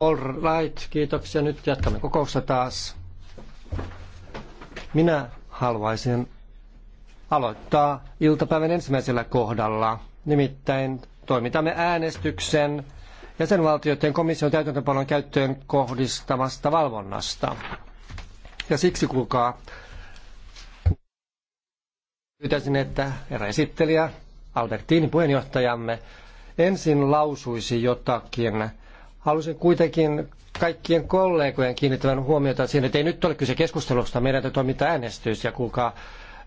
All right, kiitoksia. Nyt jatkamme kokousta taas. Minä haluaisin aloittaa iltapäivän ensimmäisellä kohdalla. Nimittäin toimitamme äänestyksen jäsenvaltioiden komission täytäntöpanon käyttöön kohdistamasta valvonnasta. Ja siksi kuulkaa, pyytäisin, että herra esittelijä, Albertini puheenjohtajamme, ensin lausuisi jotakin Haluaisin kuitenkin kaikkien kollegojen kiinnittävän huomiota siihen, että ei nyt ole kyse keskustelusta, meidän täytyy toimittaa äänestys ja kuulkaa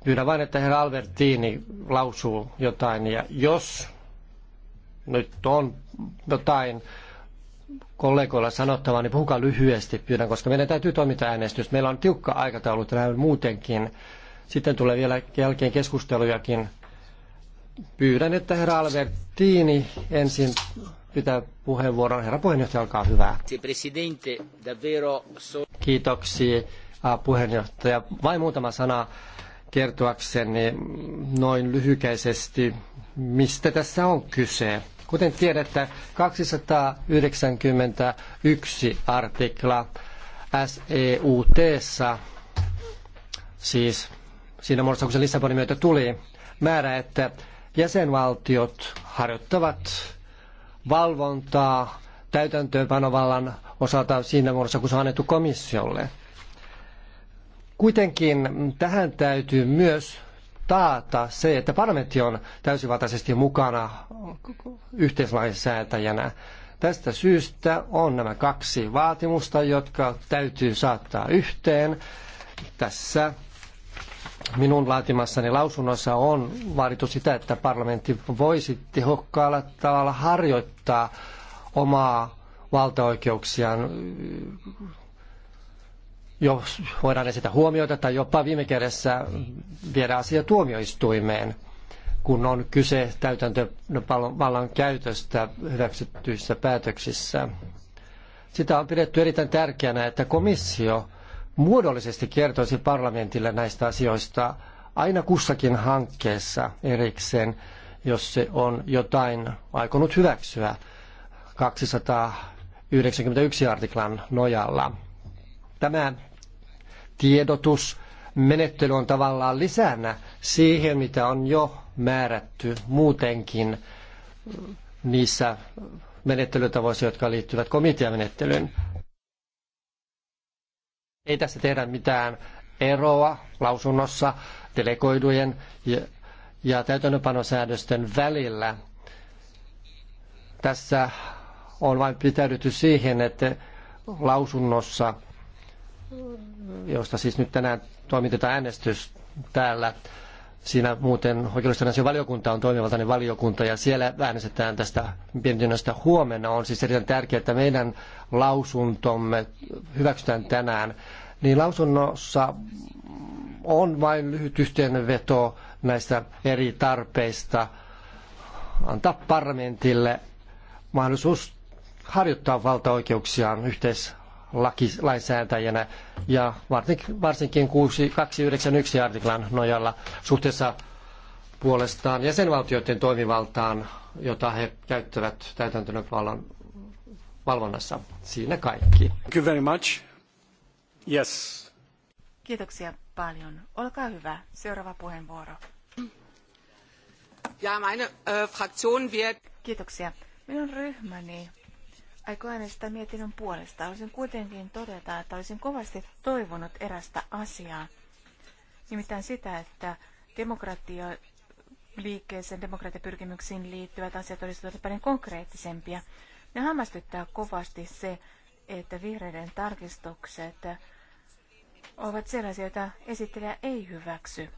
pyydän vain, että herra Albertini lausuu jotain ja jos nyt on jotain kollegoilla sanottavaa, niin puhukaa lyhyesti pyydän, koska meidän täytyy toimita äänestys. Meillä on tiukka aikataulu tähän muutenkin. Sitten tulee vielä jälkeen keskustelujakin. Pyydän, että herra Albertini ensin pitää puheenvuoron. Herra puheenjohtaja, olkaa hyvä. Kiitoksia puheenjohtaja. Vain muutama sana kertoakseni noin lyhykäisesti, mistä tässä on kyse. Kuten tiedätte, 291 artikla seut siis siinä muodossa, kun se Lissabonin myötä tuli, määrä, että jäsenvaltiot harjoittavat valvontaa täytäntöönpanovallan osalta siinä muodossa, kun se on annettu komissiolle. Kuitenkin tähän täytyy myös taata se, että parlamentti on täysivaltaisesti mukana yhteislainsäätäjänä. Tästä syystä on nämä kaksi vaatimusta, jotka täytyy saattaa yhteen. Tässä minun laatimassani lausunnossa on vaadittu sitä, että parlamentti voisi tehokkaalla tavalla harjoittaa omaa valtaoikeuksiaan, jos voidaan esittää huomioita tai jopa viime kädessä viedä asia tuomioistuimeen, kun on kyse täytäntövallan käytöstä hyväksyttyissä päätöksissä. Sitä on pidetty erittäin tärkeänä, että komissio muodollisesti kertoisi parlamentille näistä asioista aina kussakin hankkeessa erikseen, jos se on jotain aikonut hyväksyä 291 artiklan nojalla. Tämä tiedotusmenettely on tavallaan lisänä siihen, mitä on jo määrätty muutenkin niissä menettelytavoissa, jotka liittyvät komiteamenettelyyn. Ei tässä tehdä mitään eroa lausunnossa delegoidujen ja, ja täytäntöpanosäädösten välillä. Tässä on vain pitäydytty siihen, että lausunnossa, josta siis nyt tänään toimitetaan äänestys täällä, Siinä muuten oikeudellisten valiokunta on toimivaltainen valiokunta ja siellä äänestetään tästä mietinnöstä huomenna. On siis erittäin tärkeää, että meidän lausuntomme hyväksytään tänään. Niin lausunnossa on vain lyhyt yhteenveto näistä eri tarpeista antaa parlamentille mahdollisuus harjoittaa valtaoikeuksiaan yhteis lakilainsäätäjänä ja varsinkin 291 artiklan nojalla suhteessa puolestaan jäsenvaltioiden toimivaltaan, jota he käyttävät täytäntöönvallan valvonnassa. Siinä kaikki. Thank you very much. Yes. Kiitoksia paljon. Olkaa hyvä. Seuraava puheenvuoro. Ja meine, äh, Fraktion wird... Kiitoksia. Minun ryhmäni aikoo äänestää mietinnön puolesta. Olisin kuitenkin todeta, että olisin kovasti toivonut erästä asiaa. Nimittäin sitä, että demokratia liikkeeseen, demokratiapyrkimyksiin liittyvät asiat olisivat paljon konkreettisempia. Ja hämmästyttää kovasti se, että vihreiden tarkistukset ovat sellaisia, joita esittelijä ei hyväksy.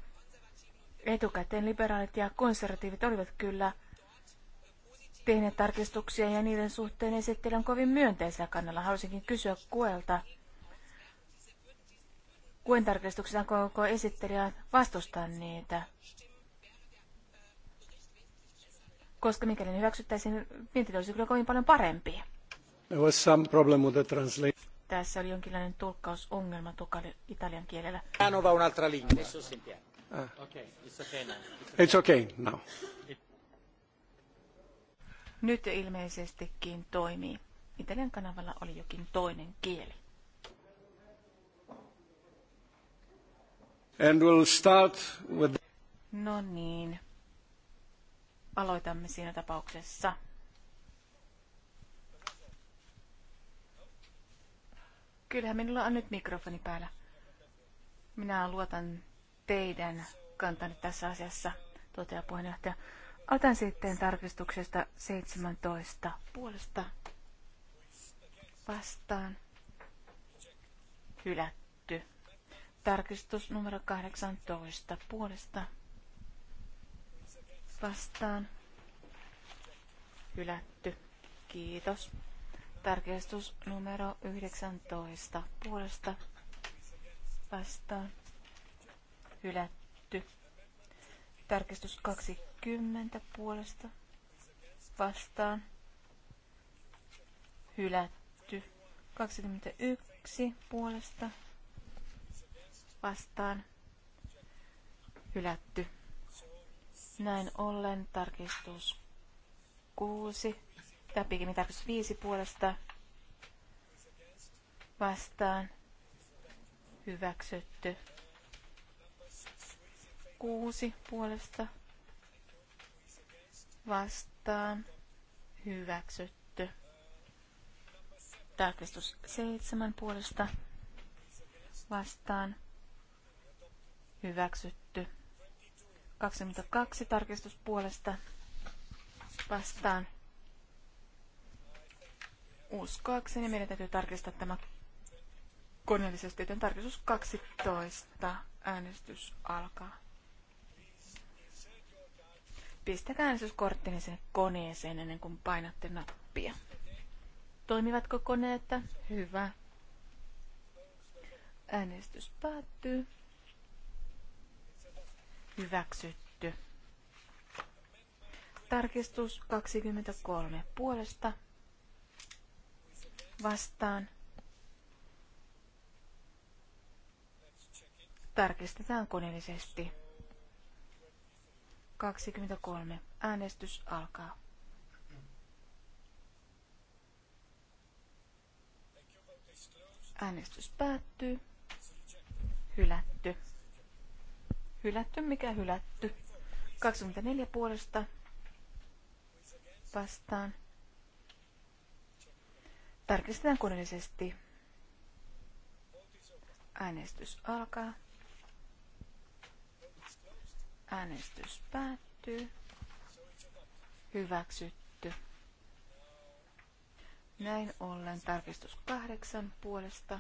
Etukäteen liberaalit ja konservatiivit olivat kyllä tehneet tarkistuksia ja niiden suhteen esittelen kovin myönteisellä kannalla. Haluaisinkin kysyä Kuelta, kuen tarkistuksena koko esittelijä vastustaa niitä. Koska mikäli ne hyväksyttäisiin, vinti olisi kyllä kovin paljon parempi. There was some problem with the translation. Tässä oli jonkinlainen tulkkausongelma tukali italian kielellä. Canova un'altra lingua. Adesso sentiamo. Ah. Okay, it's okay now. It's okay now. It nyt ilmeisestikin toimii. Italian kanavalla oli jokin toinen kieli. And we'll start with... No niin. Aloitamme siinä tapauksessa. Kyllähän minulla on nyt mikrofoni päällä. Minä luotan teidän kantanne tässä asiassa, toteaa puheenjohtaja. Otan sitten tarkistuksesta 17 puolesta vastaan. Hylätty. Tarkistus numero 18 puolesta vastaan. Hylätty. Kiitos. Tarkistus numero 19 puolesta vastaan. Hylätty. Tarkistus 20 20 puolesta vastaan hylätty. 21 puolesta vastaan hylätty. Näin ollen tarkistus 6, tai pikemmin tarkistus 5 puolesta vastaan hyväksytty. 6 puolesta vastaan hyväksytty. Tarkistus seitsemän puolesta vastaan hyväksytty. 22 tarkistus puolesta vastaan. Uskoakseni meidän täytyy tarkistaa tämä koneellisesti, joten tarkistus 12 äänestys alkaa. Pistäkää äänestyskorttini sen koneeseen ennen kuin painatte nappia. Toimivatko koneet? Hyvä. Äänestys päättyy. Hyväksytty. Tarkistus 23 puolesta. Vastaan. Tarkistetaan koneellisesti. 23. Äänestys alkaa. Äänestys päättyy. Hylätty. Hylätty, mikä hylätty. 24 puolesta vastaan. Tarkistetaan koneellisesti. Äänestys alkaa. Äänestys päättyy. Hyväksytty. Näin ollen tarkistus kahdeksan puolesta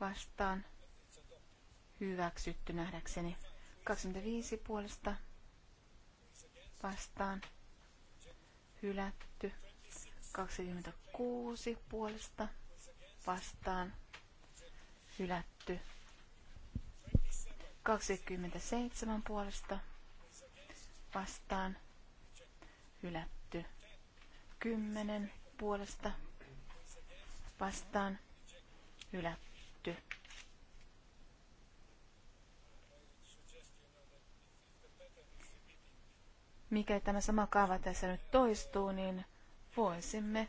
vastaan. Hyväksytty nähdäkseni. 25 puolesta vastaan. Hylätty. 26 puolesta vastaan. Hylätty. 27 puolesta vastaan hylätty. 10 puolesta vastaan hylätty. Mikäli tämä sama kaava tässä nyt toistuu, niin voisimme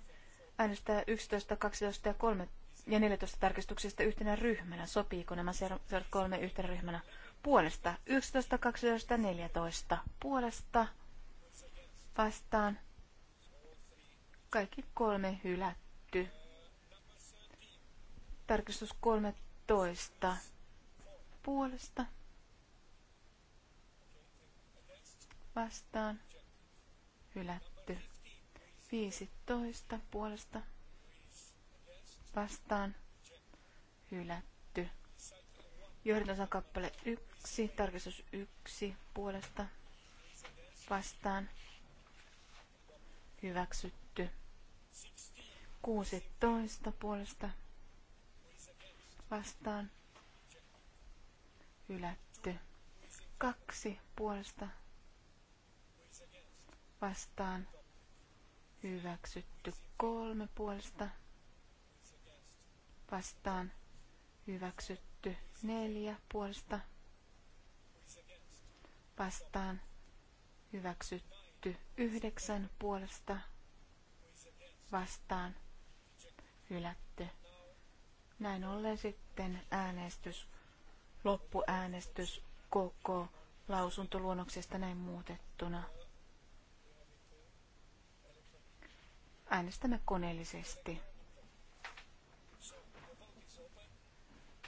äänestää 11, 12 ja 13 ja 14 tarkistuksista yhtenä ryhmänä. Sopiiko nämä seuraavat kolme yhtenä ryhmänä? Puolesta 11, 12, 14. Puolesta vastaan. Kaikki kolme hylätty. Tarkistus 13. Puolesta vastaan. Hylätty. 15 puolesta vastaan hylätty. Johdantason kappale 1, tarkistus 1 puolesta vastaan hyväksytty. 16 puolesta vastaan hylätty. 2 puolesta vastaan hyväksytty. 3 puolesta vastaan hyväksytty. Neljä puolesta vastaan hyväksytty. Yhdeksän puolesta vastaan hylätty. Näin ollen sitten äänestys, loppuäänestys koko lausuntoluonnoksesta näin muutettuna. Äänestämme koneellisesti.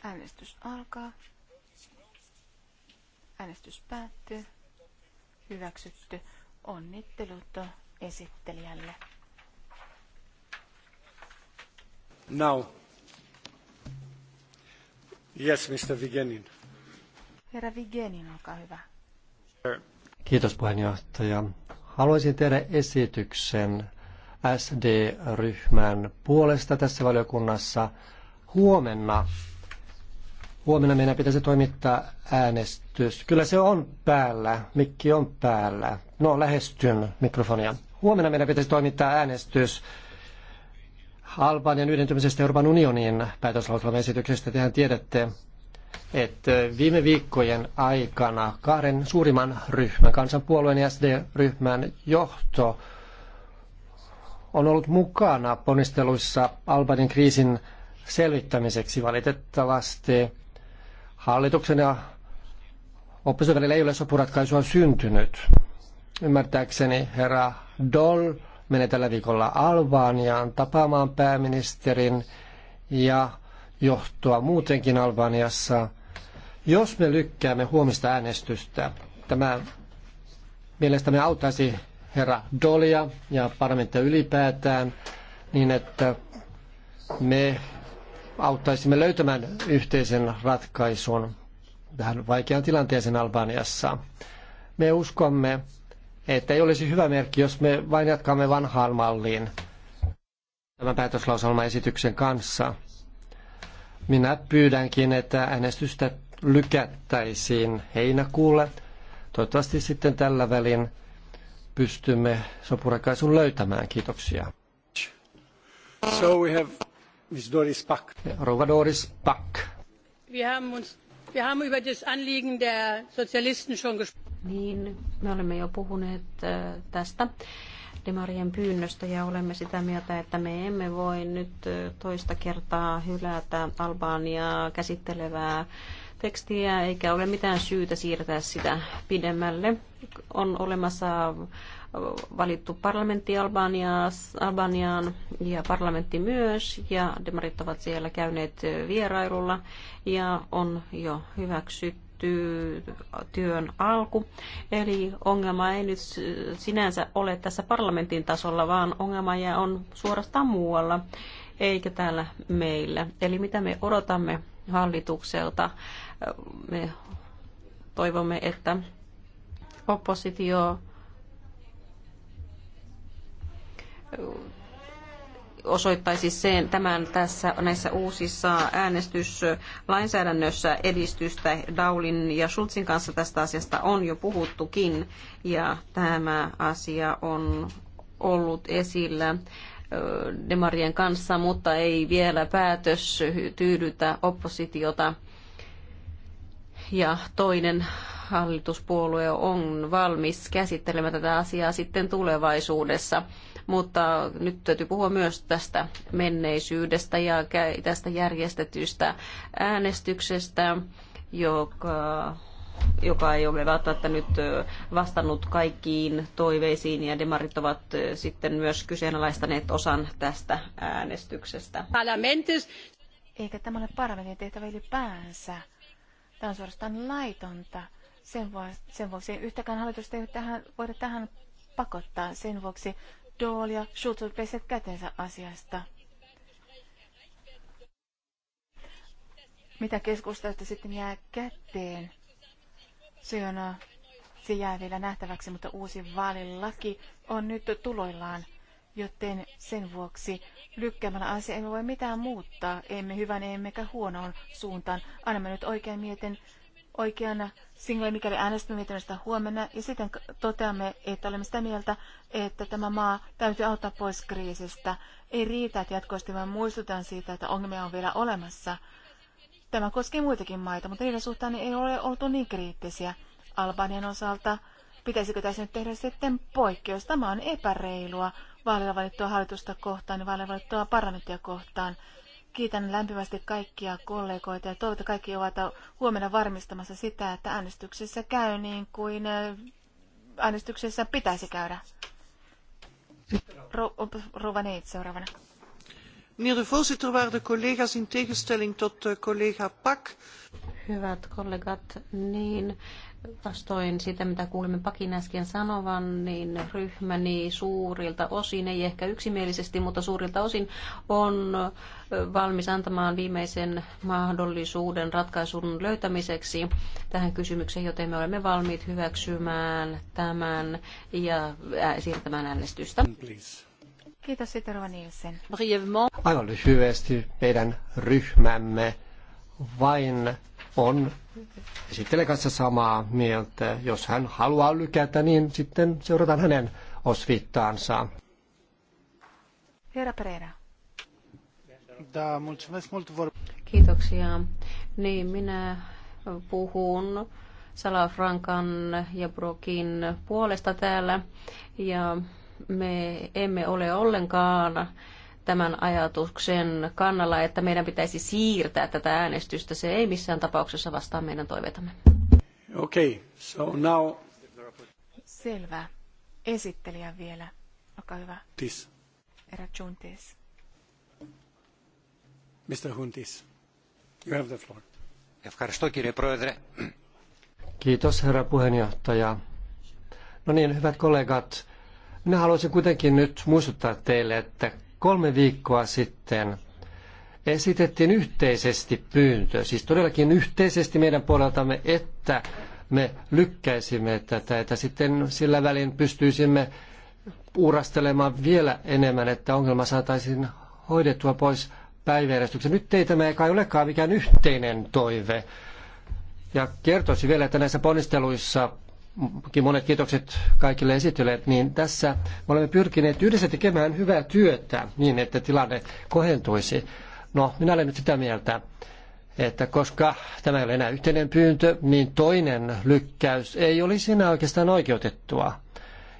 Äänestys alkaa. Äänestys päättyy. Hyväksytty. Onnittelut esittelijälle. Now. Yes, Mr. Vigenin. Herra Vigenin, olkaa hyvä. Kiitos puheenjohtaja. Haluaisin tehdä esityksen SD-ryhmän puolesta tässä valiokunnassa huomenna Huomenna meidän pitäisi toimittaa äänestys. Kyllä se on päällä. Mikki on päällä. No, lähestyn mikrofonia. Huomenna meidän pitäisi toimittaa äänestys Albanian yhdentymisestä Euroopan unionin päätöslauselman esityksestä. Tehän tiedätte, että viime viikkojen aikana kahden suurimman ryhmän, kansanpuolueen ja SD-ryhmän johto on ollut mukana ponnisteluissa Albanian kriisin selvittämiseksi valitettavasti Hallituksen ja opposition välillä ei ole sopuratkaisua syntynyt. Ymmärtääkseni herra Doll menee tällä viikolla Albaniaan tapaamaan pääministerin ja johtoa muutenkin Albaniassa. Jos me lykkäämme huomista äänestystä, tämä mielestämme auttaisi herra Dolia ja parlamenttia ylipäätään niin, että me auttaisimme löytämään yhteisen ratkaisun tähän vaikeaan tilanteeseen Albaniassa. Me uskomme, että ei olisi hyvä merkki, jos me vain jatkamme vanhaan malliin tämän päätöslauselmaesityksen kanssa. Minä pyydänkin, että äänestystä lykättäisiin heinäkuulle. Toivottavasti sitten tällä välin pystymme sopurakaisun löytämään. Kiitoksia. So we have Miss Doris Pack. Rouva Doris Pack. Wir haben, uns, wir haben über das Anliegen der Sozialisten schon gesprochen. Niin, me olemme jo puhuneet äh, tästä Demarien pyynnöstä ja olemme sitä mieltä, että me emme voi nyt äh, toista kertaa hylätä Albaniaa käsittelevää tekstiä, eikä ole mitään syytä siirtää sitä pidemmälle. On olemassa valittu parlamentti Albaniaan ja parlamentti myös, ja demarit ovat siellä käyneet vierailulla, ja on jo hyväksytty työn alku. Eli ongelma ei nyt sinänsä ole tässä parlamentin tasolla, vaan ongelma on suorastaan muualla, eikä täällä meillä. Eli mitä me odotamme hallitukselta? Me toivomme, että oppositio osoittaisi sen, tämän tässä näissä uusissa äänestyslainsäädännössä edistystä. Daulin ja Schulzin kanssa tästä asiasta on jo puhuttukin ja tämä asia on ollut esillä demarien kanssa, mutta ei vielä päätös tyydytä oppositiota. Ja toinen hallituspuolue on valmis käsittelemään tätä asiaa sitten tulevaisuudessa mutta nyt täytyy puhua myös tästä menneisyydestä ja tästä järjestetystä äänestyksestä, joka joka ei ole välttämättä nyt vastannut kaikkiin toiveisiin ja demarit ovat sitten myös kyseenalaistaneet osan tästä äänestyksestä. Parlamentus. Eikä tämä ole parlamentin tehtävä ylipäänsä. Tämä on suorastaan laitonta. Sen vuoksi, sen vuoksi yhtäkään hallitusta ei tähän, voida tähän pakottaa. Sen vuoksi Dahl ja Schultz ovat kätensä asiasta. Mitä keskustelusta sitten jää käteen? Se, on, äh, se jää vielä nähtäväksi, mutta uusi vaalilaki on nyt tuloillaan, joten sen vuoksi lykkäämällä asia emme voi mitään muuttaa, emme hyvän emmekä huonoon suuntaan. Annamme nyt oikein mieten oikeana single, mikäli äänestämme mietinnöstä huomenna, ja sitten toteamme, että olemme sitä mieltä, että tämä maa täytyy auttaa pois kriisistä. Ei riitä, että jatkuvasti vain muistutan siitä, että ongelmia on vielä olemassa. Tämä koskee muitakin maita, mutta niiden suhtaan ei ole oltu niin kriittisiä. Albanian osalta pitäisikö tässä nyt tehdä sitten poikkeus? Tämä on epäreilua vaalilla valittua hallitusta kohtaan ja vaalilla valittua parlamenttia kohtaan. Kiitän lämpimästi kaikkia kollegoita ja toivottavasti kaikki ovat huomenna varmistamassa sitä, että äänestyksessä käy niin kuin äh, äänestyksessä pitäisi käydä. Rovaneet seuraavana. Meneer de voorzitter, waarde collega's, in tegenstelling tot eh, collega Pak. Hyvät kollegat, niin vastoin sitä, mitä kuulimme Pakin äsken sanovan, niin ryhmäni suurilta osin, ei ehkä yksimielisesti, mutta suurilta osin on valmis antamaan viimeisen mahdollisuuden ratkaisun löytämiseksi tähän kysymykseen, joten me olemme valmiit hyväksymään tämän ja siirtämään äänestystä. Please. Kiitos, Sitterova Nielsen. Aivan lyhyesti meidän ryhmämme vain on esittelen kanssa samaa mieltä. Jos hän haluaa lykätä, niin sitten seurataan hänen osviittaansa. Herra Pereira. Kiitoksia. Niin, minä puhun Salafrankan ja Brokin puolesta täällä. Ja me emme ole ollenkaan tämän ajatuksen kannalla, että meidän pitäisi siirtää tätä äänestystä. Se ei missään tapauksessa vastaa meidän toiveitamme. Okay, so now... Selvä. Esittelijä vielä. Olkaa hyvä. Tis. Herra Juntis. Mr. Huntis, you have the floor. Ευχαριστώ Kiitos herra puheenjohtaja. No niin, hyvät kollegat, minä haluaisin kuitenkin nyt muistuttaa teille, että Kolme viikkoa sitten esitettiin yhteisesti pyyntö, siis todellakin yhteisesti meidän puoleltamme, että me lykkäisimme tätä, että sitten sillä välin pystyisimme uurastelemaan vielä enemmän, että ongelma saataisiin hoidettua pois päiväjärjestyksen. Nyt ei tämä kai olekaan mikään yhteinen toive. Ja kertoisin vielä, että näissä ponnisteluissa monet kiitokset kaikille esittelijät, niin tässä me olemme pyrkineet yhdessä tekemään hyvää työtä niin, että tilanne kohentuisi. No, minä olen nyt sitä mieltä, että koska tämä ei ole enää yhteinen pyyntö, niin toinen lykkäys ei olisi enää oikeastaan oikeutettua.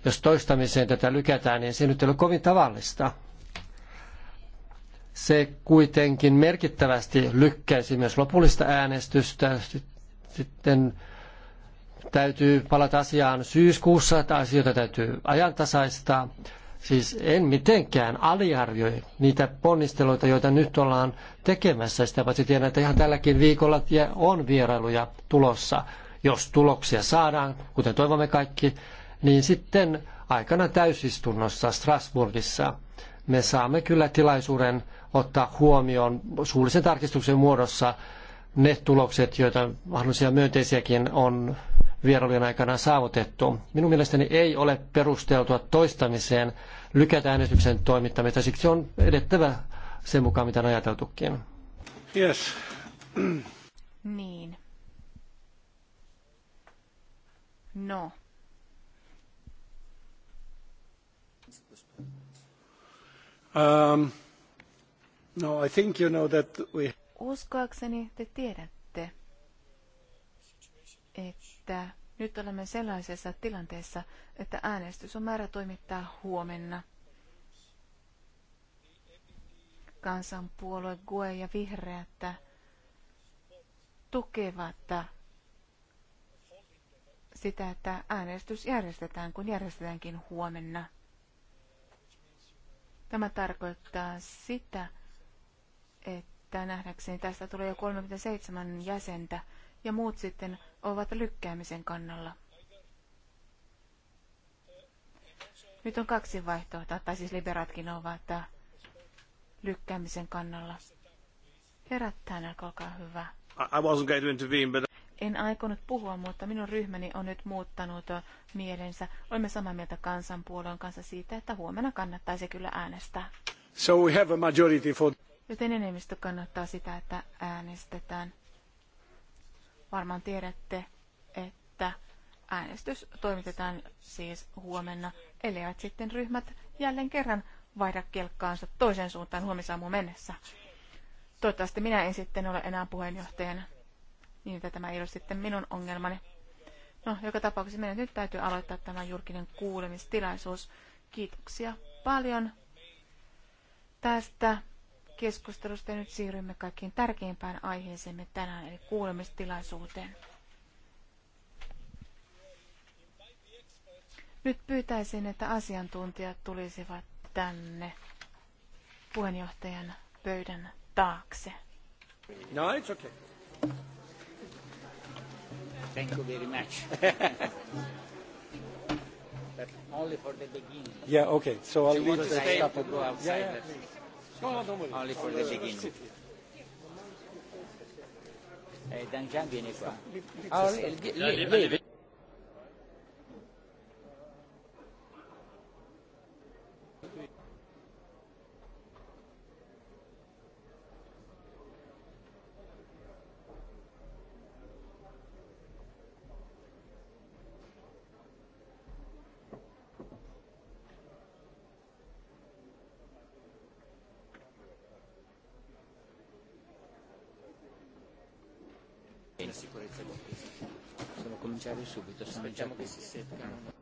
Jos toistamiseen tätä lykätään, niin se nyt ei ole kovin tavallista. Se kuitenkin merkittävästi lykkäisi myös lopullista äänestystä sitten Täytyy palata asiaan syyskuussa, että asioita täytyy ajantasaistaa. Siis en mitenkään aliarvioi niitä ponnisteluita, joita nyt ollaan tekemässä. Sitä paitsi tiedän, että ihan tälläkin viikolla on vierailuja tulossa. Jos tuloksia saadaan, kuten toivomme kaikki, niin sitten aikana täysistunnossa Strasbourgissa me saamme kyllä tilaisuuden ottaa huomioon suullisen tarkistuksen muodossa ne tulokset, joita mahdollisia myönteisiäkin on vierailujen aikana saavutettu. Minun mielestäni ei ole perusteltua toistamiseen lykätä äänestyksen toimittamista, siksi on edettävä sen mukaan, mitä on ajateltukin. Yes. Niin. No. Um, no, I think you know that we... Uskoakseni te tiedätte, että että nyt olemme sellaisessa tilanteessa, että äänestys on määrä toimittaa huomenna. Kansanpuolue, GUE ja vihreät tukevat sitä, että äänestys järjestetään, kun järjestetäänkin huomenna. Tämä tarkoittaa sitä, että nähdäkseni tästä tulee jo 37 jäsentä, ja muut sitten ovat lykkäämisen kannalla. Nyt on kaksi vaihtoehtoa, tai siis liberatkin ovat lykkäämisen kannalla. Herättään, olkaa hyvä. I wasn't going to intervene, but... En aikonut puhua, mutta minun ryhmäni on nyt muuttanut mielensä. Olemme samaa mieltä kansanpuolueen kanssa siitä, että huomenna kannattaisi kyllä äänestää. So we have a majority for... Joten enemmistö kannattaa sitä, että äänestetään. Varmaan tiedätte, että äänestys toimitetaan siis huomenna, elleivät sitten ryhmät jälleen kerran vaihda kelkkaansa toisen suuntaan huomisaamu mennessä. Toivottavasti minä en sitten ole enää puheenjohtajana, niin että tämä ei ole sitten minun ongelmani. No, joka tapauksessa meidän nyt täytyy aloittaa tämä julkinen kuulemistilaisuus. Kiitoksia paljon tästä keskustelusta ja nyt siirrymme kaikkiin tärkeimpään aiheeseemme tänään, eli kuulemistilaisuuteen. Nyt pyytäisin, että asiantuntijat tulisivat tänne puheenjohtajan pöydän taakse. No, it's okay. Thank you very much. But only for the beginning. Yeah, okay. So I'll leave the stuff. Yeah, yeah. No, no, no. Only for the beginning. E eh, Danjan viene qua. Oh, lì, lì, lì. subito, se non diciamo che si seccano.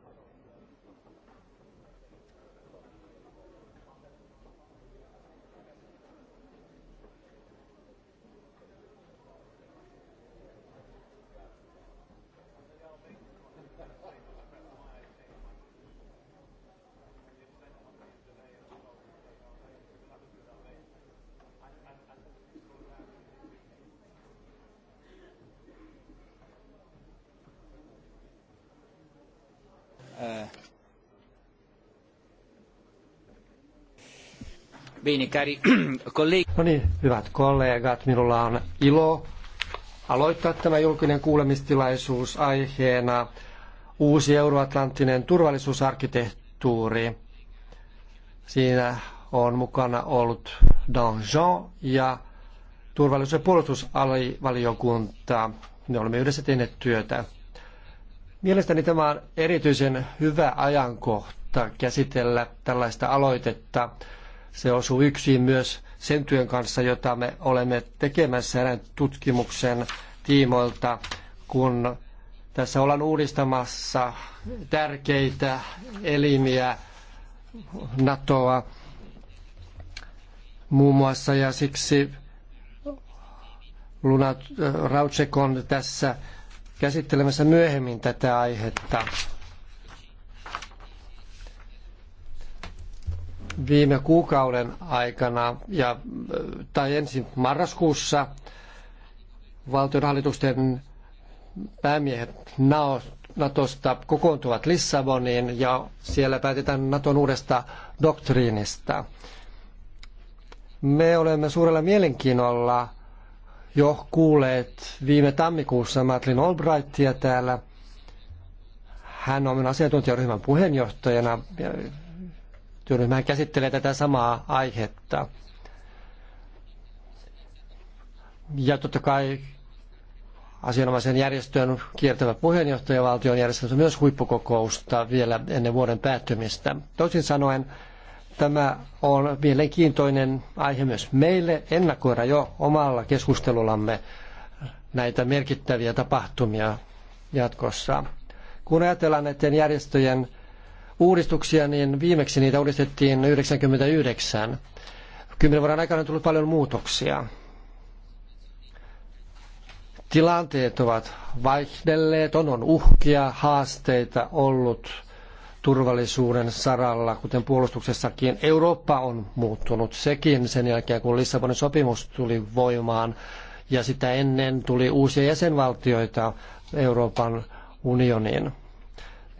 Bene, cari colleghi. No niin, hyvät kollegat, minulla on ilo aloittaa tämä julkinen kuulemistilaisuus aiheena uusi euroatlanttinen turvallisuusarkkitehtuuri. Siinä on mukana ollut Danjean ja turvallisuus- ja puolustusvaliokunta. Me olemme yhdessä tehneet työtä. Mielestäni tämä on erityisen hyvä ajankohta käsitellä tällaista aloitetta, se osuu yksin myös sen työn kanssa, jota me olemme tekemässä erään tutkimuksen tiimoilta, kun tässä ollaan uudistamassa tärkeitä elimiä NATOa muun muassa, ja siksi Luna Rautsek on tässä käsittelemässä myöhemmin tätä aihetta. viime kuukauden aikana ja, tai ensi marraskuussa valtionhallitusten päämiehet Natosta kokoontuvat Lissaboniin ja siellä päätetään Naton uudesta doktriinista. Me olemme suurella mielenkiinnolla jo kuulleet viime tammikuussa Madeleine Albrightia täällä. Hän on asiantuntijaryhmän puheenjohtajana työryhmä käsittelee tätä samaa aihetta. Ja totta kai asianomaisen järjestön kiertävä puheenjohtajavaltio on järjestänyt myös huippukokousta vielä ennen vuoden päättymistä. Toisin sanoen tämä on mielenkiintoinen aihe myös meille ennakoida jo omalla keskustelullamme näitä merkittäviä tapahtumia jatkossa. Kun ajatellaan näiden järjestöjen uudistuksia, niin viimeksi niitä uudistettiin 99. Kymmenen vuoden aikana on tullut paljon muutoksia. Tilanteet ovat vaihdelleet, on, on uhkia, haasteita ollut turvallisuuden saralla, kuten puolustuksessakin. Eurooppa on muuttunut sekin sen jälkeen, kun Lissabonin sopimus tuli voimaan ja sitä ennen tuli uusia jäsenvaltioita Euroopan unioniin.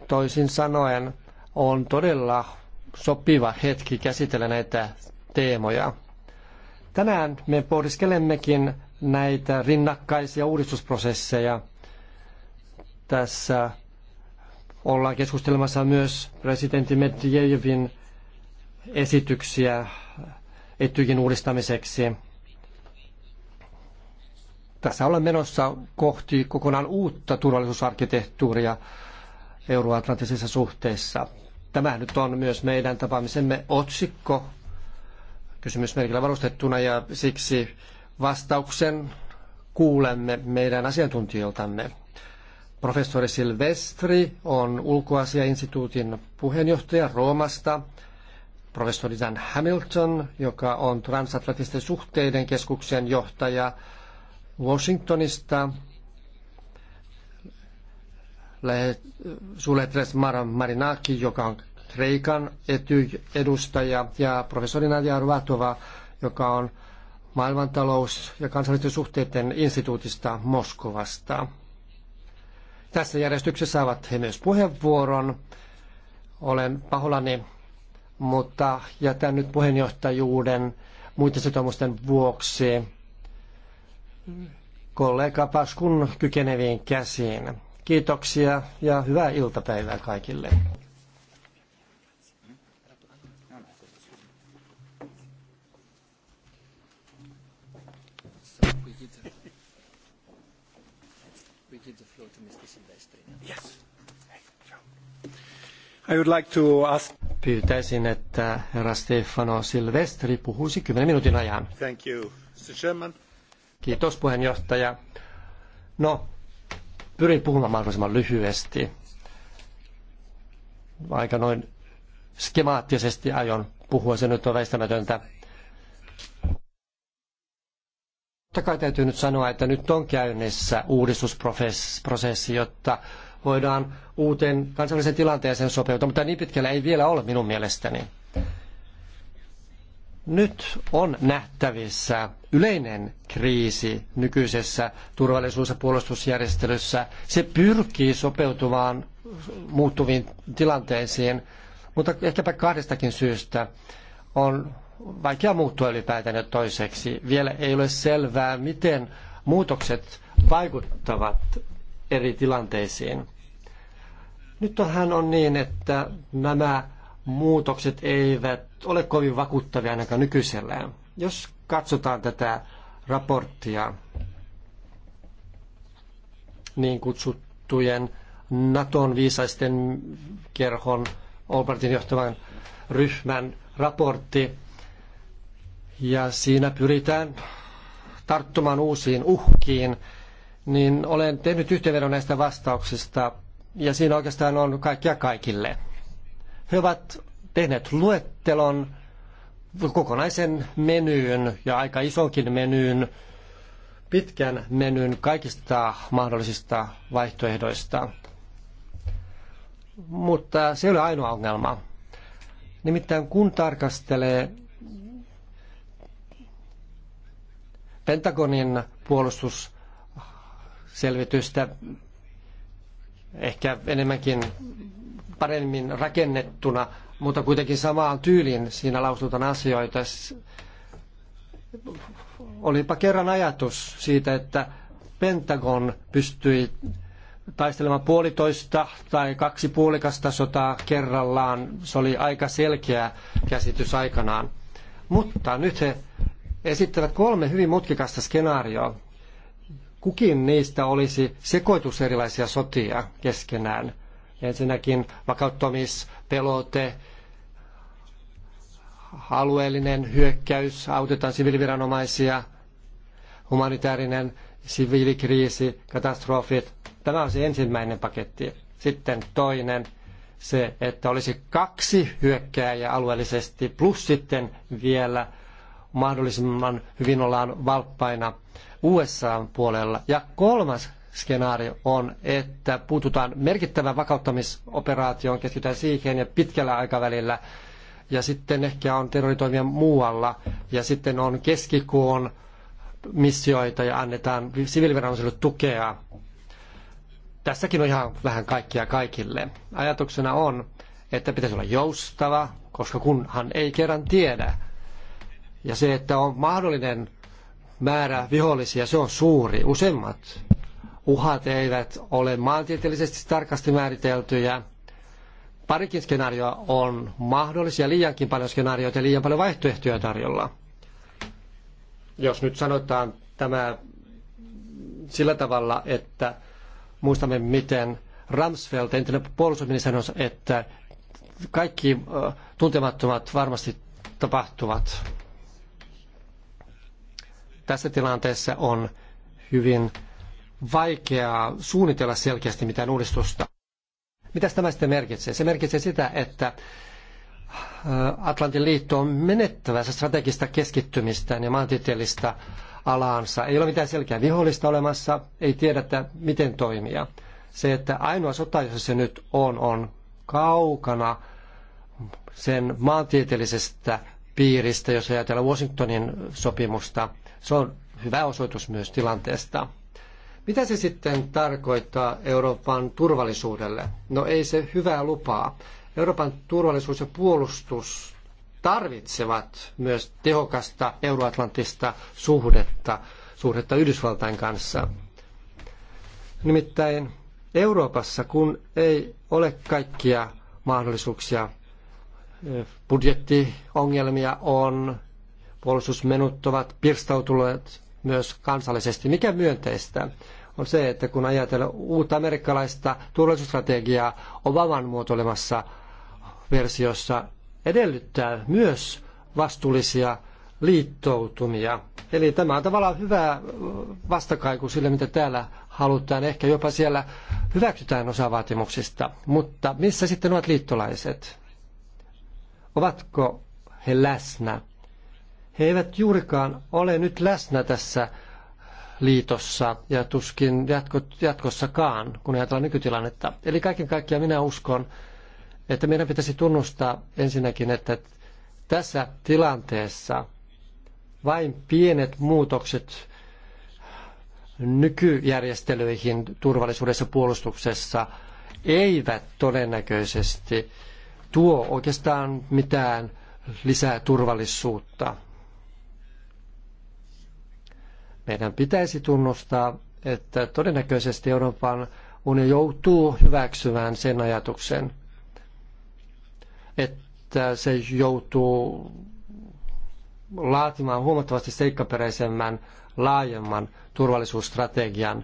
Toisin sanoen, on todella sopiva hetki käsitellä näitä teemoja. Tänään me pohdiskelemmekin näitä rinnakkaisia uudistusprosesseja. Tässä ollaan keskustelemassa myös presidentti Medvedevin esityksiä Etykin uudistamiseksi. Tässä ollaan menossa kohti kokonaan uutta turvallisuusarkkitehtuuria euroatlanttisissa suhteissa. Tämä nyt on myös meidän tapaamisemme otsikko kysymysmerkillä varustettuna ja siksi vastauksen kuulemme meidän asiantuntijoiltamme. Professori Silvestri on ulkoasiainstituutin puheenjohtaja Roomasta. Professori Dan Hamilton, joka on transatlanttisten suhteiden keskuksen johtaja Washingtonista. Suletres Marinaki, joka on Kreikan edustaja, ja professori Nadia Arvatova, joka on maailmantalous- ja kansallisten suhteiden instituutista Moskovasta. Tässä järjestyksessä saavat he myös puheenvuoron. Olen pahollani, mutta jätän nyt puheenjohtajuuden muiden sitoumusten vuoksi kollega Paskun kykeneviin käsiin. Kiitoksia ja hyvää iltapäivää kaikille. I would like to ask... Pyytäisin, että herra Stefano Silvestri puhuisi 10 minuutin ajan. Thank you, Mr. Chairman. Kiitos puheenjohtaja. No, Pyrin puhumaan mahdollisimman lyhyesti. Aika noin skemaattisesti aion puhua, se nyt on väistämätöntä. Totta kai täytyy nyt sanoa, että nyt on käynnissä uudistusprosessi, jotta voidaan uuteen kansalliseen tilanteeseen sopeutua, mutta niin pitkällä ei vielä ole minun mielestäni. Nyt on nähtävissä yleinen kriisi nykyisessä turvallisuus- ja puolustusjärjestelyssä. Se pyrkii sopeutumaan muuttuviin tilanteisiin, mutta ehkäpä kahdestakin syystä on vaikea muuttua ylipäätään jo toiseksi. Vielä ei ole selvää, miten muutokset vaikuttavat eri tilanteisiin. Nyt onhan on niin, että nämä muutokset eivät ole kovin vakuuttavia ainakaan nykyisellään. Jos katsotaan tätä raporttia niin kutsuttujen Naton viisaisten kerhon Albertin johtavan ryhmän raportti, ja siinä pyritään tarttumaan uusiin uhkiin, niin olen tehnyt yhteenvedon näistä vastauksista, ja siinä oikeastaan on kaikkia kaikille. He ovat tehneet luettelon kokonaisen menyyn ja aika isonkin menyyn, pitkän menyn kaikista mahdollisista vaihtoehdoista. Mutta se ei ole ainoa ongelma. Nimittäin kun tarkastelee Pentagonin puolustusselvitystä, ehkä enemmänkin paremmin rakennettuna, mutta kuitenkin samaan tyyliin siinä lausutaan asioita. Olipa kerran ajatus siitä, että Pentagon pystyi taistelemaan puolitoista tai kaksi puolikasta sotaa kerrallaan. Se oli aika selkeä käsitys aikanaan. Mutta nyt he esittävät kolme hyvin mutkikasta skenaarioa. Kukin niistä olisi sekoitus erilaisia sotia keskenään. Ensinnäkin vakauttamispelote, alueellinen hyökkäys, autetaan siviiliviranomaisia, humanitaarinen siviilikriisi, katastrofit. Tämä on se ensimmäinen paketti. Sitten toinen, se, että olisi kaksi hyökkääjää alueellisesti, plus sitten vielä mahdollisimman hyvin ollaan valppaina USA puolella. Ja kolmas skenaario on, että puututaan merkittävään vakauttamisoperaatioon, keskitytään siihen ja pitkällä aikavälillä. Ja sitten ehkä on terroritoimia muualla ja sitten on keskikuun missioita ja annetaan siviiliviranomaisille tukea. Tässäkin on ihan vähän kaikkia kaikille. Ajatuksena on, että pitäisi olla joustava, koska kunhan ei kerran tiedä. Ja se, että on mahdollinen määrä vihollisia, se on suuri. Useimmat uhat eivät ole maantieteellisesti tarkasti määriteltyjä. Parikin skenaarioa on mahdollisia, liiankin paljon skenaarioita ja liian paljon vaihtoehtoja tarjolla. Jos nyt sanotaan tämä sillä tavalla, että muistamme miten Ramsfeld, entinen puolustusministeri, sanoi, että kaikki tuntemattomat varmasti tapahtuvat. Tässä tilanteessa on hyvin Vaikea suunnitella selkeästi mitään uudistusta. Mitä tämä sitten merkitsee? Se merkitsee sitä, että äh, Atlantin liitto on menettävässä strategista keskittymistä ja maantieteellistä alaansa. Ei ole mitään selkeää vihollista olemassa, ei tiedetä miten toimia. Se, että ainoa sota, jossa se nyt on, on kaukana sen maantieteellisestä piiristä, jos ajatellaan Washingtonin sopimusta. Se on hyvä osoitus myös tilanteesta. Mitä se sitten tarkoittaa Euroopan turvallisuudelle? No ei se hyvää lupaa. Euroopan turvallisuus ja puolustus tarvitsevat myös tehokasta euroatlanttista suhdetta, suhdetta Yhdysvaltain kanssa. Nimittäin Euroopassa, kun ei ole kaikkia mahdollisuuksia, budjettiongelmia on, puolustusmenut ovat pirstautuneet myös kansallisesti, mikä myönteistä on se, että kun ajatellaan uutta amerikkalaista turvallisuusstrategiaa Obaman muotoilemassa versiossa, edellyttää myös vastuullisia liittoutumia. Eli tämä on tavallaan hyvä vastakaiku sille, mitä täällä halutaan. Ehkä jopa siellä hyväksytään osa vaatimuksista. Mutta missä sitten ovat liittolaiset? Ovatko he läsnä? He eivät juurikaan ole nyt läsnä tässä liitossa ja tuskin jatkossakaan, kun ajatellaan nykytilannetta. Eli kaiken kaikkiaan minä uskon, että meidän pitäisi tunnustaa ensinnäkin, että tässä tilanteessa vain pienet muutokset nykyjärjestelyihin turvallisuudessa puolustuksessa eivät todennäköisesti tuo oikeastaan mitään lisää turvallisuutta meidän pitäisi tunnustaa, että todennäköisesti Euroopan unioni joutuu hyväksymään sen ajatuksen, että se joutuu laatimaan huomattavasti seikkaperäisemmän, laajemman turvallisuusstrategian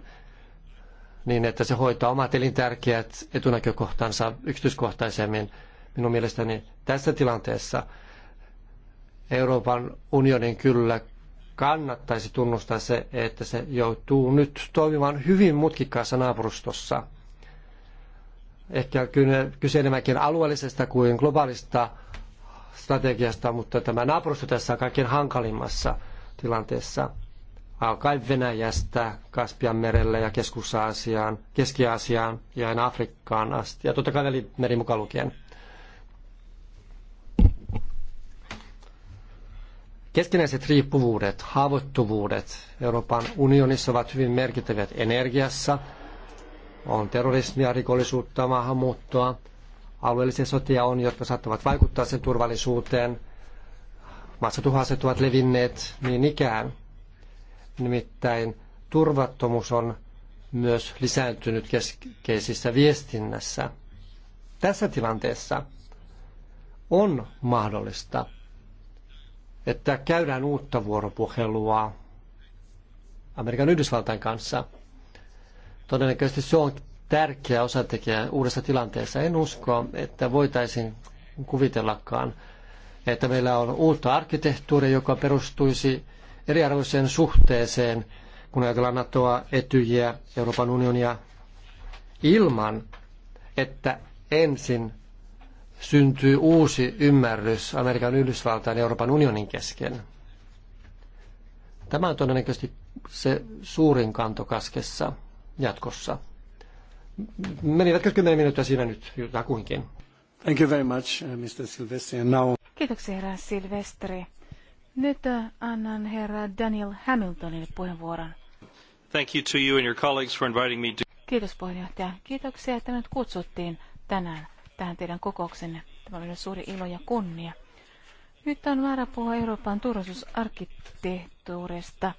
niin, että se hoitaa omat elintärkeät etunäkökohtansa yksityiskohtaisemmin. Minun mielestäni tässä tilanteessa Euroopan unionin kyllä kannattaisi tunnustaa se, että se joutuu nyt toimimaan hyvin mutkikkaassa naapurustossa. Ehkä kyse enemmänkin alueellisesta kuin globaalista strategiasta, mutta tämä naapurusto tässä on kaikkein hankalimmassa tilanteessa. Alkaen Venäjästä, Kaspian merelle ja Keski-Aasiaan ja aina Afrikkaan asti. Ja totta kai välimeri mukaan lukien. Keskinäiset riippuvuudet, haavoittuvuudet Euroopan unionissa ovat hyvin merkittävät energiassa. On terrorismia, rikollisuutta, maahanmuuttoa. Alueellisia sotia on, jotka saattavat vaikuttaa sen turvallisuuteen. Massatuhaset ovat levinneet niin ikään. Nimittäin turvattomuus on myös lisääntynyt keskeisessä viestinnässä. Tässä tilanteessa on mahdollista että käydään uutta vuoropuhelua Amerikan Yhdysvaltain kanssa. Todennäköisesti se on tärkeä osatekijä uudessa tilanteessa. En usko, että voitaisiin kuvitellakaan, että meillä on uutta arkkitehtuuria, joka perustuisi eriarvoiseen suhteeseen, kun ajatellaan NATOa, Etyjiä, Euroopan unionia, ilman, että ensin syntyy uusi ymmärrys Amerikan, Yhdysvaltain ja Euroopan unionin kesken. Tämä on todennäköisesti se suurin kanto kaskessa jatkossa. Menivätkö 10 minuuttia siinä nyt jotakuinkin? Thank you very much, uh, Mr. Silvestri. now... Kiitoksia, herra Silvestri. Nyt uh, annan herra Daniel Hamiltonille puheenvuoron. Thank you to you and your colleagues for inviting me to... Kiitos puheenjohtaja. Kiitoksia, että minut kutsuttiin tänään tähän teidän kokouksenne. Tämä oli suuri ilo ja kunnia. Nyt on määrä puhua Euroopan turvallisuusarkkitehtuurista.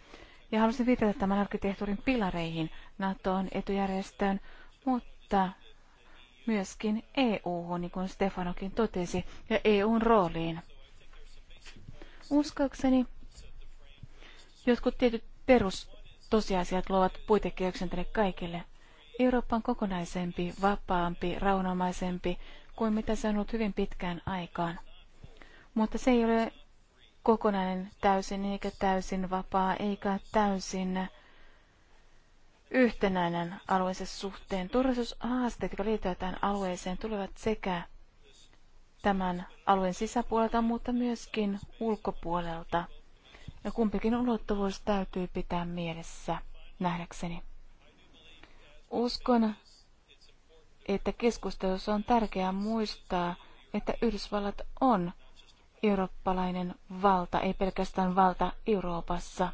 Ja haluaisin viitata tämän arkkitehtuurin pilareihin, NATOon, etujärjestöön, mutta myöskin eu niin kuin Stefanokin totesi, ja EUn rooliin. Uskoakseni jotkut tietyt perustosiasiat luovat puitekehyksen tälle kaikille. Eurooppa on kokonaisempi, vapaampi, raunomaisempi kuin mitä se on ollut hyvin pitkään aikaan. Mutta se ei ole kokonainen täysin, eikä täysin vapaa, eikä täysin yhtenäinen alueensa suhteen. Turvallisuushaasteet, jotka liittyvät tähän alueeseen, tulevat sekä tämän alueen sisäpuolelta, mutta myöskin ulkopuolelta. Ja kumpikin ulottuvuus täytyy pitää mielessä, nähdäkseni. Uskon, että keskustelussa on tärkeää muistaa, että Yhdysvallat on eurooppalainen valta, ei pelkästään valta Euroopassa.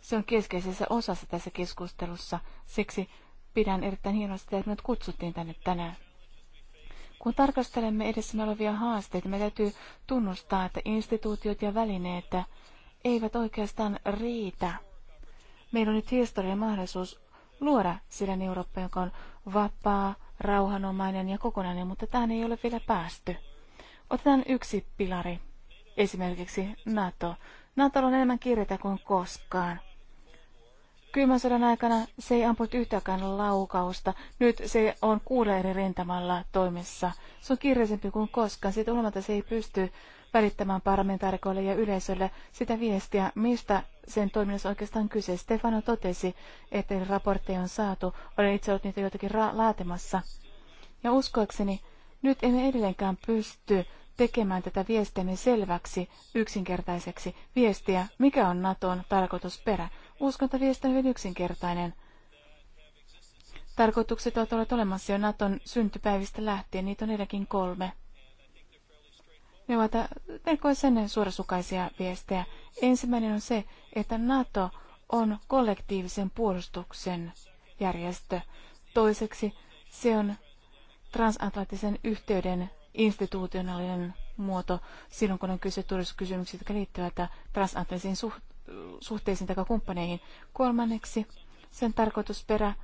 Se on keskeisessä osassa tässä keskustelussa, siksi pidän erittäin hienosti, että minut kutsuttiin tänne tänään. Kun tarkastelemme edessämme olevia haasteita, me täytyy tunnustaa, että instituutiot ja välineet eivät oikeastaan riitä. Meillä on nyt historian mahdollisuus luoda sellainen Eurooppa, joka on vapaa, rauhanomainen ja kokonainen, mutta tähän ei ole vielä päästy. Otetaan yksi pilari, esimerkiksi NATO. NATO on enemmän kirjata kuin koskaan. Kylmän sodan aikana se ei ampunut yhtäkään laukausta. Nyt se on kuulla eri rintamalla toimessa. Se on kirjaisempi kuin koskaan. Siitä olematta se ei pysty välittämään parlamentaarikoille ja yleisölle sitä viestiä, mistä sen toiminnassa oikeastaan kyse. Stefano totesi, että raportteja on saatu. Olen itse ollut niitä joitakin laatimassa. Ja uskoakseni, nyt emme edelleenkään pysty tekemään tätä viestiämme selväksi, yksinkertaiseksi viestiä, mikä on Naton tarkoitusperä. Uskon, että viesti on hyvin yksinkertainen. Tarkoitukset ovat olleet olemassa jo Naton syntypäivistä lähtien, niitä on edelläkin kolme. Ne ovat melkoisen suorasukaisia viestejä. Ensimmäinen on se, että NATO on kollektiivisen puolustuksen järjestö. Toiseksi se on transatlanttisen yhteyden institutionaalinen muoto silloin, kun on kyse turvallisuuskysymyksistä, jotka liittyvät transatlanttisiin suhteisiin tai kumppaneihin. Kolmanneksi sen tarkoitusperä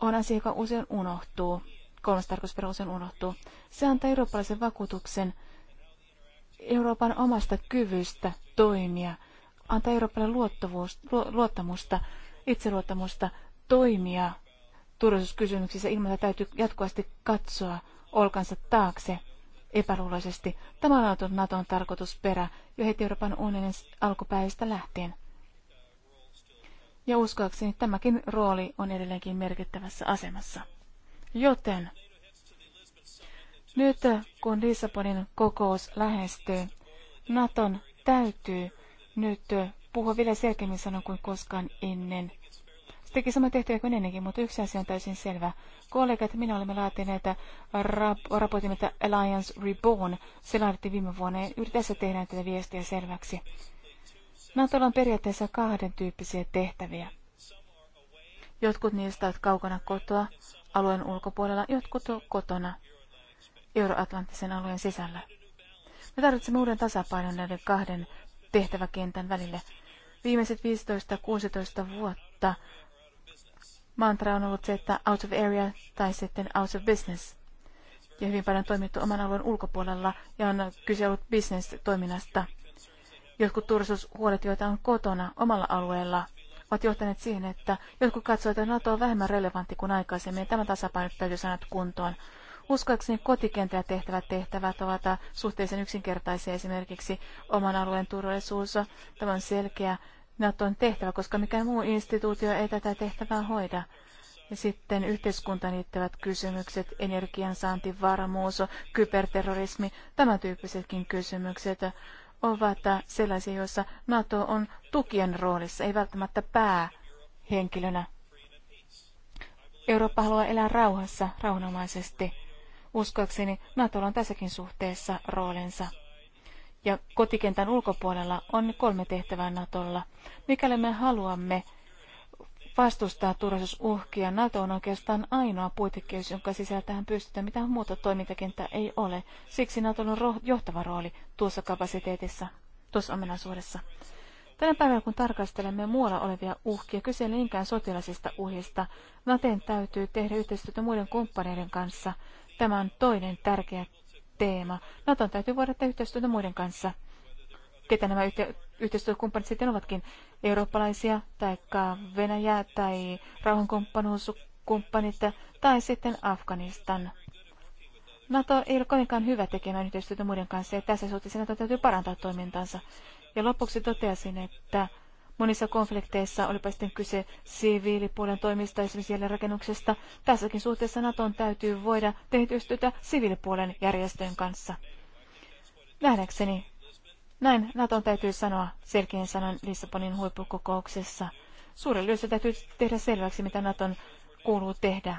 on asia, joka usein unohtuu. Kolmas tarkoitusperä usein unohtuu. Se antaa eurooppalaisen vakuutuksen Euroopan omasta kyvystä toimia, antaa Euroopalle luottamusta, itseluottamusta toimia turvallisuuskysymyksissä ilman, että täytyy jatkuvasti katsoa olkansa taakse epäluuloisesti. Tämä on ollut Naton tarkoitusperä jo heti Euroopan unionin alkupäivistä lähtien. Ja uskoakseni tämäkin rooli on edelleenkin merkittävässä asemassa. Joten nyt kun Lissabonin kokous lähestyy, Naton täytyy nyt puhua vielä selkeämmin sanon kuin koskaan ennen. Se teki sama tehtävä kuin ennenkin, mutta yksi asia on täysin selvä. Kollegat, minä olemme laatineet rap- raportin, että Alliance Reborn, se laadittiin viime vuonna, ja tässä tehdään tätä viestiä selväksi. Natolla on periaatteessa kahden tyyppisiä tehtäviä. Jotkut niistä ovat kaukana kotoa, alueen ulkopuolella, jotkut kotona euroatlanttisen alueen sisällä. Me tarvitsemme uuden tasapainon näiden kahden tehtäväkentän välille. Viimeiset 15-16 vuotta mantra on ollut se, että out of area tai sitten out of business. Ja hyvin paljon toimittu oman alueen ulkopuolella ja on kyse ollut business-toiminnasta. Jotkut turvallisuushuolet, joita on kotona omalla alueella, ovat johtaneet siihen, että jotkut katsovat, että NATO on vähemmän relevantti kuin aikaisemmin. Tämä tasapaino täytyy sanoa kuntoon. Uskoakseni kotikentällä tehtävät tehtävät ovat suhteellisen yksinkertaisia esimerkiksi oman alueen turvallisuus. Tämä on selkeä Naton tehtävä, koska mikään muu instituutio ei tätä tehtävää hoida. Ja sitten yhteiskuntaan liittyvät kysymykset, energiansaanti, varmuus, kyberterrorismi, tämän tyyppisetkin kysymykset ovat sellaisia, joissa NATO on tukien roolissa, ei välttämättä päähenkilönä. Eurooppa haluaa elää rauhassa, rauhanomaisesti. Uskoakseni Natolla on tässäkin suhteessa roolinsa. Ja kotikentän ulkopuolella on kolme tehtävää Natolla. Mikäli me haluamme vastustaa turvallisuusuhkia, Nato on oikeastaan ainoa puitekeys, jonka sisällä tähän pystytään. Mitään muuta toimintakenttää ei ole. Siksi Nato on johtava rooli tuossa kapasiteetissa, tuossa ominaisuudessa. Tänä päivänä, kun tarkastelemme muualla olevia uhkia, kyse ei niinkään sotilasista uhista. Naten täytyy tehdä yhteistyötä muiden kumppaneiden kanssa – Tämä on toinen tärkeä teema. Naton täytyy voida tehdä yhteistyötä muiden kanssa. Ketä nämä yhte- yhteistyökumppanit sitten ovatkin? Eurooppalaisia, tai Venäjä, tai rauhankumppanuuskumppanit, tai sitten Afganistan. NATO ei ole kovinkaan hyvä tekemään yhteistyötä muiden kanssa, ja tässä suhteessa NATO täytyy parantaa toimintansa. Ja lopuksi toteasin, että Monissa konflikteissa olipa sitten kyse siviilipuolen toimista, esimerkiksi jälleenrakennuksesta. Tässäkin suhteessa Naton täytyy voida yhteistyötä siviilipuolen järjestöjen kanssa. Nähdäkseni näin Naton täytyy sanoa selkeän sanan Lissabonin huippukokouksessa. Suurin lyössä täytyy tehdä selväksi, mitä Naton kuuluu tehdä.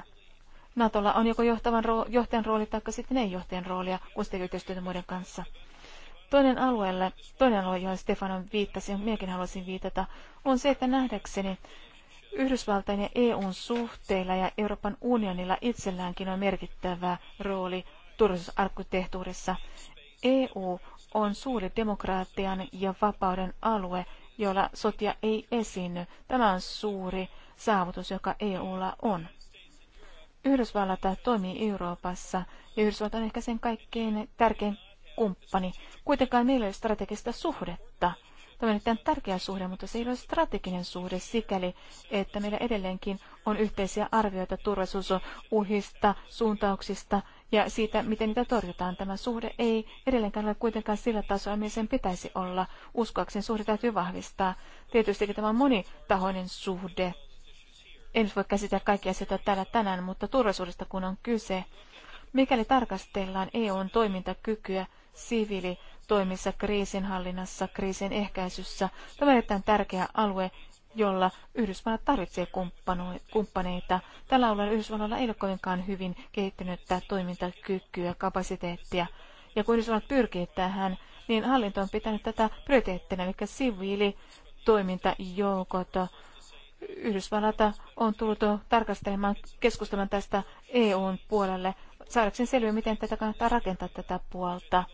Natolla on joko johtavan roo, johtajan rooli tai sitten ei johtajan roolia, kun se tekee yhteistyötä muiden kanssa. Toinen alueelle, toinen alue, johon Stefanon viittasi, minäkin haluaisin viitata, on se, että nähdäkseni Yhdysvaltain ja EUn suhteilla ja Euroopan unionilla itselläänkin on merkittävä rooli turvallisuusarkkitehtuurissa. EU on suuri demokraatian ja vapauden alue, jolla sotia ei esiinny. Tämä on suuri saavutus, joka EUlla on. Yhdysvallat toimii Euroopassa ja Yhdysvallat on ehkä sen kaikkein tärkein kumppani. Kuitenkaan meillä ei ole strategista suhdetta. Tämä on erittäin tärkeä suhde, mutta se ei ole strateginen suhde sikäli, että meillä edelleenkin on yhteisiä arvioita turvallisuusuhista, suuntauksista ja siitä, miten niitä torjutaan. Tämä suhde ei edelleenkään ole kuitenkaan sillä tasolla, missä sen pitäisi olla. Uskoakseni suhde täytyy vahvistaa. Tietysti tämä on monitahoinen suhde. En voi käsitellä kaikkia asioita täällä tänään, mutta turvallisuudesta kun on kyse, mikäli tarkastellaan EUn toimintakykyä, siviilitoimissa, kriisinhallinnassa, kriisin ehkäisyssä. Tämä on erittäin tärkeä alue, jolla Yhdysvallat tarvitsee kumppaneita. Tällä alueella Yhdysvalloilla ei ole kovinkaan hyvin kehittynyttä toimintakykyä, kapasiteettia. Ja kun Yhdysvallat pyrkii tähän, niin hallinto on pitänyt tätä prioriteettina, eli siviilitoimintajoukot. Yhdysvallat on tullut tarkastelemaan keskustelemaan tästä EUn puolelle saadakseen selviä, miten tätä kannattaa rakentaa tätä puolta.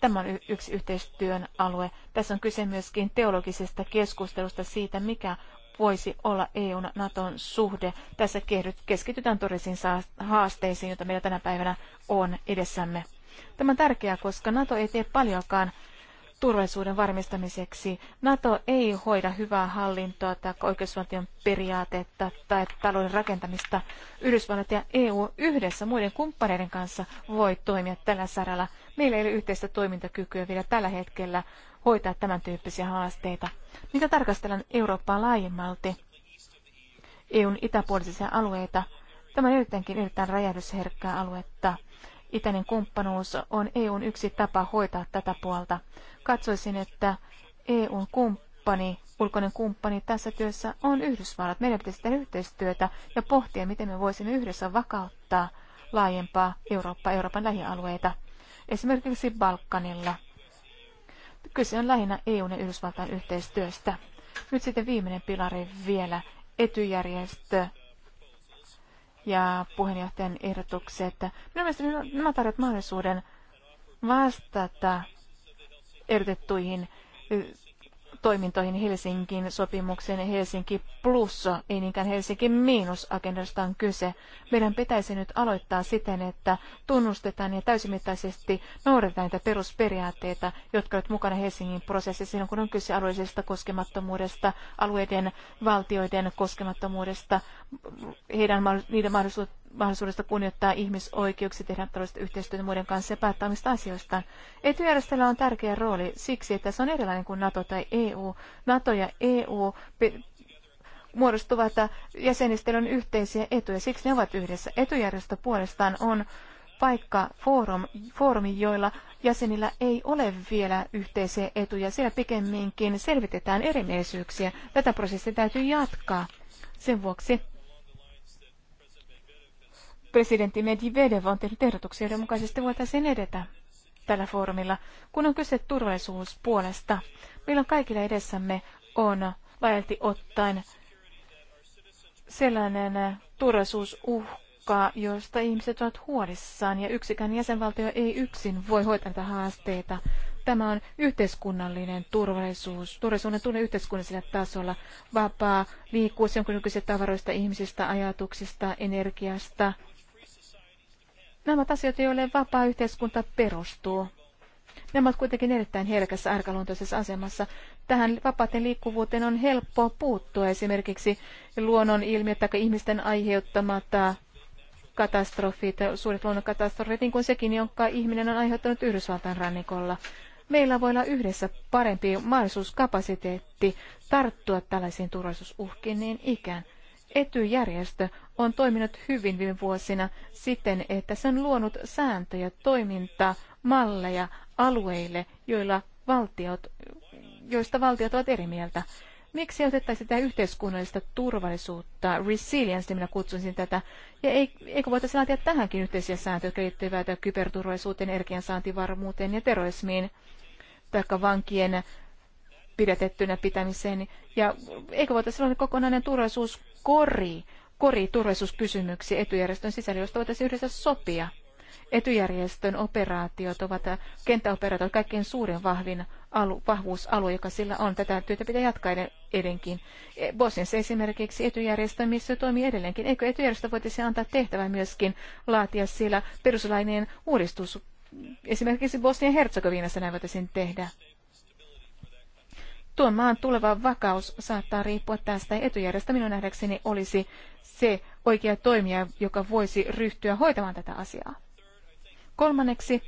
Tämä on yksi yhteistyön alue. Tässä on kyse myöskin teologisesta keskustelusta siitä, mikä voisi olla EUn Naton suhde. Tässä keskitytään todellisiin haasteisiin, joita meillä tänä päivänä on edessämme. Tämä on tärkeää, koska Nato ei tee paljonkaan turvallisuuden varmistamiseksi. NATO ei hoida hyvää hallintoa tai oikeusvaltion periaatetta tai talouden rakentamista. Yhdysvallat ja EU yhdessä muiden kumppaneiden kanssa voi toimia tällä saralla. Meillä ei ole yhteistä toimintakykyä vielä tällä hetkellä hoitaa tämän tyyppisiä haasteita. Mitä tarkastellaan Eurooppaa laajemmalti? EUn itäpuolisia alueita. Tämä on erittäinkin erittäin räjähdysherkkää aluetta. Itäinen kumppanuus on EUn yksi tapa hoitaa tätä puolta. Katsoisin, että EUn kumppani, ulkoinen kumppani tässä työssä on Yhdysvallat. Meidän pitäisi tehdä yhteistyötä ja pohtia, miten me voisimme yhdessä vakauttaa laajempaa Eurooppaa, Euroopan lähialueita, esimerkiksi Balkanilla. Kyse on lähinnä EUn ja Yhdysvaltain yhteistyöstä. Nyt sitten viimeinen pilari vielä, etyjärjestö ja puheenjohtajan ehdotukset. Minun mielestäni nämä tarjoavat mahdollisuuden vastata ehdotettuihin toimintoihin Helsinkin sopimuksen Helsinki plus, ei niinkään Helsinki miinus agendasta on kyse. Meidän pitäisi nyt aloittaa siten, että tunnustetaan ja täysimittaisesti noudatetaan niitä perusperiaatteita, jotka ovat mukana Helsingin prosessissa silloin, kun on kyse alueellisesta koskemattomuudesta, alueiden valtioiden koskemattomuudesta, heidän, niiden mahdollisuudesta mahdollisuudesta kunnioittaa ihmisoikeuksia, tehdä taloudellista yhteistyötä muiden kanssa ja päättää omista asioistaan. Etujärjestöllä on tärkeä rooli siksi, että se on erilainen kuin NATO tai EU. NATO ja EU muodostuvat jäsenistelyn yhteisiä etuja, siksi ne ovat yhdessä. Etujärjestö puolestaan on paikka, foorum, foorumi, joilla jäsenillä ei ole vielä yhteisiä etuja. Siellä pikemminkin selvitetään erimielisyyksiä. Tätä prosessia täytyy jatkaa. Sen vuoksi presidentti Medvedev on tehnyt ehdotuksia, joiden mukaisesti voitaisiin edetä tällä foorumilla, kun on kyse turvallisuuspuolesta. Meillä on kaikilla edessämme on laajalti ottaen sellainen turvallisuusuhka, josta ihmiset ovat huolissaan ja yksikään jäsenvaltio ei yksin voi hoitaa näitä haasteita. Tämä on yhteiskunnallinen turvallisuus, turvallisuuden tunne yhteiskunnallisella tasolla, vapaa liikkuus jonkinnäköisistä tavaroista, ihmisistä, ajatuksista, energiasta – Nämä ovat asioita, joille vapaa yhteiskunta perustuu. Nämä ovat kuitenkin erittäin herkässä arkaluontoisessa asemassa. Tähän vapaaten liikkuvuuteen on helppo puuttua esimerkiksi luonnon ilmiöt tai ihmisten aiheuttamat katastrofit, suuret luonnonkatastrofit, niin kuin sekin, jonka ihminen on aiheuttanut Yhdysvaltain rannikolla. Meillä voi olla yhdessä parempi mahdollisuuskapasiteetti tarttua tällaisiin turvallisuusuhkiin niin ikään. Etyjärjestö on toiminut hyvin viime vuosina siten, että se on luonut sääntöjä, toimintaa, malleja alueille, joilla valtiot, joista valtiot ovat eri mieltä. Miksi otettaisiin tätä yhteiskunnallista turvallisuutta, resilience, minä kutsuisin tätä, ja eikö voitaisiin laatia tähänkin yhteisiä sääntöjä, jotka liittyvät kyberturvallisuuteen, energiansaantivarmuuteen ja terrorismiin, taikka vankien pidätettynä pitämiseen, ja eikö voitaisiin olla kokonainen turvallisuuskori Kori turvallisuuskysymyksiä etujärjestön sisällä, joista voitaisiin yhdessä sopia. Etujärjestön operaatiot ovat kenttäoperaatiot kaikkein suurin vahvin alu, vahvuusalue, joka sillä on. Tätä työtä pitää jatkaa edenkin. Bosniassa esimerkiksi etujärjestö, missä toimii edelleenkin. Eikö etujärjestö voitaisi antaa tehtävä myöskin laatia siellä peruslainen uudistus? Esimerkiksi Bosnian Herzegovinassa näin voitaisiin tehdä. Tuon maan tuleva vakaus saattaa riippua tästä. Etujärjestö minun nähdäkseni olisi se oikea toimija, joka voisi ryhtyä hoitamaan tätä asiaa. Kolmanneksi,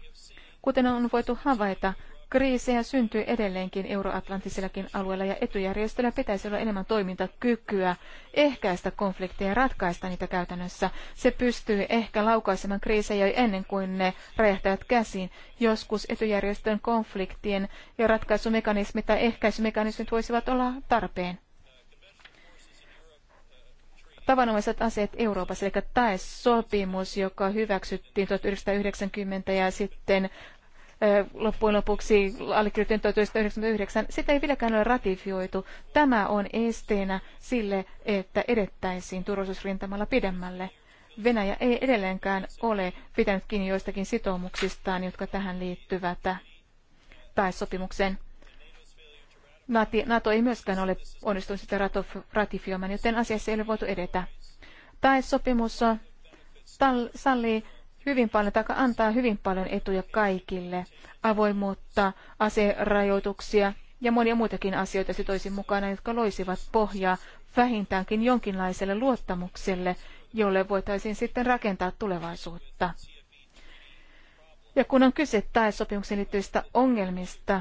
kuten on voitu havaita, Kriisejä syntyy edelleenkin Euroatlantisellakin alueilla ja etujärjestöllä pitäisi olla enemmän toimintakykyä ehkäistä konflikteja ja ratkaista niitä käytännössä. Se pystyy ehkä laukaisemaan kriisejä jo ennen kuin ne räjähtävät käsiin. Joskus etujärjestön konfliktien ja ratkaisumekanismit tai ehkäisymekanismit voisivat olla tarpeen. Tavanomaiset aseet Euroopassa, eli TAES-sopimus, joka hyväksyttiin 1990 ja sitten loppujen lopuksi allekirjoitettiin 1999, sitä ei vieläkään ole ratifioitu. Tämä on esteenä sille, että edettäisiin turvallisuusrintamalla pidemmälle. Venäjä ei edelleenkään ole pitänyt kiinni joistakin sitoumuksistaan, jotka tähän liittyvät tai sopimukseen. NATO ei myöskään ole onnistunut sitä ratifioimaan, joten asiassa ei ole voitu edetä. Tai sopimus sallii hyvin paljon, tai antaa hyvin paljon etuja kaikille. Avoimuutta, aserajoituksia ja monia muitakin asioita sitoisin mukana, jotka loisivat pohjaa vähintäänkin jonkinlaiselle luottamukselle, jolle voitaisiin sitten rakentaa tulevaisuutta. Ja kun on kyse tae sopimukseen liittyvistä ongelmista,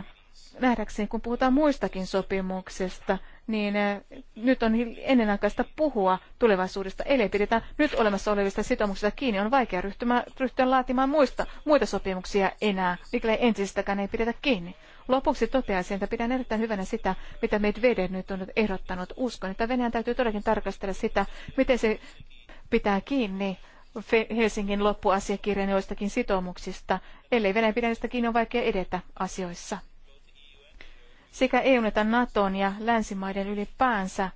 nähdäkseni kun puhutaan muistakin sopimuksesta, niin eh, nyt on ennenaikaista puhua tulevaisuudesta, eli pidetä nyt olemassa olevista sitoumuksista kiinni. On vaikea ryhtyä ryhtyä laatimaan muista, muita sopimuksia enää, mikäli entistäkään ei pidetä kiinni. Lopuksi toteaisin, että pidän erittäin hyvänä sitä, mitä Medvedev nyt on ehdottanut. Uskon, että Venäjän täytyy todellakin tarkastella sitä, miten se pitää kiinni Helsingin loppuasiakirjan joistakin sitoumuksista. Ellei Venäjän pidä niistä kiinni, on vaikea edetä asioissa sekä EUn että Naton ja länsimaiden ylipäänsä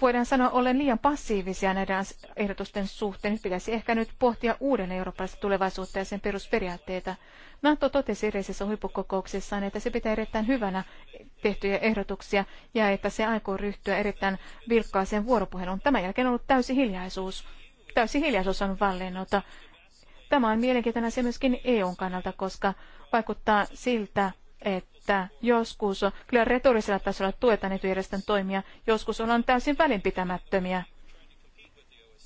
voidaan sanoa olleen liian passiivisia näiden ehdotusten suhteen. Nyt pitäisi ehkä nyt pohtia uuden eurooppalaisen tulevaisuutta ja sen perusperiaatteita. NATO totesi edellisessä huippukokouksessaan, että se pitää erittäin hyvänä tehtyjä ehdotuksia ja että se aikoo ryhtyä erittäin vilkkaaseen vuoropuheluun. Tämän jälkeen on ollut täysi hiljaisuus. Täysi hiljaisuus on vallinnut. Tämä on mielenkiintoinen asia myöskin EUn kannalta, koska vaikuttaa siltä, että että joskus kyllä retorisella tasolla tuetaan etujärjestön toimia, joskus ollaan täysin välinpitämättömiä.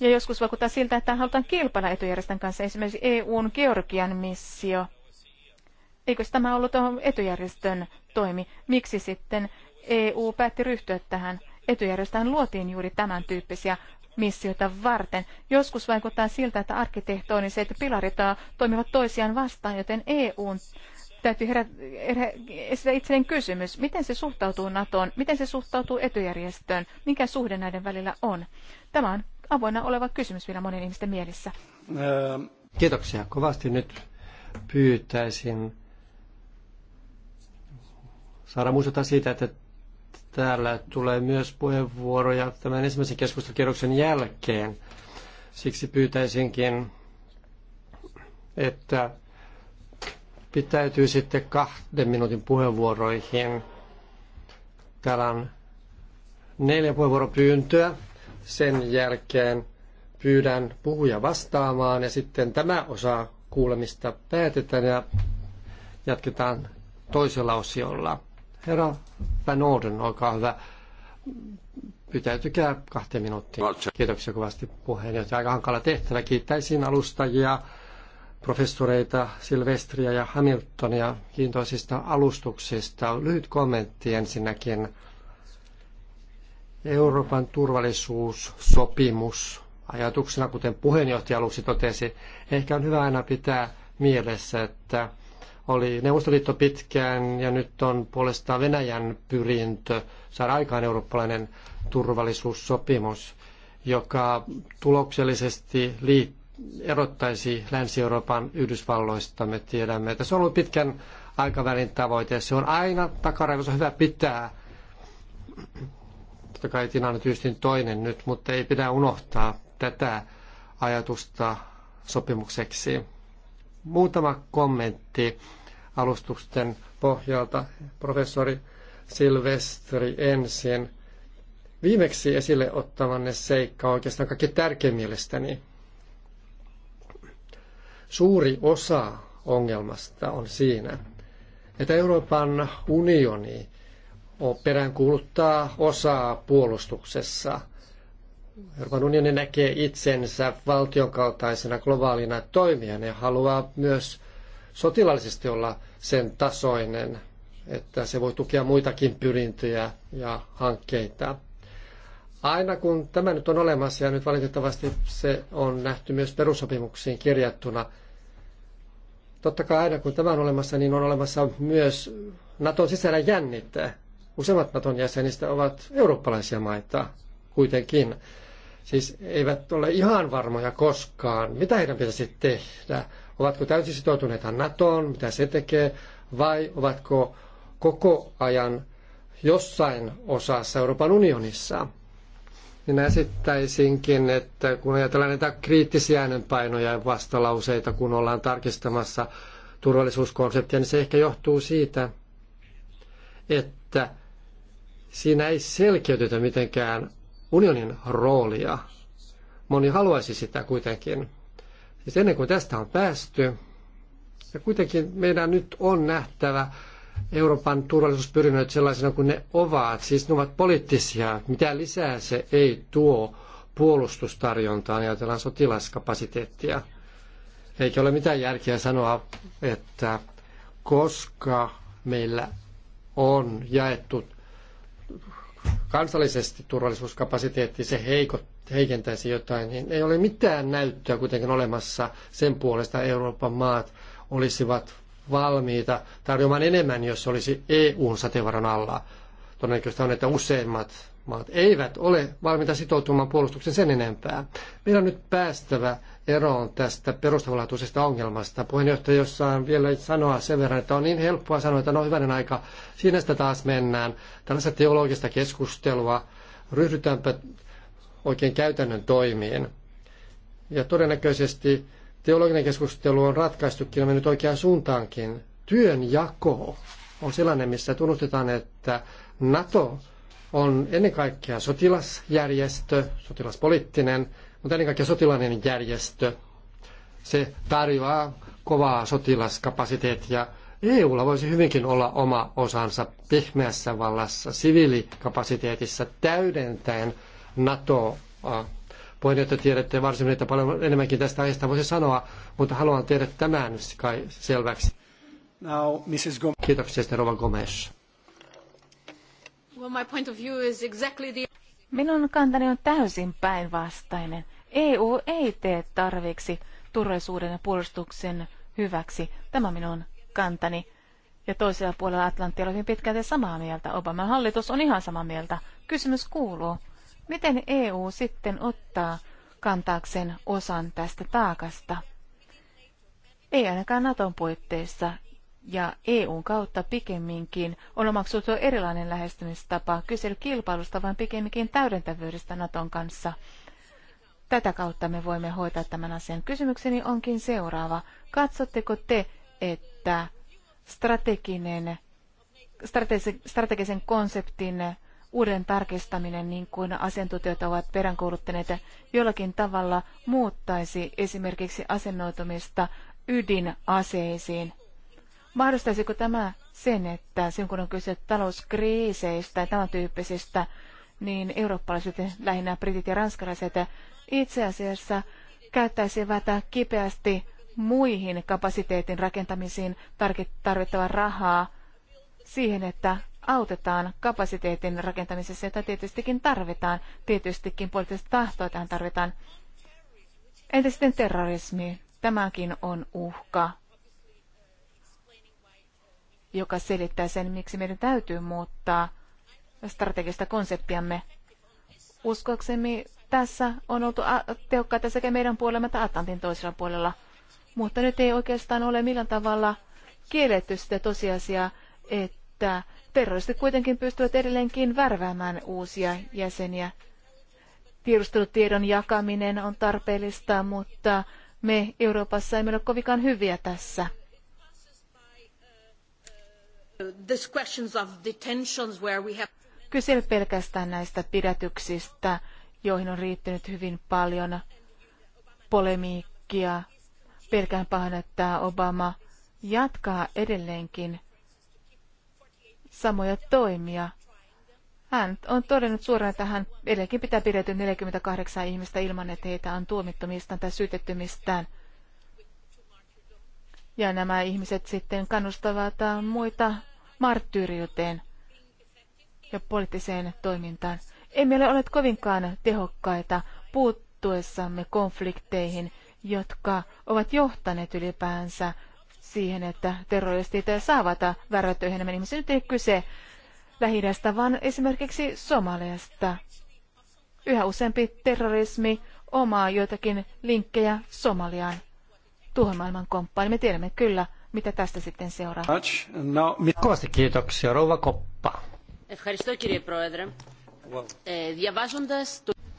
Ja joskus vaikuttaa siltä, että halutaan kilpailla etujärjestön kanssa, esimerkiksi EUn Georgian missio. Eikö tämä ollut etujärjestön toimi? Miksi sitten EU päätti ryhtyä tähän? Etujärjestöhän luotiin juuri tämän tyyppisiä missioita varten. Joskus vaikuttaa siltä, että arkkitehtooniset pilarit toimivat toisiaan vastaan, joten EUn täytyy herätä itselleen kysymys, miten se suhtautuu NATOon, miten se suhtautuu etujärjestöön, mikä suhde näiden välillä on. Tämä on avoinna oleva kysymys vielä monen ihmisten mielissä. Äh. Kiitoksia. Kovasti nyt pyytäisin saada muistuttaa siitä, että täällä tulee myös puheenvuoroja tämän ensimmäisen keskustelukierroksen jälkeen. Siksi pyytäisinkin, että pitäytyy sitten kahden minuutin puheenvuoroihin. Täällä on neljä puheenvuoropyyntöä. Sen jälkeen pyydän puhuja vastaamaan ja sitten tämä osa kuulemista päätetään ja jatketaan toisella osiolla. Herra Van Orden, olkaa hyvä. Pitäytykää kahteen minuuttiin. Kiitoksia kovasti puheenjohtaja. Aika hankala tehtävä. Kiittäisin alustajia professoreita Silvestriä ja Hamiltonia kiintoisista alustuksista. Lyhyt kommentti ensinnäkin. Euroopan turvallisuussopimus ajatuksena, kuten puheenjohtaja aluksi totesi, ehkä on hyvä aina pitää mielessä, että oli Neuvostoliitto pitkään ja nyt on puolestaan Venäjän pyrintö saada aikaan eurooppalainen turvallisuussopimus, joka tuloksellisesti liittyy erottaisi Länsi-Euroopan Yhdysvalloista. Me tiedämme, että se on ollut pitkän aikavälin tavoite. Se on aina takaraivossa hyvä pitää. Totta kai tilanne tietysti toinen nyt, mutta ei pidä unohtaa tätä ajatusta sopimukseksi. Muutama kommentti alustusten pohjalta. Professori Silvestri ensin. Viimeksi esille ottamanne seikka on oikeastaan kaikki tärkein mielestäni. Suuri osa ongelmasta on siinä, että Euroopan unioni peräänkuuluttaa osaa puolustuksessa. Euroopan unioni näkee itsensä valtionkaltaisena globaalina toimijana ja haluaa myös sotilaallisesti olla sen tasoinen, että se voi tukea muitakin pyrintöjä ja hankkeita. Aina kun tämä nyt on olemassa, ja nyt valitettavasti se on nähty myös perussopimuksiin kirjattuna, totta kai aina kun tämä on olemassa, niin on olemassa myös Naton sisällä jännitteä. Useimmat Naton jäsenistä ovat eurooppalaisia maita kuitenkin. Siis eivät ole ihan varmoja koskaan, mitä heidän pitäisi tehdä. Ovatko täysin sitoutuneita NATOon, mitä se tekee, vai ovatko koko ajan jossain osassa Euroopan unionissa niin esittäisinkin, että kun ajatellaan näitä kriittisiä äänenpainoja ja vastalauseita, kun ollaan tarkistamassa turvallisuuskonseptia, niin se ehkä johtuu siitä, että siinä ei selkeytetä mitenkään unionin roolia. Moni haluaisi sitä kuitenkin. Siis ennen kuin tästä on päästy, ja kuitenkin meidän nyt on nähtävä Euroopan turvallisuuspyrinnöt sellaisena kuin ne ovat. Siis ne ovat poliittisia. Mitä lisää se ei tuo puolustustarjontaan, ajatellaan sotilaskapasiteettia. Eikä ole mitään järkeä sanoa, että koska meillä on jaettu kansallisesti turvallisuuskapasiteetti, se heikot, heikentäisi jotain, niin ei ole mitään näyttöä kuitenkin olemassa sen puolesta Euroopan maat olisivat valmiita tarjoamaan enemmän, jos olisi EUn sateenvaron alla. Todennäköistä on, että useimmat maat eivät ole valmiita sitoutumaan puolustuksen sen enempää. Meillä on nyt päästävä eroon tästä perustavanlaatuisesta ongelmasta. Puheenjohtaja jossain vielä sanoa sen verran, että on niin helppoa sanoa, että no hyvänen aika, siinä sitä taas mennään. Tällaista teologista keskustelua, ryhdytäänpä oikein käytännön toimiin. Ja todennäköisesti Teologinen keskustelu on ratkaistukin ja mennyt oikeaan suuntaankin. Työnjako on sellainen, missä tunnustetaan, että NATO on ennen kaikkea sotilasjärjestö, sotilaspoliittinen, mutta ennen kaikkea sotilainen järjestö. Se tarjoaa kovaa sotilaskapasiteettia. EUlla voisi hyvinkin olla oma osansa pehmeässä vallassa, siviilikapasiteetissa, täydentäen NATO äh, että tiedätte varsin, että paljon enemmänkin tästä aiheesta voisi sanoa, mutta haluan tehdä tämän kai selväksi. Now, Mrs. Gomez. Kiitoksia, Rova Gomes. Well, my point of view is exactly the... Minun kantani on täysin päinvastainen. EU ei tee tarviksi turvallisuuden ja puolustuksen hyväksi. Tämä minun kantani. Ja toisella puolella Atlanttia oli hyvin pitkälti samaa mieltä. Obama hallitus on ihan samaa mieltä. Kysymys kuuluu, Miten EU sitten ottaa kantaakseen osan tästä taakasta? Ei ainakaan Naton puitteissa ja EUn kautta pikemminkin on omaksuttu erilainen lähestymistapa kysely kilpailusta, vaan pikemminkin täydentävyydestä Naton kanssa. Tätä kautta me voimme hoitaa tämän asian. Kysymykseni onkin seuraava. Katsotteko te, että strateginen, strategisen konseptin uuden tarkistaminen, niin kuin asiantuntijat ovat peräänkuuluttaneet, jollakin tavalla muuttaisi esimerkiksi asennoitumista ydinaseisiin. Mahdollistaisiko tämä sen, että silloin kun on kyse talouskriiseistä ja tämän tyyppisistä, niin eurooppalaiset, lähinnä britit ja ranskalaiset, itse asiassa käyttäisivät kipeästi muihin kapasiteetin rakentamisiin tarvittavaa rahaa siihen, että autetaan kapasiteetin rakentamisessa, jota tietystikin tarvitaan. Tietystikin poliittista tahtoa tähän tarvitaan. Entä sitten terrorismi? Tämäkin on uhka, joka selittää sen, miksi meidän täytyy muuttaa strategista konseptiamme. Uskoksemme tässä on oltu tehokkaita sekä meidän puolella että Atlantin toisella puolella. Mutta nyt ei oikeastaan ole millään tavalla kielletty sitä tosiasiaa, että Terroristit kuitenkin pystyvät edelleenkin värväämään uusia jäseniä. Tiedustelutiedon jakaminen on tarpeellista, mutta me Euroopassa emme ole kovinkaan hyviä tässä. Kyse pelkästään näistä pidätyksistä, joihin on riittänyt hyvin paljon polemiikkia. Pelkään pahan, että Obama jatkaa edelleenkin samoja toimia. Hän on todennut suoraan, että hän edelleenkin pitää pidetty 48 ihmistä ilman, että heitä on tuomittumistaan tai syytettymistään. Ja nämä ihmiset sitten kannustavat äh, muita marttyyriyteen ja poliittiseen toimintaan. Emme ole olleet kovinkaan tehokkaita puuttuessamme konflikteihin, jotka ovat johtaneet ylipäänsä siihen, että terroristit saavat värvättyä enemmän ihmisiä. Nyt ei kyse lähi vaan esimerkiksi Somaliasta. Yhä useampi terrorismi omaa joitakin linkkejä Somaliaan. Tuohon maailman komppaan. Me tiedämme kyllä, mitä tästä sitten seuraa. Kovasti kiitoksia, rouva Koppa.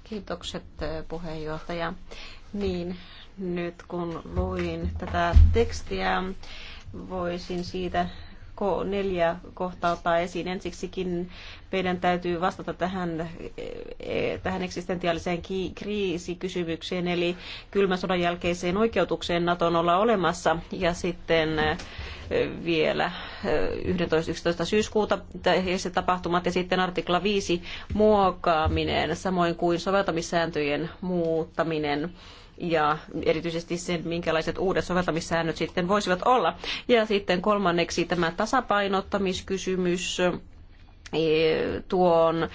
Kiitokset puheenjohtaja. Niin, nyt kun luin tätä tekstiä, voisin siitä neljä kohtaa ottaa esiin. Ensiksikin meidän täytyy vastata tähän, e, tähän eksistentiaaliseen kriisikysymykseen, eli kylmän sodan jälkeiseen oikeutukseen Naton olla olemassa, ja sitten e, vielä 11. E, syyskuuta se tapahtumat ja sitten artikla 5 muokkaaminen, samoin kuin soveltamissääntöjen muuttaminen ja erityisesti sen, minkälaiset uudet soveltamissäännöt sitten voisivat olla. Ja sitten kolmanneksi tämä tasapainottamiskysymys e, tuon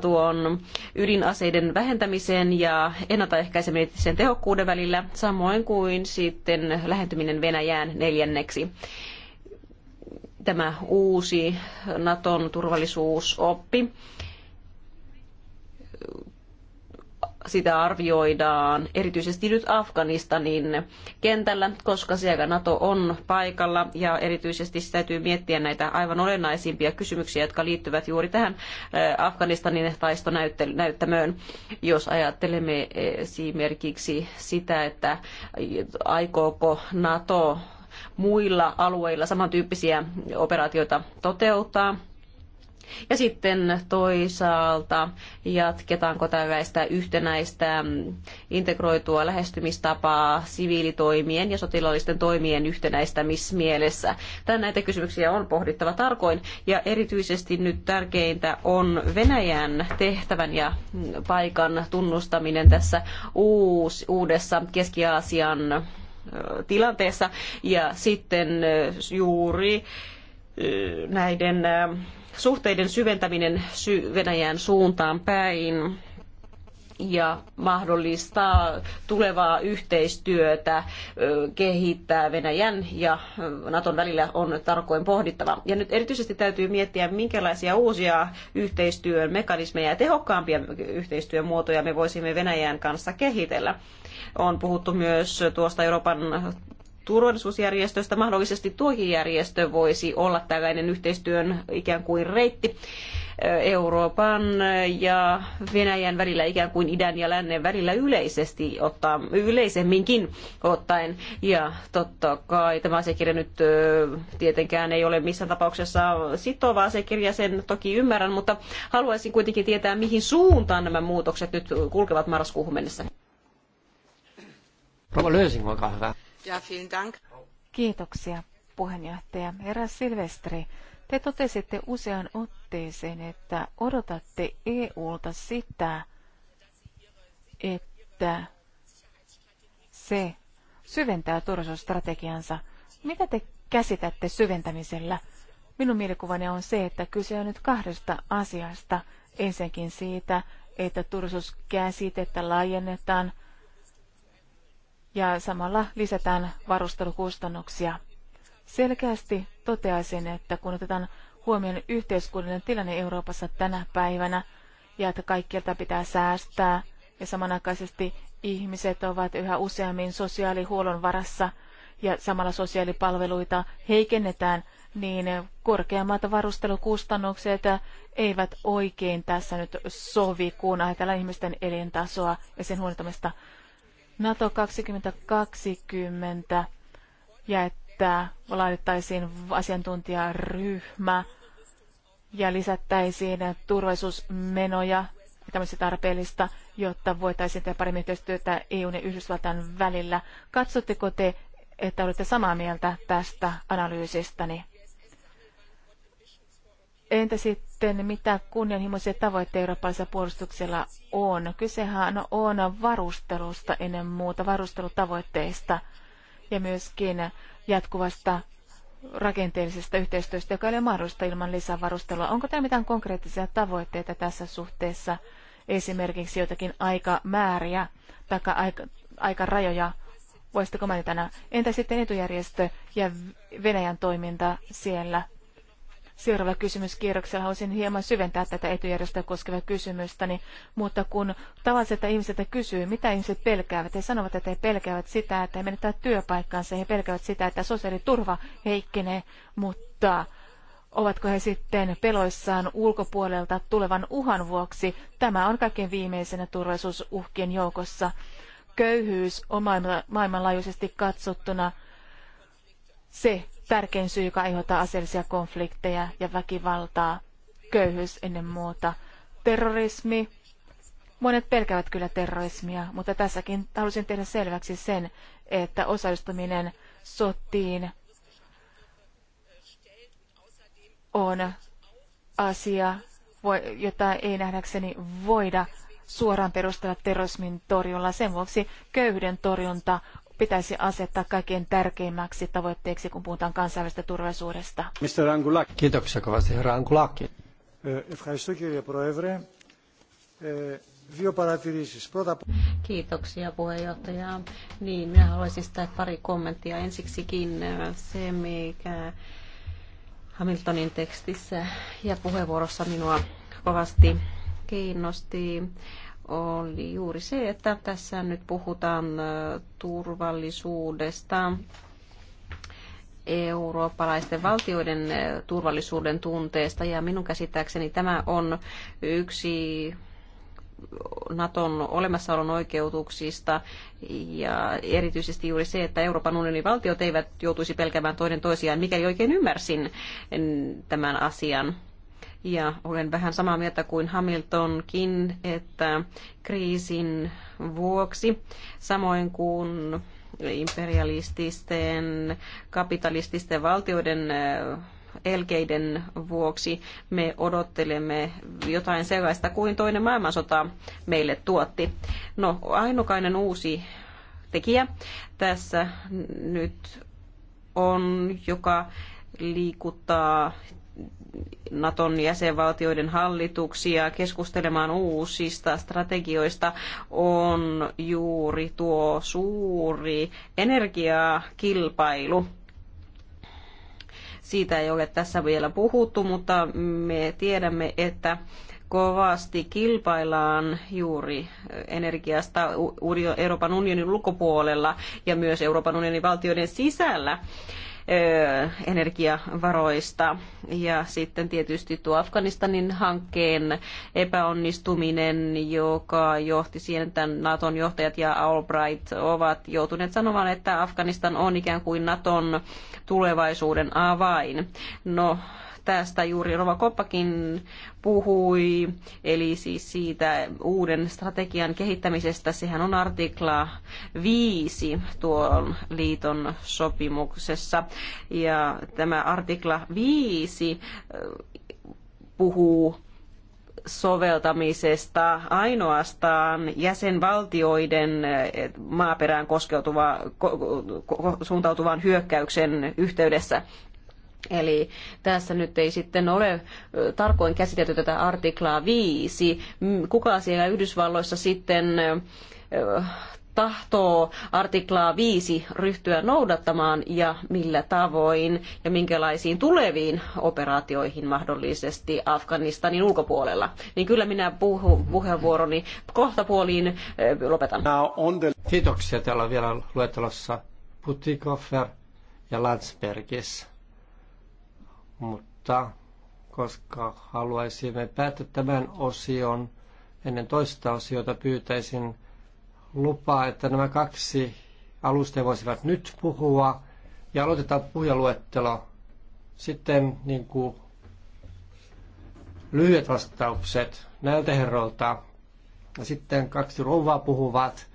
tuon ydinaseiden vähentämisen ja ennaltaehkäisemisen tehokkuuden välillä, samoin kuin sitten lähentyminen Venäjään neljänneksi tämä uusi Naton turvallisuusoppi sitä arvioidaan erityisesti nyt Afganistanin kentällä, koska siellä NATO on paikalla ja erityisesti täytyy miettiä näitä aivan olennaisimpia kysymyksiä, jotka liittyvät juuri tähän Afganistanin taistonäyttämöön. Jos ajattelemme esimerkiksi sitä, että aikooko NATO muilla alueilla samantyyppisiä operaatioita toteuttaa, ja sitten toisaalta jatketaanko tällaista yhtenäistä integroitua lähestymistapaa siviilitoimien ja sotilaallisten toimien yhtenäistämismielessä. Tämän näitä kysymyksiä on pohdittava tarkoin ja erityisesti nyt tärkeintä on Venäjän tehtävän ja paikan tunnustaminen tässä uus, uudessa Keski-Aasian tilanteessa ja sitten juuri näiden suhteiden syventäminen Venäjän suuntaan päin ja mahdollistaa tulevaa yhteistyötä kehittää Venäjän ja Naton välillä on tarkoin pohdittava. Ja nyt erityisesti täytyy miettiä, minkälaisia uusia yhteistyön mekanismeja ja tehokkaampia yhteistyön muotoja me voisimme Venäjän kanssa kehitellä. On puhuttu myös tuosta Euroopan turvallisuusjärjestöistä, Mahdollisesti tuokin järjestö voisi olla tällainen yhteistyön ikään kuin reitti eh, Euroopan eh, ja Venäjän välillä ikään kuin idän ja lännen välillä yleisesti ottaa, yleisemminkin ottaen. Ja totta kai tämä asiakirja nyt eh, tietenkään ei ole missään tapauksessa sitova asiakirja, sen toki ymmärrän, mutta haluaisin kuitenkin tietää, mihin suuntaan nämä muutokset nyt kulkevat marraskuuhun mennessä. Rova Löysing, olkaa hyvä. Ja, vielen dank. Kiitoksia, puheenjohtaja. Herra Silvestri, te totesitte usean otteeseen, että odotatte EUlta sitä, että se syventää turvallisuusstrategiansa. Mitä te käsitätte syventämisellä? Minun mielikuvani on se, että kyse on nyt kahdesta asiasta. Ensinnäkin siitä, että turvallisuuskäsitettä laajennetaan – ja samalla lisätään varustelukustannuksia. Selkeästi toteaisin, että kun otetaan huomioon yhteiskunnallinen tilanne Euroopassa tänä päivänä ja että kaikkialta pitää säästää ja samanaikaisesti ihmiset ovat yhä useammin sosiaalihuollon varassa ja samalla sosiaalipalveluita heikennetään, niin korkeammat varustelukustannukset eivät oikein tässä nyt sovi, kun ajatellaan ihmisten elintasoa ja sen huonontamista. NATO 2020 ja että laitettaisiin asiantuntijaryhmä ja lisättäisiin turvallisuusmenoja tämmöistä tarpeellista, jotta voitaisiin tehdä paremmin yhteistyötä EUn ja Yhdysvaltain välillä. Katsotteko te, että olette samaa mieltä tästä analyysistäni? Entä sitten, mitä kunnianhimoisia tavoitteita eurooppalaisella puolustuksella on? Kysehän on varustelusta ennen muuta, varustelutavoitteista ja myöskin jatkuvasta rakenteellisesta yhteistyöstä, joka ei ole mahdollista ilman lisävarustelua. Onko tämä mitään konkreettisia tavoitteita tässä suhteessa, esimerkiksi jotakin aikamääriä tai aika, aikarajoja? Voisitteko mainita nämä? Entä sitten etujärjestö ja Venäjän toiminta siellä? Seuraavalla kysymyskierroksella haluaisin hieman syventää tätä etujärjestöä koskevaa niin, mutta kun tavalliset ihmiset kysyy, mitä ihmiset pelkäävät, he sanovat, että he pelkäävät sitä, että he menettää työpaikkaansa, he pelkäävät sitä, että sosiaaliturva heikkenee, mutta Ovatko he sitten peloissaan ulkopuolelta tulevan uhan vuoksi? Tämä on kaikkein viimeisenä turvallisuusuhkien joukossa. Köyhyys on maailmanlaajuisesti katsottuna se tärkein syy, joka aiheuttaa aseellisia konflikteja ja väkivaltaa, köyhyys ennen muuta, terrorismi. Monet pelkäävät kyllä terrorismia, mutta tässäkin halusin tehdä selväksi sen, että osallistuminen sotiin on asia, jota ei nähdäkseni voida suoraan perustella terrorismin torjulla. Sen vuoksi köyhyyden torjunta pitäisi asettaa kaikkein tärkeimmäksi tavoitteeksi, kun puhutaan kansainvälisestä turvallisuudesta. Mr. Angulaki. Kiitoksia kovasti, herra Angulaki. Eh, ευχαριστώ κύριε Πρόεδρε. Δύο Kiitoksia puheenjohtaja. Niin, minä haluaisin sitä pari kommenttia. Ensiksikin eh, se, mikä Hamiltonin tekstissä ja puheenvuorossa minua kovasti kiinnosti oli juuri se, että tässä nyt puhutaan turvallisuudesta, eurooppalaisten valtioiden turvallisuuden tunteesta, ja minun käsittääkseni tämä on yksi Naton olemassaolon oikeutuksista ja erityisesti juuri se, että Euroopan unionin valtiot eivät joutuisi pelkäämään toinen toisiaan, mikäli oikein ymmärsin tämän asian. Ja olen vähän samaa mieltä kuin Hamiltonkin, että kriisin vuoksi, samoin kuin imperialististen, kapitalististen valtioiden elkeiden vuoksi me odottelemme jotain sellaista kuin toinen maailmansota meille tuotti. No, ainokainen uusi tekijä tässä nyt on, joka liikuttaa Naton jäsenvaltioiden hallituksia keskustelemaan uusista strategioista on juuri tuo suuri energiakilpailu. Siitä ei ole tässä vielä puhuttu, mutta me tiedämme, että kovasti kilpaillaan juuri energiasta Euroopan unionin ulkopuolella ja myös Euroopan unionin valtioiden sisällä energiavaroista. Ja sitten tietysti tuo Afganistanin hankkeen epäonnistuminen, joka johti siihen, että Naton johtajat ja Albright ovat joutuneet sanomaan, että Afganistan on ikään kuin Naton tulevaisuuden avain. No, tästä juuri Rova Koppakin puhui, eli siis siitä uuden strategian kehittämisestä. Sehän on artikla 5 tuon liiton sopimuksessa. Ja tämä artikla 5 äh, puhuu soveltamisesta ainoastaan jäsenvaltioiden äh, maaperään koskeutuva, ko, ko, suuntautuvan hyökkäyksen yhteydessä. Eli tässä nyt ei sitten ole tarkoin käsitelty tätä artiklaa 5. Mm, kuka siellä Yhdysvalloissa sitten tahtoo artiklaa 5 ryhtyä noudattamaan ja millä tavoin ja minkälaisiin tuleviin operaatioihin mahdollisesti Afganistanin ulkopuolella. Niin kyllä minä puhun puheenvuoroni kohta puoliin lopetan. The... Kiitoksia. Täällä on vielä luettelossa Putikoffer ja Landsbergis mutta koska haluaisimme päättää tämän osion, ennen toista osiota pyytäisin lupaa, että nämä kaksi alusta voisivat nyt puhua ja aloitetaan puhujaluettelo. Sitten niin kuin, lyhyet vastaukset näiltä herroilta ja sitten kaksi rouvaa puhuvat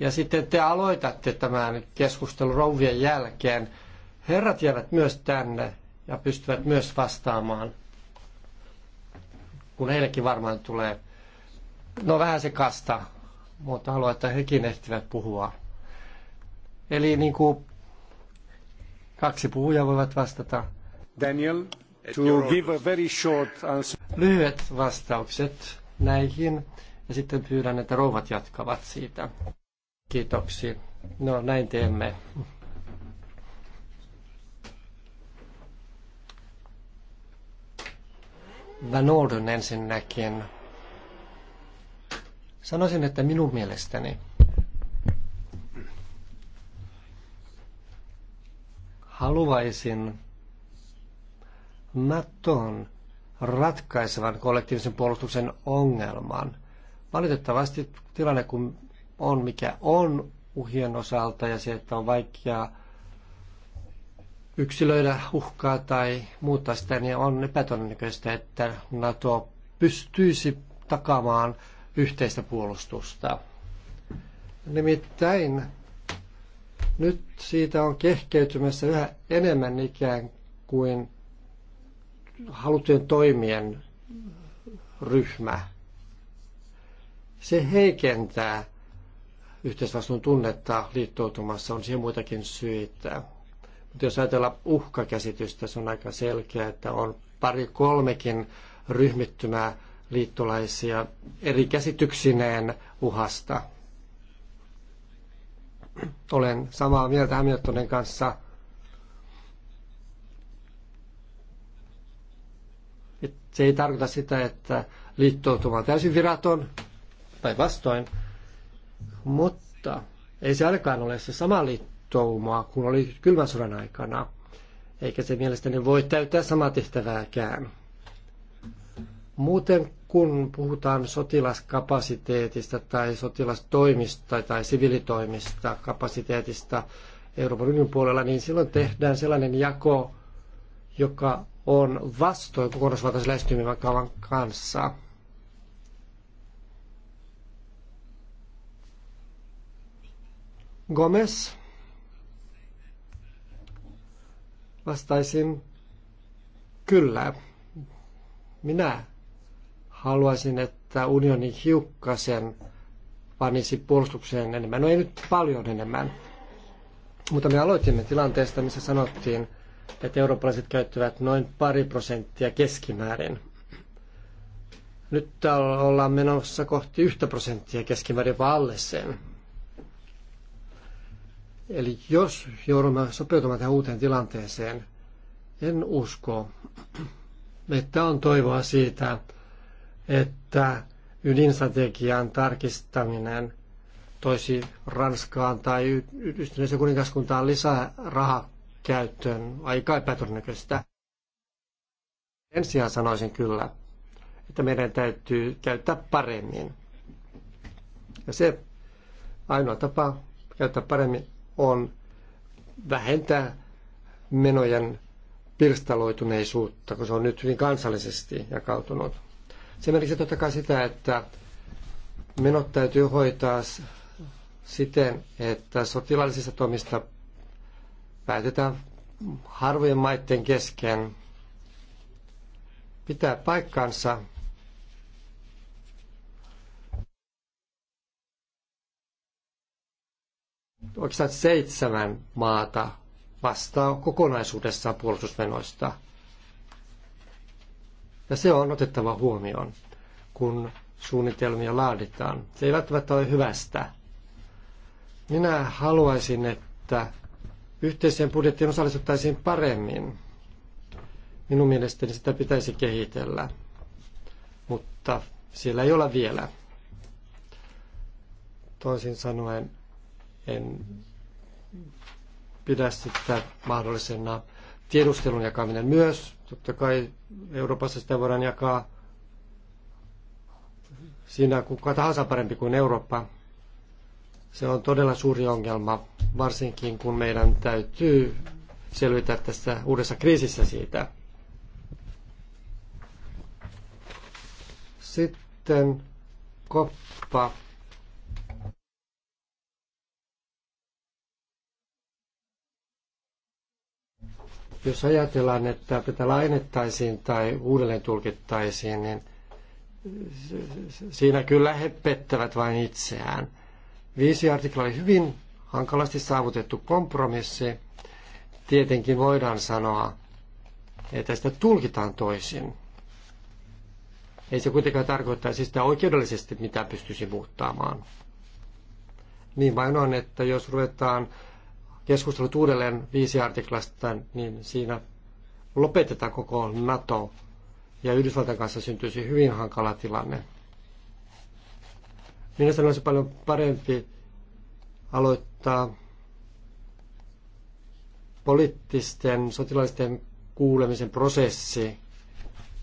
ja sitten te aloitatte tämän keskustelun rouvien jälkeen. Herrat jäävät myös tänne ja pystyvät myös vastaamaan, kun heillekin varmaan tulee, no vähän se kasta, mutta haluan, että hekin ehtivät puhua. Eli niin kuin kaksi puhujaa voivat vastata. Daniel, to give a very short answer. Lyhyet vastaukset näihin ja sitten pyydän, että rouvat jatkavat siitä. Kiitoksia. No näin teemme. Van Orden ensinnäkin. Sanoisin, että minun mielestäni haluaisin Naton ratkaisevan kollektiivisen puolustuksen ongelman. Valitettavasti tilanne kun on mikä on uhien osalta ja se, että on vaikeaa yksilöidä uhkaa tai muuttaa sitä, niin on epätodennäköistä, että NATO pystyisi takaamaan yhteistä puolustusta. Nimittäin nyt siitä on kehkeytymässä yhä enemmän ikään kuin halutujen toimien ryhmä. Se heikentää yhteisvastuun tunnetta liittoutumassa, on siihen muitakin syitä. Mutta jos ajatellaan uhkakäsitystä, se on aika selkeä, että on pari kolmekin ryhmittymää liittolaisia eri käsityksineen uhasta. Olen samaa mieltä Hamiltonin kanssa, se ei tarkoita sitä, että liittoutuma on täysin viraton, tai vastoin, mutta ei se ainakaan ole se sama liitto liittoumaa, kun oli kylmän sodan aikana. Eikä se mielestäni voi täyttää samaa tehtävääkään. Muuten kun puhutaan sotilaskapasiteetista tai sotilastoimista tai sivilitoimista kapasiteetista Euroopan unionin puolella, niin silloin tehdään sellainen jako, joka on vastoin kokonaisvaltaisen lähestymiskaavan kanssa. Gomez Vastaisin kyllä. Minä haluaisin, että unioni hiukkasen panisi puolustukseen enemmän. No ei nyt paljon enemmän. Mutta me aloitimme tilanteesta, missä sanottiin, että eurooppalaiset käyttävät noin pari prosenttia keskimäärin. Nyt ollaan menossa kohti yhtä prosenttia keskimäärin, vaan alle sen. Eli jos joudumme sopeutumaan tähän uuteen tilanteeseen, en usko, että on toivoa siitä, että ydinstrategian tarkistaminen toisi Ranskaan tai yhdistyneeseen kuningaskuntaan lisää rahakäyttöön. Aika epätodennäköistä. En sijaan sanoisin kyllä, että meidän täytyy käyttää paremmin. Ja se ainoa tapa käyttää paremmin on vähentää menojen pirstaloituneisuutta, kun se on nyt hyvin kansallisesti jakautunut. Se merkitsee totta kai sitä, että menot täytyy hoitaa siten, että sotilaallisista toimista päätetään harvojen maiden kesken. Pitää paikkansa, oikeastaan seitsemän maata vastaa kokonaisuudessaan puolustusmenoista. Ja se on otettava huomioon, kun suunnitelmia laaditaan. Se ei välttämättä ole hyvästä. Minä haluaisin, että yhteiseen budjettiin osallistuttaisiin paremmin. Minun mielestäni sitä pitäisi kehitellä, mutta siellä ei ole vielä. Toisin sanoen, en pidä sitä mahdollisena tiedustelun jakaminen myös. Totta kai Euroopassa sitä voidaan jakaa siinä kuka tahansa parempi kuin Eurooppa. Se on todella suuri ongelma, varsinkin kun meidän täytyy selvitä tässä uudessa kriisissä siitä. Sitten koppa Jos ajatellaan, että tätä lainettaisiin tai uudelleen tulkittaisiin, niin siinä kyllä he pettävät vain itseään. Viisi artikla oli hyvin hankalasti saavutettu kompromissi. Tietenkin voidaan sanoa, että sitä tulkitaan toisin. Ei se kuitenkaan tarkoittaisi siis sitä oikeudellisesti, mitä pystyisi muuttamaan. Niin vain on, että jos ruvetaan keskustelut uudelleen viisi artiklasta, niin siinä lopetetaan koko NATO ja Yhdysvaltain kanssa syntyisi hyvin hankala tilanne. Mielestäni olisi paljon parempi aloittaa poliittisten sotilaisten kuulemisen prosessi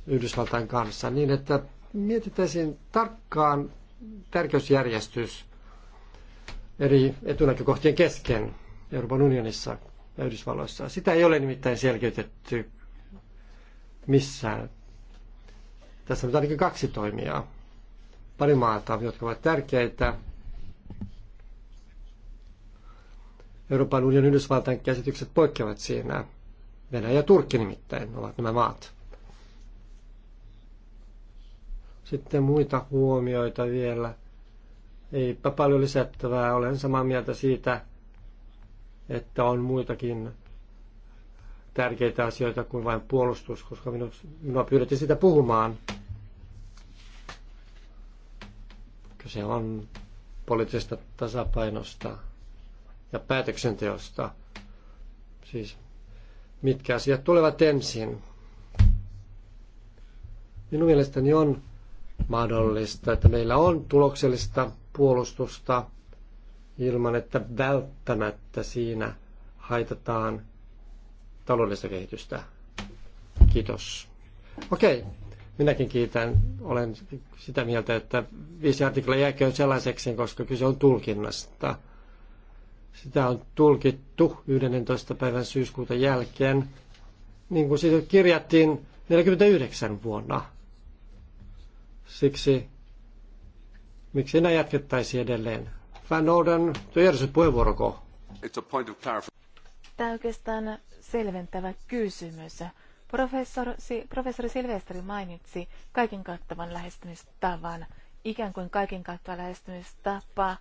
Yhdysvaltain kanssa niin, että mietittäisiin tarkkaan tärkeysjärjestys eri etunäkökohtien kesken. Euroopan unionissa ja Yhdysvalloissa. Sitä ei ole nimittäin selkeytetty missään. Tässä on ainakin kaksi toimijaa. Pari maata, jotka ovat tärkeitä. Euroopan unionin Yhdysvaltain käsitykset poikkeavat siinä. Venäjä ja Turkki nimittäin ovat nämä maat. Sitten muita huomioita vielä. Eipä paljon lisättävää. Olen samaa mieltä siitä, että on muitakin tärkeitä asioita kuin vain puolustus, koska minua, minua pyydettiin sitä puhumaan. Kyse on poliittisesta tasapainosta ja päätöksenteosta. Siis mitkä asiat tulevat ensin. Minun mielestäni on mahdollista, että meillä on tuloksellista puolustusta – ilman, että välttämättä siinä haitataan taloudellista kehitystä. Kiitos. Okei, minäkin kiitän. Olen sitä mieltä, että viisi artikla jääköön sellaiseksi, koska kyse on tulkinnasta. Sitä on tulkittu 11. päivän syyskuuta jälkeen, niin kuin siitä kirjattiin 49 vuonna. Siksi miksi enää jatkettaisiin edelleen Van Orden, tuo järjestöt puheenvuoroko? It's a point of Tämä oikeastaan selventävä kysymys. Professori, professori Silvestri mainitsi kaiken kattavan lähestymistavan. Ikään kuin kaiken kattava lähestymistapa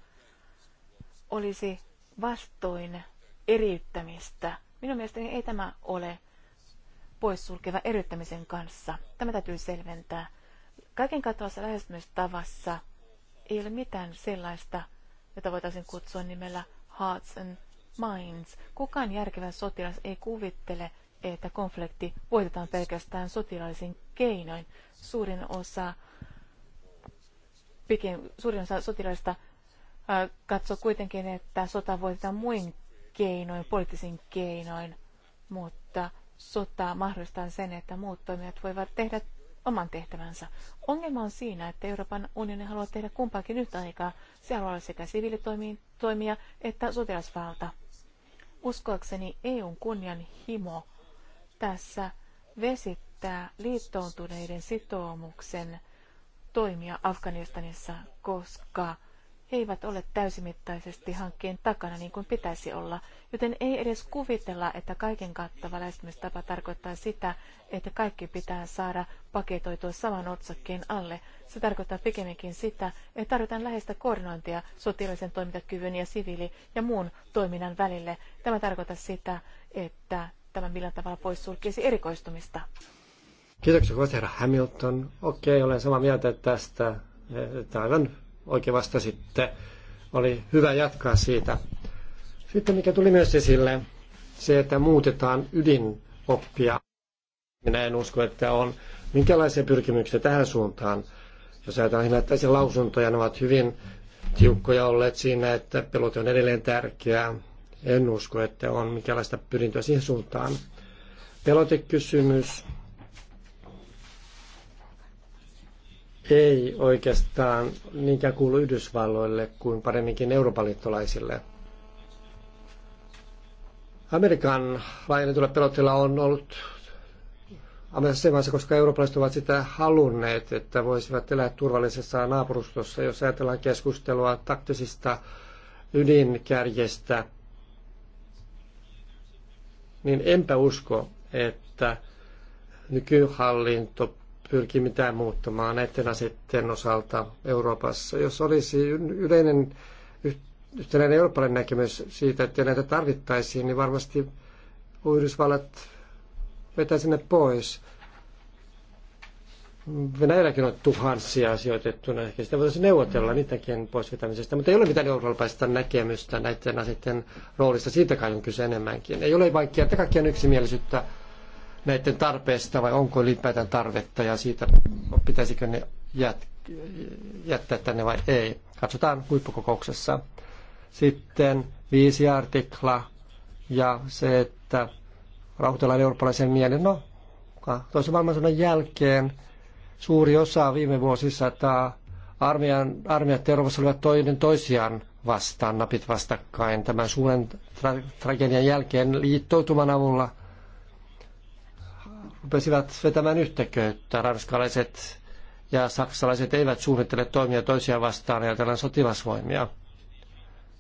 olisi vastoin eriyttämistä. Minun mielestäni ei tämä ole poissulkeva eriyttämisen kanssa. Tämä täytyy selventää. Kaiken kattavassa lähestymistavassa ei ole mitään sellaista, jota voitaisiin kutsua nimellä Hearts and Minds. Kukaan järkevä sotilas ei kuvittele, että konflikti voitetaan pelkästään sotilaisin keinoin. Suurin osa, pikin, suurin osa sotilaista katsoo kuitenkin, että sota voitetaan muin keinoin, poliittisin keinoin, mutta sota mahdollistaa sen, että muut toimijat voivat tehdä oman tehtävänsä. Ongelma on siinä, että Euroopan unioni haluaa tehdä kumpaakin yhtä aikaa. Se haluaa sekä siviilitoimia että sotilasvalta. Uskoakseni EUn kunnianhimo tässä vesittää liittoutuneiden sitoumuksen toimia Afganistanissa, koska eivät ole täysimittaisesti hankkeen takana niin kuin pitäisi olla, joten ei edes kuvitella, että kaiken kattava lähestymistapa tarkoittaa sitä, että kaikki pitää saada paketoitua saman otsakkeen alle. Se tarkoittaa pikemminkin sitä, että tarvitaan läheistä koordinointia sotilaisen toimintakyvyn ja siviili- ja muun toiminnan välille. Tämä tarkoittaa sitä, että tämä millään tavalla poissulkisi erikoistumista. Kiitoksia, herra Hamilton. Okei, olen samaa mieltä tästä. Tämä on oikein vasta sitten Oli hyvä jatkaa siitä. Sitten mikä tuli myös esille, se, että muutetaan ydinoppia. Minä en usko, että on minkälaisia pyrkimyksiä tähän suuntaan. Jos ajatellaan näitä lausuntoja, ne ovat hyvin tiukkoja olleet siinä, että pelote on edelleen tärkeää. En usko, että on minkälaista pyrintöä siihen suuntaan. Pelotekysymys ei oikeastaan niinkään kuulu Yhdysvalloille kuin paremminkin Euroopan liittolaisille. Amerikan laajennetulla pelotteella on ollut asemassa, koska eurooppalaiset ovat sitä halunneet, että voisivat elää turvallisessa naapurustossa, jos ajatellaan keskustelua taktisista ydinkärjestä, niin enpä usko, että nykyhallinto pyrkii mitään muuttamaan näiden asioiden osalta Euroopassa. Jos olisi yleinen yhtenäinen eurooppalainen näkemys siitä, että näitä tarvittaisiin, niin varmasti Yhdysvallat vetää sinne pois. Venäjälläkin on tuhansia sijoitettuna. Ehkä sitä voitaisiin neuvotella niitäkin pois vetämisestä, mutta ei ole mitään eurooppalaista näkemystä näiden asioiden roolista. Siitä kai on kyse enemmänkin. Ei ole vaikea, että kaikkien yksimielisyyttä näiden tarpeesta vai onko ylipäätään tarvetta ja siitä pitäisikö ne jättää tänne vai ei. Katsotaan huippukokouksessa. Sitten viisi artikla ja se, että rauhoitellaan eurooppalaisen mielen. No, toisen maailmansodan jälkeen suuri osa viime vuosisataa armeijan, armeijat Euroopassa olivat toinen toisiaan vastaan, napit vastakkain. Tämän suuren tra- tragedian jälkeen liittoutuman avulla – rupesivat vetämään yhtäköyttä. Ranskalaiset ja saksalaiset eivät suunnittele toimia toisiaan vastaan ajatellaan sotilasvoimia.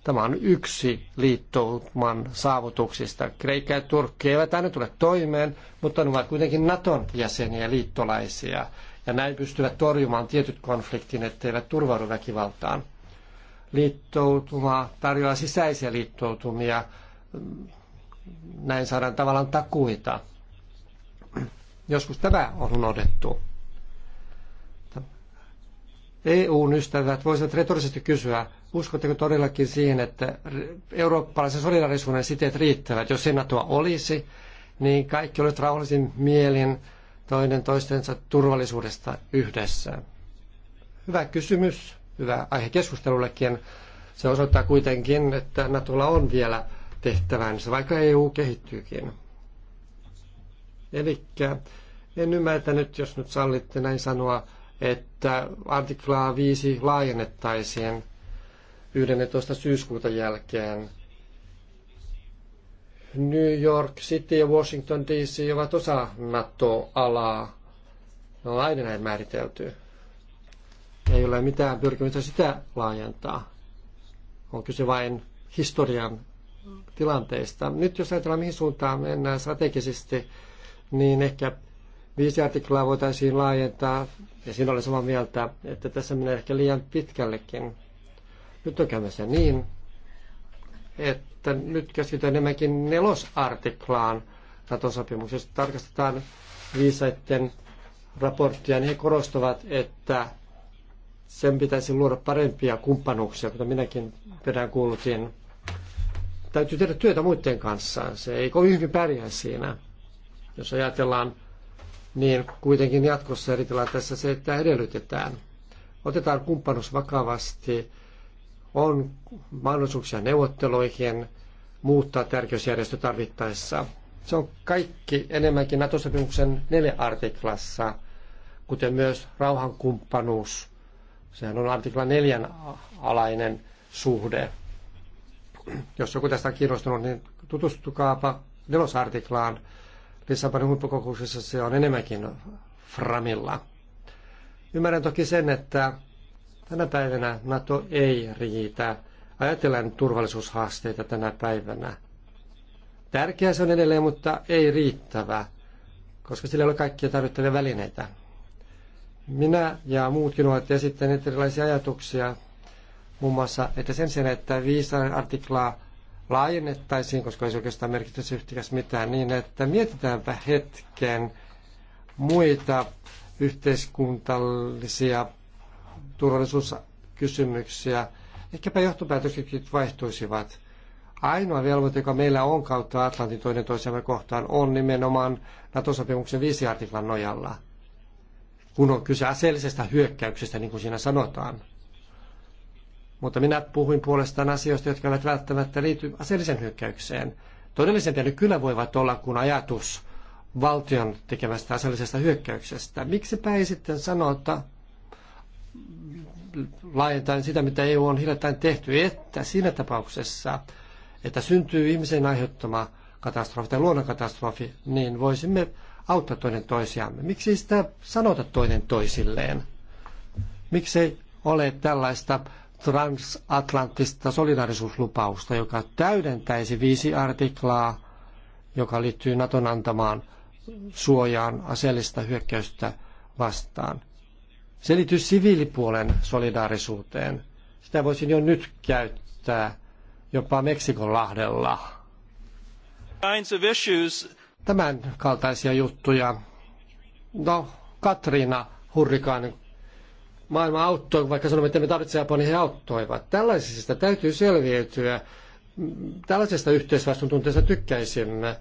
Tämä on yksi liittouman saavutuksista. Kreikka ja Turkki eivät aina tule toimeen, mutta ne ovat kuitenkin Naton jäseniä ja liittolaisia. Ja näin pystyvät torjumaan tietyt konfliktin, etteivät turvaudu väkivaltaan. Liittoutuma tarjoaa sisäisiä liittoutumia. Näin saadaan tavallaan takuita Joskus tämä on unohdettu. EUn ystävät voisivat retorisesti kysyä, uskotteko todellakin siihen, että eurooppalaisen solidarisuuden siteet riittävät? Jos senatoa olisi, niin kaikki olisivat rauhallisin mielin toinen toistensa turvallisuudesta yhdessä. Hyvä kysymys, hyvä aihe keskustelullekin. Se osoittaa kuitenkin, että Natolla on vielä tehtävänsä, vaikka EU kehittyykin. Eli en ymmärtänyt, jos nyt sallitte näin sanoa, että artiklaa 5 laajennettaisiin 11. syyskuuta jälkeen. New York City ja Washington DC ovat osa NATO-alaa. Ne on aina näin määritelty. Ei ole mitään pyrkimystä sitä laajentaa. On kyse vain historian tilanteista. Nyt jos ajatellaan, mihin suuntaan mennään strategisesti, niin ehkä viisi artiklaa voitaisiin laajentaa, ja siinä olen samaa mieltä, että tässä menee ehkä liian pitkällekin. Nyt on käymässä niin, että nyt keskitytään enemmänkin nelosartiklaan NATO-sopimuksessa. Tarkastetaan viisaiden raporttia, niin he korostavat, että sen pitäisi luoda parempia kumppanuuksia, kuten minäkin kuulutin. Täytyy tehdä työtä muiden kanssa, se ei kovin hyvin pärjää siinä. Jos ajatellaan, niin kuitenkin jatkossa eri tilanteessa se, että edellytetään. Otetaan kumppanuus vakavasti, on mahdollisuuksia neuvotteluihin, muuttaa tärkeysjärjestö tarvittaessa. Se on kaikki enemmänkin NATO-sopimuksen neljä artiklassa, kuten myös rauhankumppanuus. Sehän on artikla neljän alainen suhde. Jos joku tästä on kiinnostunut, niin tutustukaapa nelosartiklaan. Lissabonin huippukokouksessa se on enemmänkin framilla. Ymmärrän toki sen, että tänä päivänä NATO ei riitä. Ajatellaan turvallisuushaasteita tänä päivänä. Tärkeää se on edelleen, mutta ei riittävä, koska sillä ei ole kaikkia tarvittavia välineitä. Minä ja muutkin ovat esittäneet erilaisia ajatuksia, muun muassa, että sen sijaan, että viisi artiklaa laajennettaisiin, koska ei se oikeastaan merkitys yhtikäs mitään, niin että mietitäänpä hetken muita yhteiskuntallisia turvallisuuskysymyksiä. Ehkäpä johtopäätökset vaihtuisivat. Ainoa velvoite, joka meillä on kautta Atlantin toinen toisemme kohtaan, on nimenomaan NATO-sopimuksen viisi artiklan nojalla, kun on kyse aseellisesta hyökkäyksestä, niin kuin siinä sanotaan. Mutta minä puhuin puolestaan asioista, jotka eivät välttämättä liity aseelliseen hyökkäykseen. Todellisen tehnyt kyllä voivat olla kuin ajatus valtion tekemästä aseellisesta hyökkäyksestä. Miksipä ei sitten että laajentain sitä, mitä EU on hiljattain tehty, että siinä tapauksessa, että syntyy ihmisen aiheuttama katastrofi tai luonnonkatastrofi, niin voisimme auttaa toinen toisiamme. Miksi sitä sanota toinen toisilleen? ei ole tällaista transatlanttista solidaarisuuslupausta, joka täydentäisi viisi artiklaa, joka liittyy Naton antamaan suojaan aseellista hyökkäystä vastaan. Se liittyy siviilipuolen solidaarisuuteen. Sitä voisin jo nyt käyttää jopa Meksikon lahdella. Tämän kaltaisia juttuja. No, Katriina, hurrikaanin maailma auttoi, vaikka sanomme, että me tarvitsemme apua, niin he auttoivat. Tällaisista täytyy selviytyä. Tällaisesta yhteisvastuun tunteesta tykkäisimme.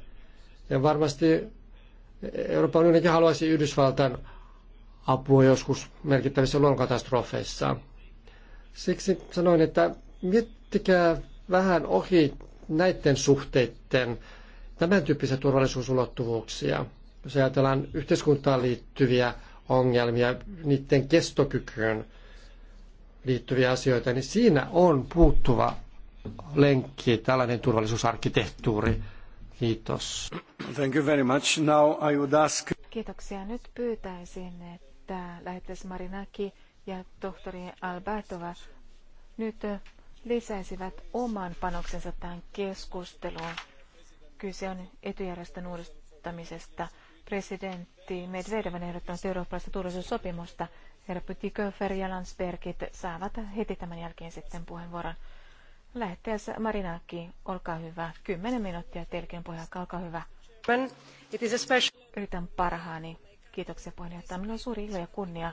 Ja varmasti Euroopan unionikin haluaisi Yhdysvaltain apua joskus merkittävissä luonnonkatastrofeissa. Siksi sanoin, että miettikää vähän ohi näiden suhteiden tämän tyyppisiä turvallisuusulottuvuuksia. Jos ajatellaan yhteiskuntaan liittyviä ongelmia, niiden kestokykyyn liittyviä asioita, niin siinä on puuttuva lenkki, tällainen turvallisuusarkkitehtuuri. Kiitos. Thank you very much. Now I would ask... Kiitoksia. Nyt pyytäisin, että lähettäis Marinaki ja tohtori Albertova nyt lisäisivät oman panoksensa tähän keskusteluun. Kyse on etujärjestön uudistamisesta presidentti Medvedev on ehdottanut eurooppalaista turvallisuussopimusta. Herra Pytiköfer ja Landsbergit saavat heti tämän jälkeen sitten puheenvuoron. Lähettäjässä Marinaki, olkaa hyvä. Kymmenen minuuttia telkien puheenjohtaja, olkaa hyvä. Yritän parhaani. Kiitoksia puheenjohtaja. Minulla on suuri ilo ja kunnia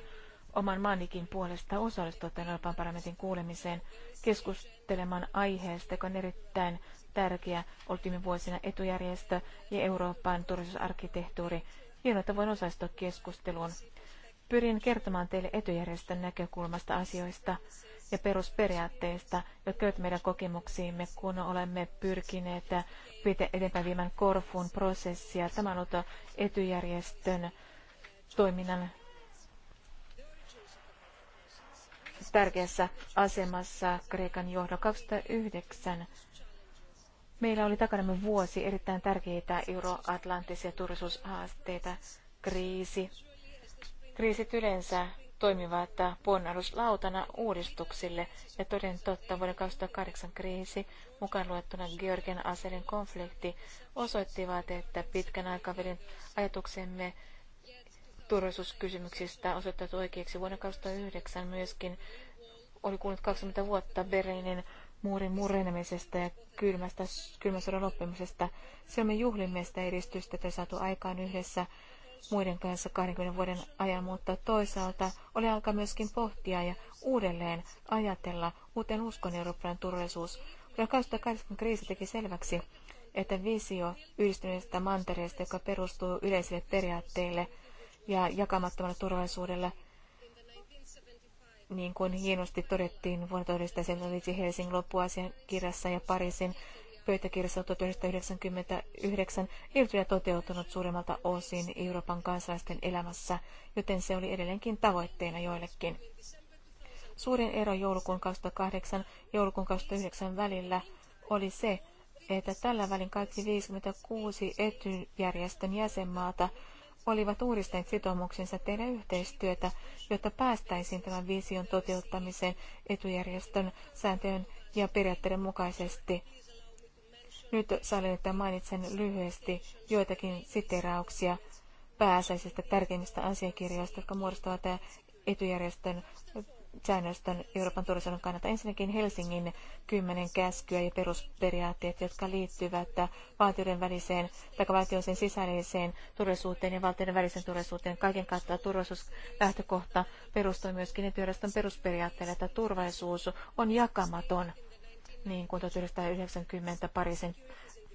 oman maanikin puolesta osallistua tämän Euroopan parlamentin kuulemiseen keskustelemaan aiheesta, joka on erittäin tärkeä ollut vuosina etujärjestö ja Euroopan turvallisuusarkkitehtuuri. Hienoa, että voin osallistua keskusteluun. Pyrin kertomaan teille etujärjestön näkökulmasta asioista ja perusperiaatteista, jotka ovat meidän kokemuksiimme, kun olemme pyrkineet eteenpäin viemään Korfun prosessia. Tämä on ollut etujärjestön toiminnan tärkeässä asemassa Kreikan johdon 2009. Meillä oli takanamme vuosi erittäin tärkeitä euroatlanttisia turvallisuushaasteita, kriisi. Kriisit yleensä toimivat ponnaruslautana uudistuksille ja toden totta vuoden 2008 kriisi, mukaan luettuna Georgian aselin konflikti, osoittivat, että pitkän aikavälin ajatuksemme turvallisuuskysymyksistä osoittautui oikeaksi. Vuonna 2009 myöskin oli kulunut 20 vuotta Berliinin muurin murenemisesta ja kylmästä, kylmän sodan loppumisesta. Silloin juhlimme edistystä, että saatu aikaan yhdessä muiden kanssa 20 vuoden ajan, mutta toisaalta oli alkaa myöskin pohtia ja uudelleen ajatella uuteen uskon Euroopan turvallisuus. Vuonna 2008 kriisi teki selväksi, että visio yhdistyneestä mantereesta, joka perustuu yleisille periaatteille – ja jakamattomalle turvallisuudelle, niin kuin hienosti todettiin vuonna 1975 Helsingin kirjassa ja Pariisin pöytäkirjassa 1999 ei ollut vielä toteutunut suuremmalta osin Euroopan kansalaisten elämässä, joten se oli edelleenkin tavoitteena joillekin. Suurin ero joulukuun 2008 ja joulukuun 2009 välillä oli se, että tällä välin kaikki 56 etyjärjestön jäsenmaata olivat uudistaneet sitoumuksensa tehdä yhteistyötä, jotta päästäisiin tämän vision toteuttamiseen etujärjestön sääntöjen ja periaatteiden mukaisesti. Nyt sallin, että mainitsen lyhyesti joitakin siterauksia pääasiallisista tärkeimmistä asiakirjoista, jotka muodostavat etujärjestön säännöstön Euroopan turvallisuuden kannalta. Ensinnäkin Helsingin kymmenen käskyä ja perusperiaatteet, jotka liittyvät valtioiden väliseen tai valtioiden sisäiseen turvallisuuteen ja valtioiden väliseen turvallisuuteen. Kaiken kattava turvallisuuslähtökohta perustuu myöskin työjärjestön perusperiaatteelle, että turvallisuus on jakamaton, niin kuin 1990 Pariisin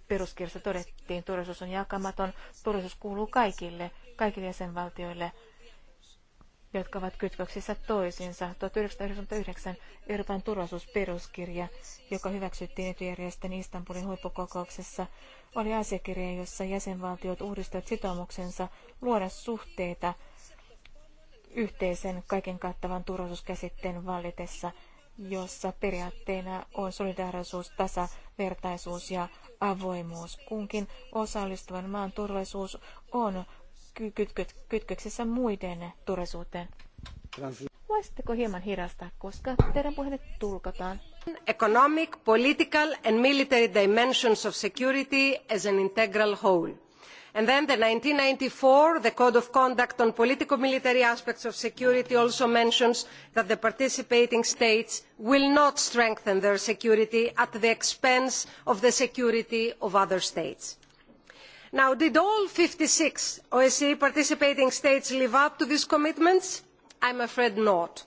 peruskirjassa todettiin, turvallisuus on jakamaton, turvallisuus kuuluu kaikille, kaikille jäsenvaltioille – jotka ovat kytköksissä toisiinsa. 1999 Euroopan turvallisuusperuskirja, joka hyväksyttiin etujärjestön Istanbulin huippukokouksessa, oli asiakirja, jossa jäsenvaltiot uudistavat sitoumuksensa luoda suhteita yhteisen kaiken kattavan turvallisuuskäsitteen vallitessa, jossa periaatteena on solidaarisuus, tasavertaisuus ja avoimuus. Kunkin osallistuvan maan turvallisuus on kytköksissä muiden turvallisuuteen. Voisitteko hieman hidastaa, koska teidän puheenne tulkataan? Economic, political and military dimensions of security as an integral whole. And then the 1994, the Code of Conduct on political military Aspects of Security also mentions that the participating states will not strengthen their security at the expense of the security of other states did all fifty six OSCE participating states live up to these commitments? I am afraid not.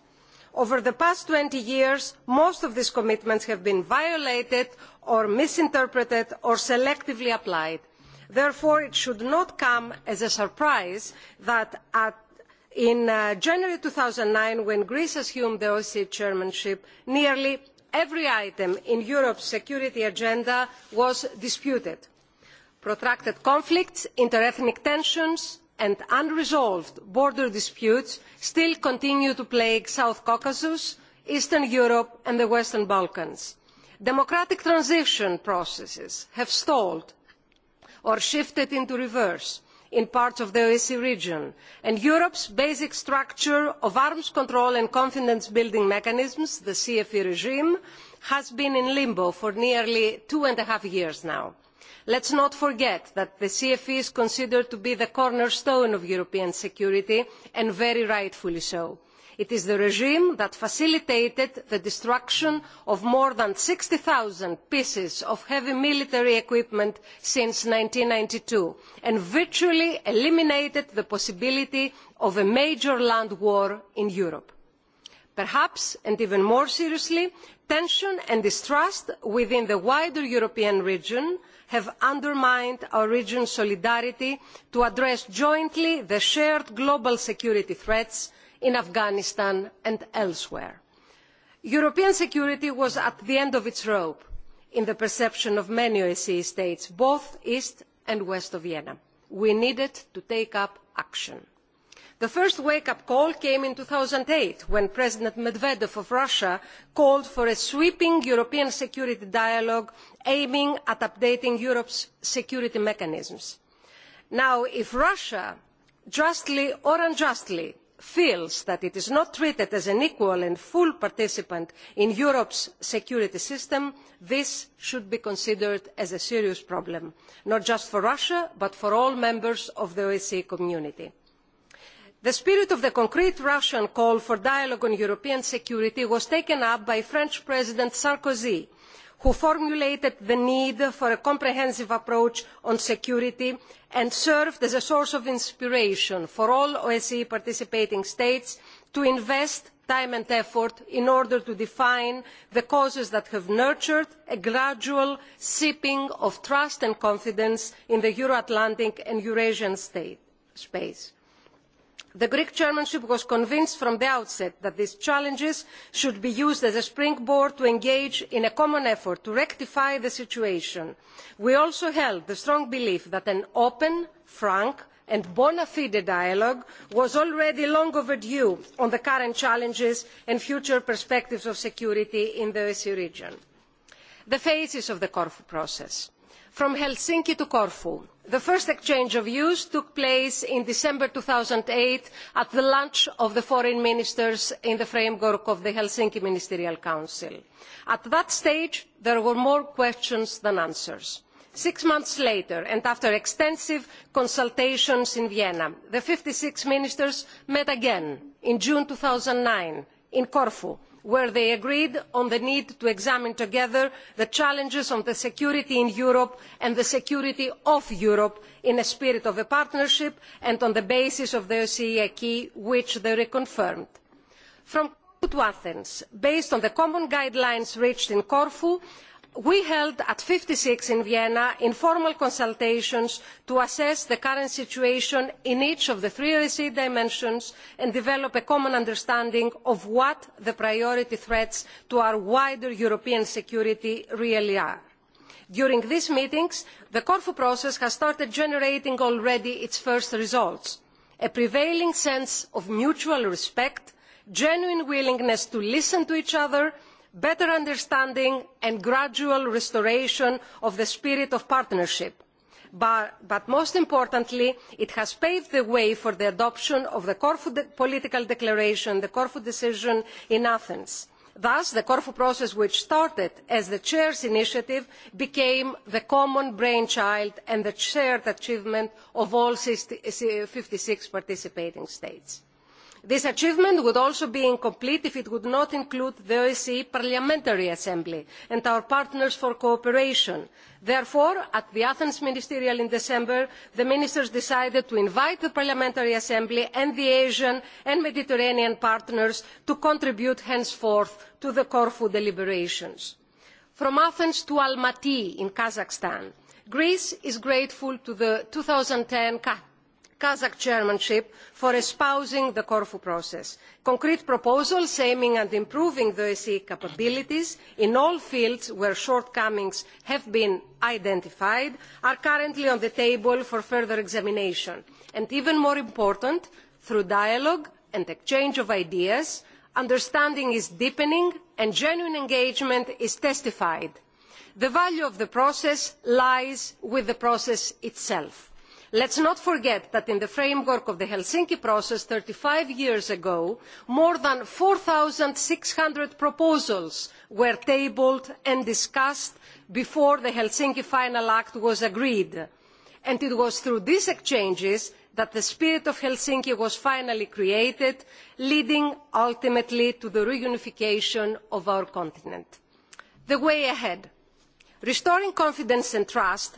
Over the past twenty years, most of these commitments have been violated or misinterpreted or selectively applied. Therefore, it should not come as a surprise that in uh, january two thousand and nine when greece assumed the osce chairmanship nearly every item in europe's security agenda was disputed protracted conflicts interethnic tensions and unresolved border disputes still continue to plague south caucasus eastern europe and the western balkans. democratic transition processes have stalled or shifted into reverse in parts of the osce region and europe's basic structure of arms control and confidence building mechanisms the cfe regime has been in limbo for nearly two and a half years now let us not forget that the CFE is considered to be the cornerstone of european security and very rightfully so. it is the regime that facilitated the destruction of more than sixty zero pieces of heavy military equipment since one thousand nine hundred and ninety two and virtually eliminated the possibility of a major land war in europe. perhaps and even more seriously tension and distrust within the wider european region have undermined our region's solidarity to address jointly the shared global security threats in afghanistan and elsewhere. european security was at the end of its rope in the perception of many osce states both east and west of vienna. we needed to take up action. the first wake up call came in two thousand and eight when president medvedev of russia called for a sweeping european security dialogue aiming at updating Europe's security mechanisms. Now, if Russia, justly or unjustly, feels that it is not treated as an equal and full participant in Europe's security system, this should be considered as a serious problem, not just for Russia, but for all members of the OSCE community. The spirit of the concrete Russian call for dialogue on European security was taken up by French President Sarkozy who formulated the need for a comprehensive approach on security and served as a source of inspiration for all osce participating states to invest time and effort in order to define the causes that have nurtured a gradual seeping of trust and confidence in the euro atlantic and eurasian state, space the greek chairmanship was convinced from the outset that these challenges should be used as a springboard to engage in a common effort to rectify the situation. we also held the strong belief that an open frank and bona fide dialogue was already long overdue on the current challenges and future perspectives of security in the osce region. the phases of the corfu process from helsinki to corfu the first exchange of views took place in december two thousand and eight at the lunch of the foreign ministers in the framework of the helsinki ministerial council. at that stage there were more questions than answers. six months later and after extensive consultations in vienna the fifty six ministers met again in june two thousand and nine in corfu where they agreed on the need to examine together the challenges on the security in europe and the security of europe in a spirit of a partnership and on the basis of the osce acquis which they reconfirmed. from corfu to athens based on the common guidelines reached in corfu we held at fifty six in vienna informal consultations to assess the current situation in each of the three osce dimensions and develop a common understanding of what the priority threats to our wider european security really are. during these meetings the corfu process has started generating already its first results a prevailing sense of mutual respect genuine willingness to listen to each other better understanding and gradual restoration of the spirit of partnership but, most importantly it has paved the way for the adoption of the corfu political declaration the corfu decision in athens. thus the corfu process which started as the chair's initiative became the common brainchild and the shared achievement of all fifty six participating states this achievement would also be incomplete if it did not include the osce e parliamentary assembly and our partners for cooperation. therefore at the athens ministerial meeting in december the ministers decided to invite the parliamentary assembly and the asian and mediterranean partners to contribute henceforth to the corfu deliberations. from athens to almaty in kazakhstan greece is grateful to the two thousand and ten kazakh chairmanship for espousing the corfu process concrete proposals aiming at improving the osce e capabilities in all fields where shortcomings have been identified are currently on the table for further examination and even more important through dialogue and exchange of ideas understanding is deepening and genuine engagement is testified. the value of the process lies with the process itself let us not forget that in the framework of the helsinki process thirty five years ago more than four six hundred proposals were tabled and discussed before the helsinki final act was agreed and it was through these exchanges that the spirit of helsinki was finally created leading ultimately to the reunification of our continent. the way ahead restoring confidence and trust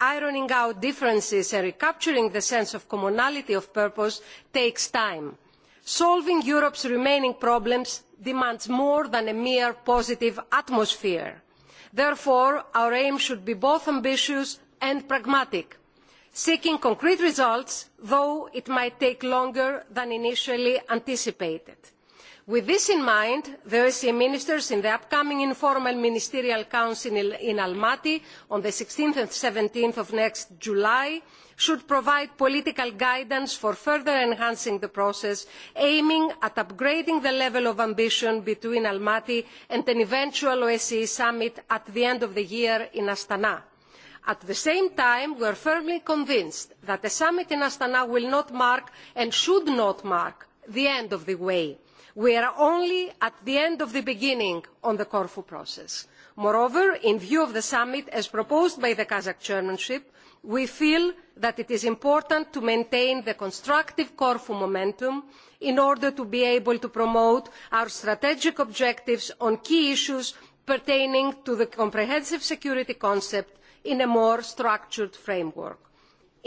ironing out differences and recapturing the sense of commonality of purpose takes time. solving europe's remaining problems demands more than a mere positive atmosphere. therefore our aim should be both ambitious and pragmatic seeking concrete results though it might take longer than initially anticipated with this in mind the osce ministers in the upcoming informal ministerial council in almaty on sixteen and seventeen july should provide political guidance for further enhancing the process aiming at upgrading the level of ambition between almaty and an eventual osce summit at the end of the year in astana. at the same time we are firmly convinced that a summit in astana will not mark and should not mark the end of the way we are only at the end of the beginning of the corfu process. moreover in view of the summit as proposed by the kazakh chairmanship we feel that it is important to maintain the constructive corfu momentum in order to be able to promote our strategic objectives on key issues pertaining to the comprehensive security concept in a more structured framework.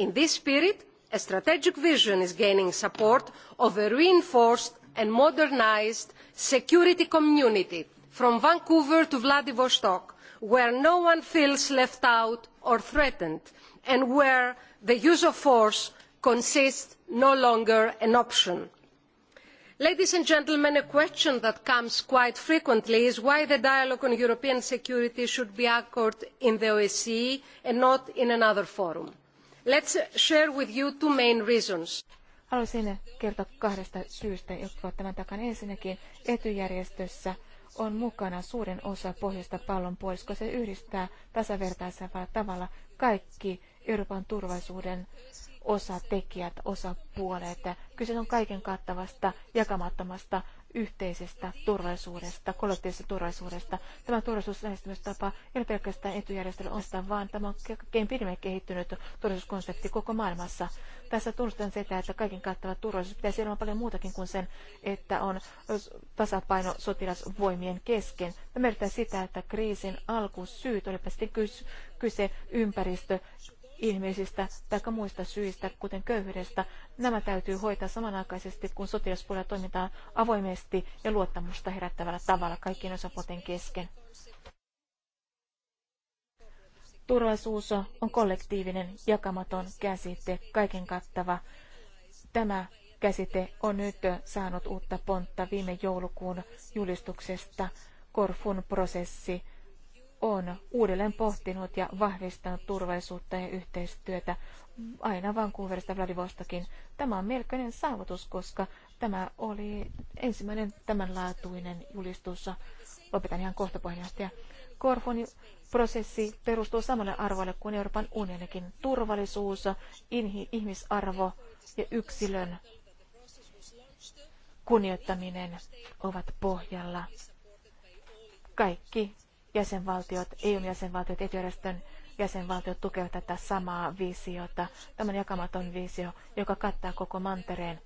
in this spirit a strategic vision is gaining support of a reinforced and modernised security community from vancouver to vladivostok where no one feels left out or threatened and where the use of force consists no longer an option. Ladies and gentlemen, a question that comes quite frequently is why the dialogue on European security should be anchored in the OSCE and not in another forum. let me share with you two main reasons. Haluaisin kertoa kahdesta syystä, jotka ovat tämän takana. Ensinnäkin etujärjestössä on mukana suurin osa pohjoista pallonpuoliskoa. Se yhdistää tasavertaisella tavalla kaikki Euroopan turvallisuuden osatekijät, osapuolet. Kyse on kaiken kattavasta, jakamattomasta yhteisestä turvallisuudesta, kollektiivisesta turvallisuudesta. Tämä turvallisuuslähestymistapa ei ole pelkästään etujärjestely ostaan, vaan tämä on kaikkein pidemmän kehittynyt turvallisuuskonsepti koko maailmassa. Tässä tunnustan sitä, että kaiken kattava turvallisuus pitäisi olla paljon muutakin kuin sen, että on tasapaino sotilasvoimien kesken. Tämä merkitään sitä, että kriisin alkusyyt, olipa sitten kyse ympäristö, ihmisistä tai muista syistä, kuten köyhyydestä. Nämä täytyy hoitaa samanaikaisesti, kun sotilaspuolella toimitaan avoimesti ja luottamusta herättävällä tavalla kaikkien osapuolten kesken. Turvallisuus on kollektiivinen, jakamaton käsite, kaiken kattava. Tämä käsite on nyt saanut uutta pontta viime joulukuun julistuksesta Korfun prosessi on uudelleen pohtinut ja vahvistanut turvallisuutta ja yhteistyötä aina Vancouverista Vladivostokin. Tämä on melkoinen saavutus, koska tämä oli ensimmäinen tämänlaatuinen julistus. Lopetan ihan kohta puheenjohtaja. Korfun prosessi perustuu samalle arvoille kuin Euroopan unionikin. Turvallisuus, ihmisarvo ja yksilön kunnioittaminen ovat pohjalla. Kaikki jäsenvaltiot, EUn jäsenvaltiot, etujärjestön jäsenvaltiot tukevat tätä samaa visiota. Tämä on jakamaton visio, joka kattaa koko mantereen.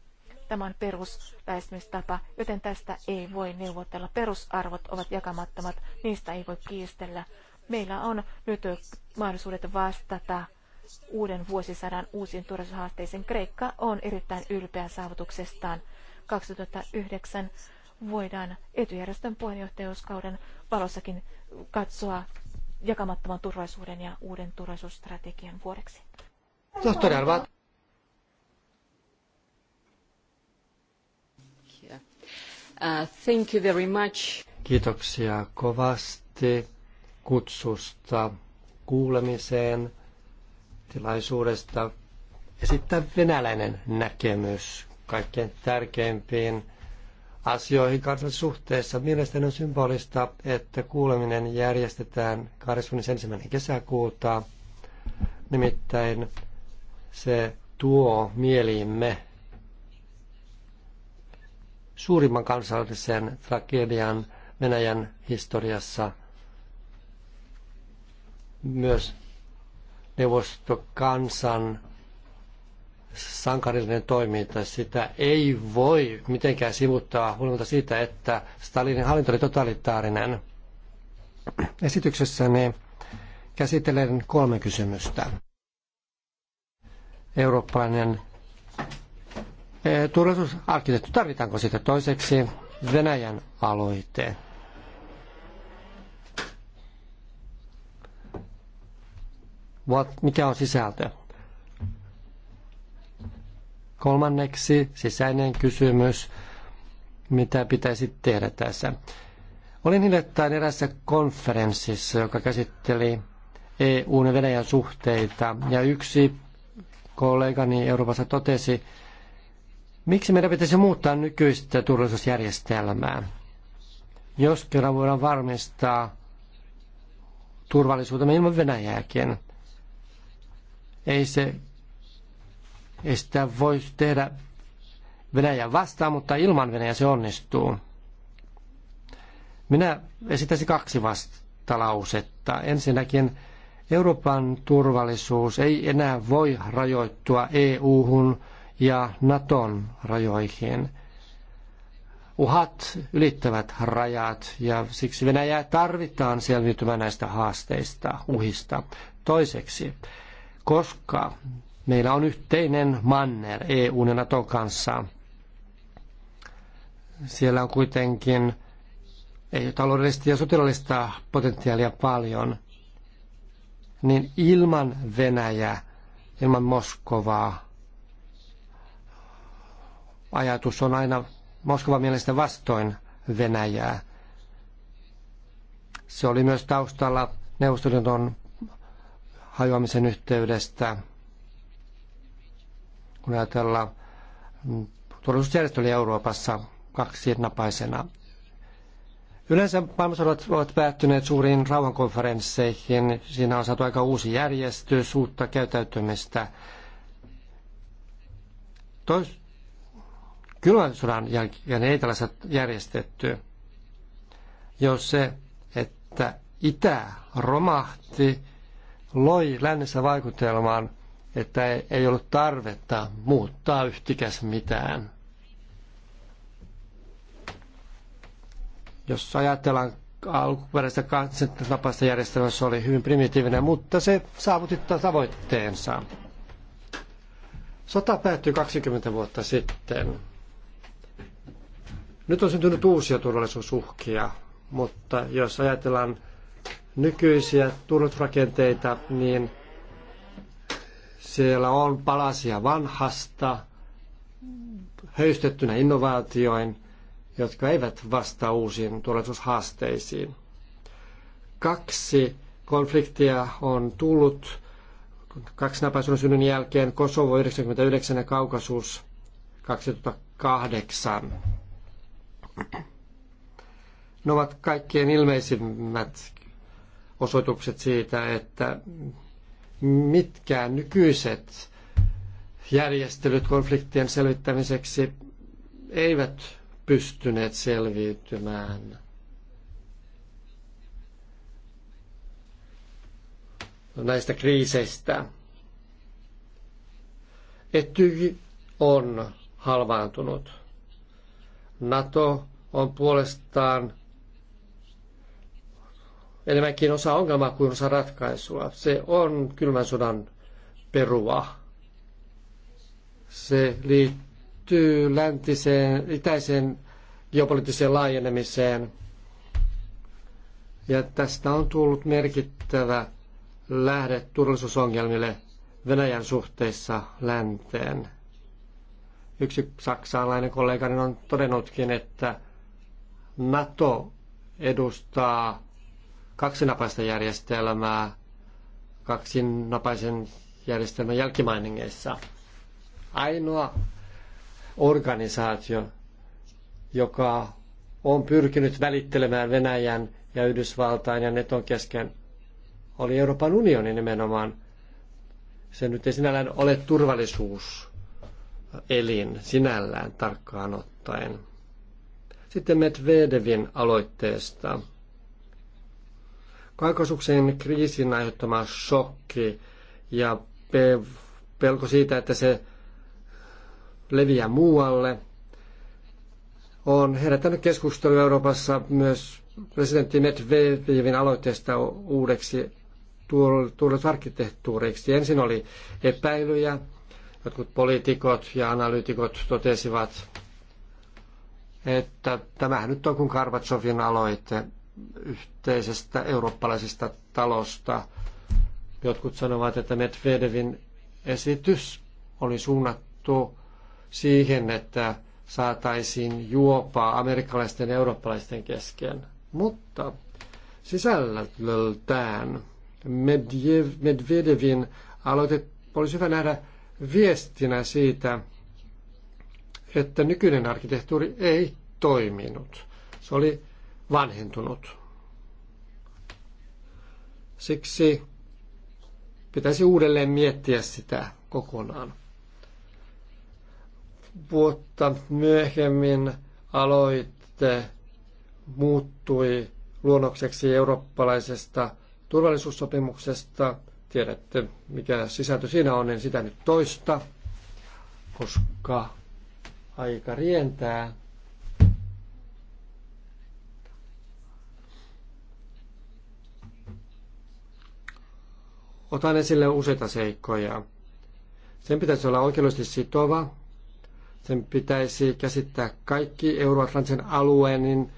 Tämä on peruslähestymistapa, joten tästä ei voi neuvotella. Perusarvot ovat jakamattomat, niistä ei voi kiistellä. Meillä on nyt mahdollisuudet vastata uuden vuosisadan uusiin turvallisuushaasteisiin. Kreikka on erittäin ylpeä saavutuksestaan. 2009 voidaan etujärjestön puheenjohtajuuskauden valossakin katsoa jakamattoman turvallisuuden ja uuden turvallisuusstrategian vuodeksi. Tohtori Arvat. Uh, thank you very much. Kiitoksia kovasti kutsusta kuulemiseen, tilaisuudesta esittää venäläinen näkemys kaikkein tärkeimpiin asioihin kansan suhteessa. Mielestäni on symbolista, että kuuleminen järjestetään 21. kesäkuuta. Nimittäin se tuo mieliimme suurimman kansallisen tragedian Venäjän historiassa myös neuvostokansan sankarillinen toiminta, sitä ei voi mitenkään sivuttaa huolimatta siitä, että Stalinin hallinto oli totalitaarinen. Esityksessäni käsittelen kolme kysymystä. Eurooppalainen eh, turvallisuusarkkitehti, tarvitaanko sitä toiseksi Venäjän aloite? What, mikä on sisältö? Kolmanneksi sisäinen kysymys, mitä pitäisi tehdä tässä. Olin hiljattain erässä konferenssissa, joka käsitteli EUn ja Venäjän suhteita, ja yksi kollegani Euroopassa totesi, miksi meidän pitäisi muuttaa nykyistä turvallisuusjärjestelmää, jos kerran voidaan varmistaa turvallisuutemme ilman Venäjääkin. Ei se ei sitä voi tehdä Venäjä vastaan, mutta ilman Venäjä se onnistuu. Minä esittäisin kaksi vastalausetta. Ensinnäkin Euroopan turvallisuus ei enää voi rajoittua EU-hun ja Naton rajoihin. Uhat ylittävät rajat ja siksi Venäjää tarvitaan selviytymään näistä haasteista, uhista. Toiseksi, koska Meillä on yhteinen manner EU ja NATO kanssa. Siellä on kuitenkin ei taloudellista ja sotilaallista potentiaalia paljon. Niin ilman Venäjää, ilman Moskovaa, ajatus on aina Moskovan mielestä vastoin Venäjää. Se oli myös taustalla Neuvostoliiton hajoamisen yhteydestä – kun ajatellaan mm, turvallisuusjärjestelyjä Euroopassa kaksinapaisena. Yleensä maailmansodat ovat päättyneet suuriin rauhankonferensseihin. Siinä on saatu aika uusi järjestys, uutta käytäytymistä. Tois, kylmän sodan jälkeen ei tällaista järjestetty. Jos se, että itä romahti, loi lännessä vaikutelman – että ei ollut tarvetta muuttaa yhtikäs mitään. Jos ajatellaan alkuperäistä tapaista järjestelmässä se oli hyvin primitiivinen, mutta se saavutti tavoitteensa. Sota päättyi 20 vuotta sitten. Nyt on syntynyt uusia turvallisuusuhkia, mutta jos ajatellaan nykyisiä turvallisuusrakenteita, niin – siellä on palasia vanhasta, höystettynä innovaatioin, jotka eivät vastaa uusiin turvallisuushaasteisiin. Kaksi konfliktia on tullut kaksinapaisuuden synnyn jälkeen Kosovo 99 ja Kaukasuus 2008. Ne ovat kaikkien ilmeisimmät osoitukset siitä, että mitkään nykyiset järjestelyt konfliktien selvittämiseksi eivät pystyneet selviytymään. näistä kriiseistä. Etyj on halvaantunut. NATO on puolestaan enemmänkin osa ongelmaa kuin osa ratkaisua. Se on kylmän sodan perua. Se liittyy läntiseen, itäiseen geopoliittiseen laajenemiseen. Ja tästä on tullut merkittävä lähde turvallisuusongelmille Venäjän suhteissa länteen. Yksi saksalainen kollegani on todennutkin, että NATO edustaa kaksinapaista järjestelmää kaksinapaisen järjestelmän jälkimainingeissa. Ainoa organisaatio, joka on pyrkinyt välittelemään Venäjän ja Yhdysvaltain ja Neton kesken, oli Euroopan unioni nimenomaan. Se nyt ei sinällään ole elin sinällään tarkkaan ottaen. Sitten Medvedevin aloitteesta – Kaakosuksen kriisin aiheuttama shokki ja pelko siitä, että se leviää muualle, on herättänyt keskustelua Euroopassa myös presidentti Medvedevin aloitteesta uudeksi turvallisuusarkkitehtuuriksi. Ensin oli epäilyjä, jotkut poliitikot ja analyytikot totesivat, että tämähän nyt on kuin Karvatsovin aloite, yhteisestä eurooppalaisesta talosta. Jotkut sanovat, että Medvedevin esitys oli suunnattu siihen, että saataisiin juopaa amerikkalaisten ja eurooppalaisten kesken. Mutta sisällöltään Medvedevin aloite olisi hyvä nähdä viestinä siitä, että nykyinen arkkitehtuuri ei toiminut. Se oli vanhentunut. Siksi pitäisi uudelleen miettiä sitä kokonaan. Vuotta myöhemmin aloitte muuttui luonnokseksi eurooppalaisesta turvallisuussopimuksesta. Tiedätte, mikä sisältö siinä on, en sitä nyt toista, koska aika rientää. Otan esille useita seikkoja. Sen pitäisi olla oikeudellisesti sitova. Sen pitäisi käsittää kaikki Euroatlantisen alueen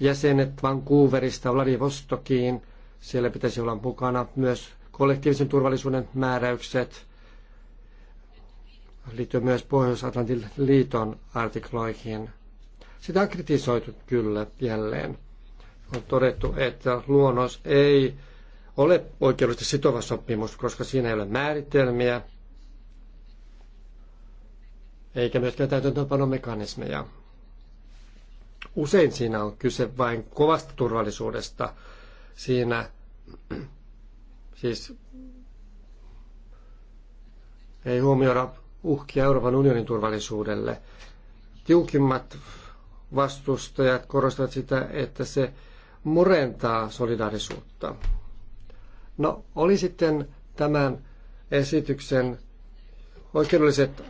jäsenet Vancouverista Vladivostokiin. Siellä pitäisi olla mukana myös kollektiivisen turvallisuuden määräykset liittyen myös Pohjois-Atlantin liiton artikloihin. Sitä on kritisoitu kyllä jälleen. On todettu, että luonnos ei ole oikeudellisesti sitova sopimus, koska siinä ei ole määritelmiä eikä myöskään täytäntöönpanomekanismeja. Usein siinä on kyse vain kovasta turvallisuudesta. Siinä siis ei huomioida uhkia Euroopan unionin turvallisuudelle. Tiukimmat vastustajat korostavat sitä, että se murentaa solidaarisuutta. No, oli sitten tämän esityksen oikeudelliset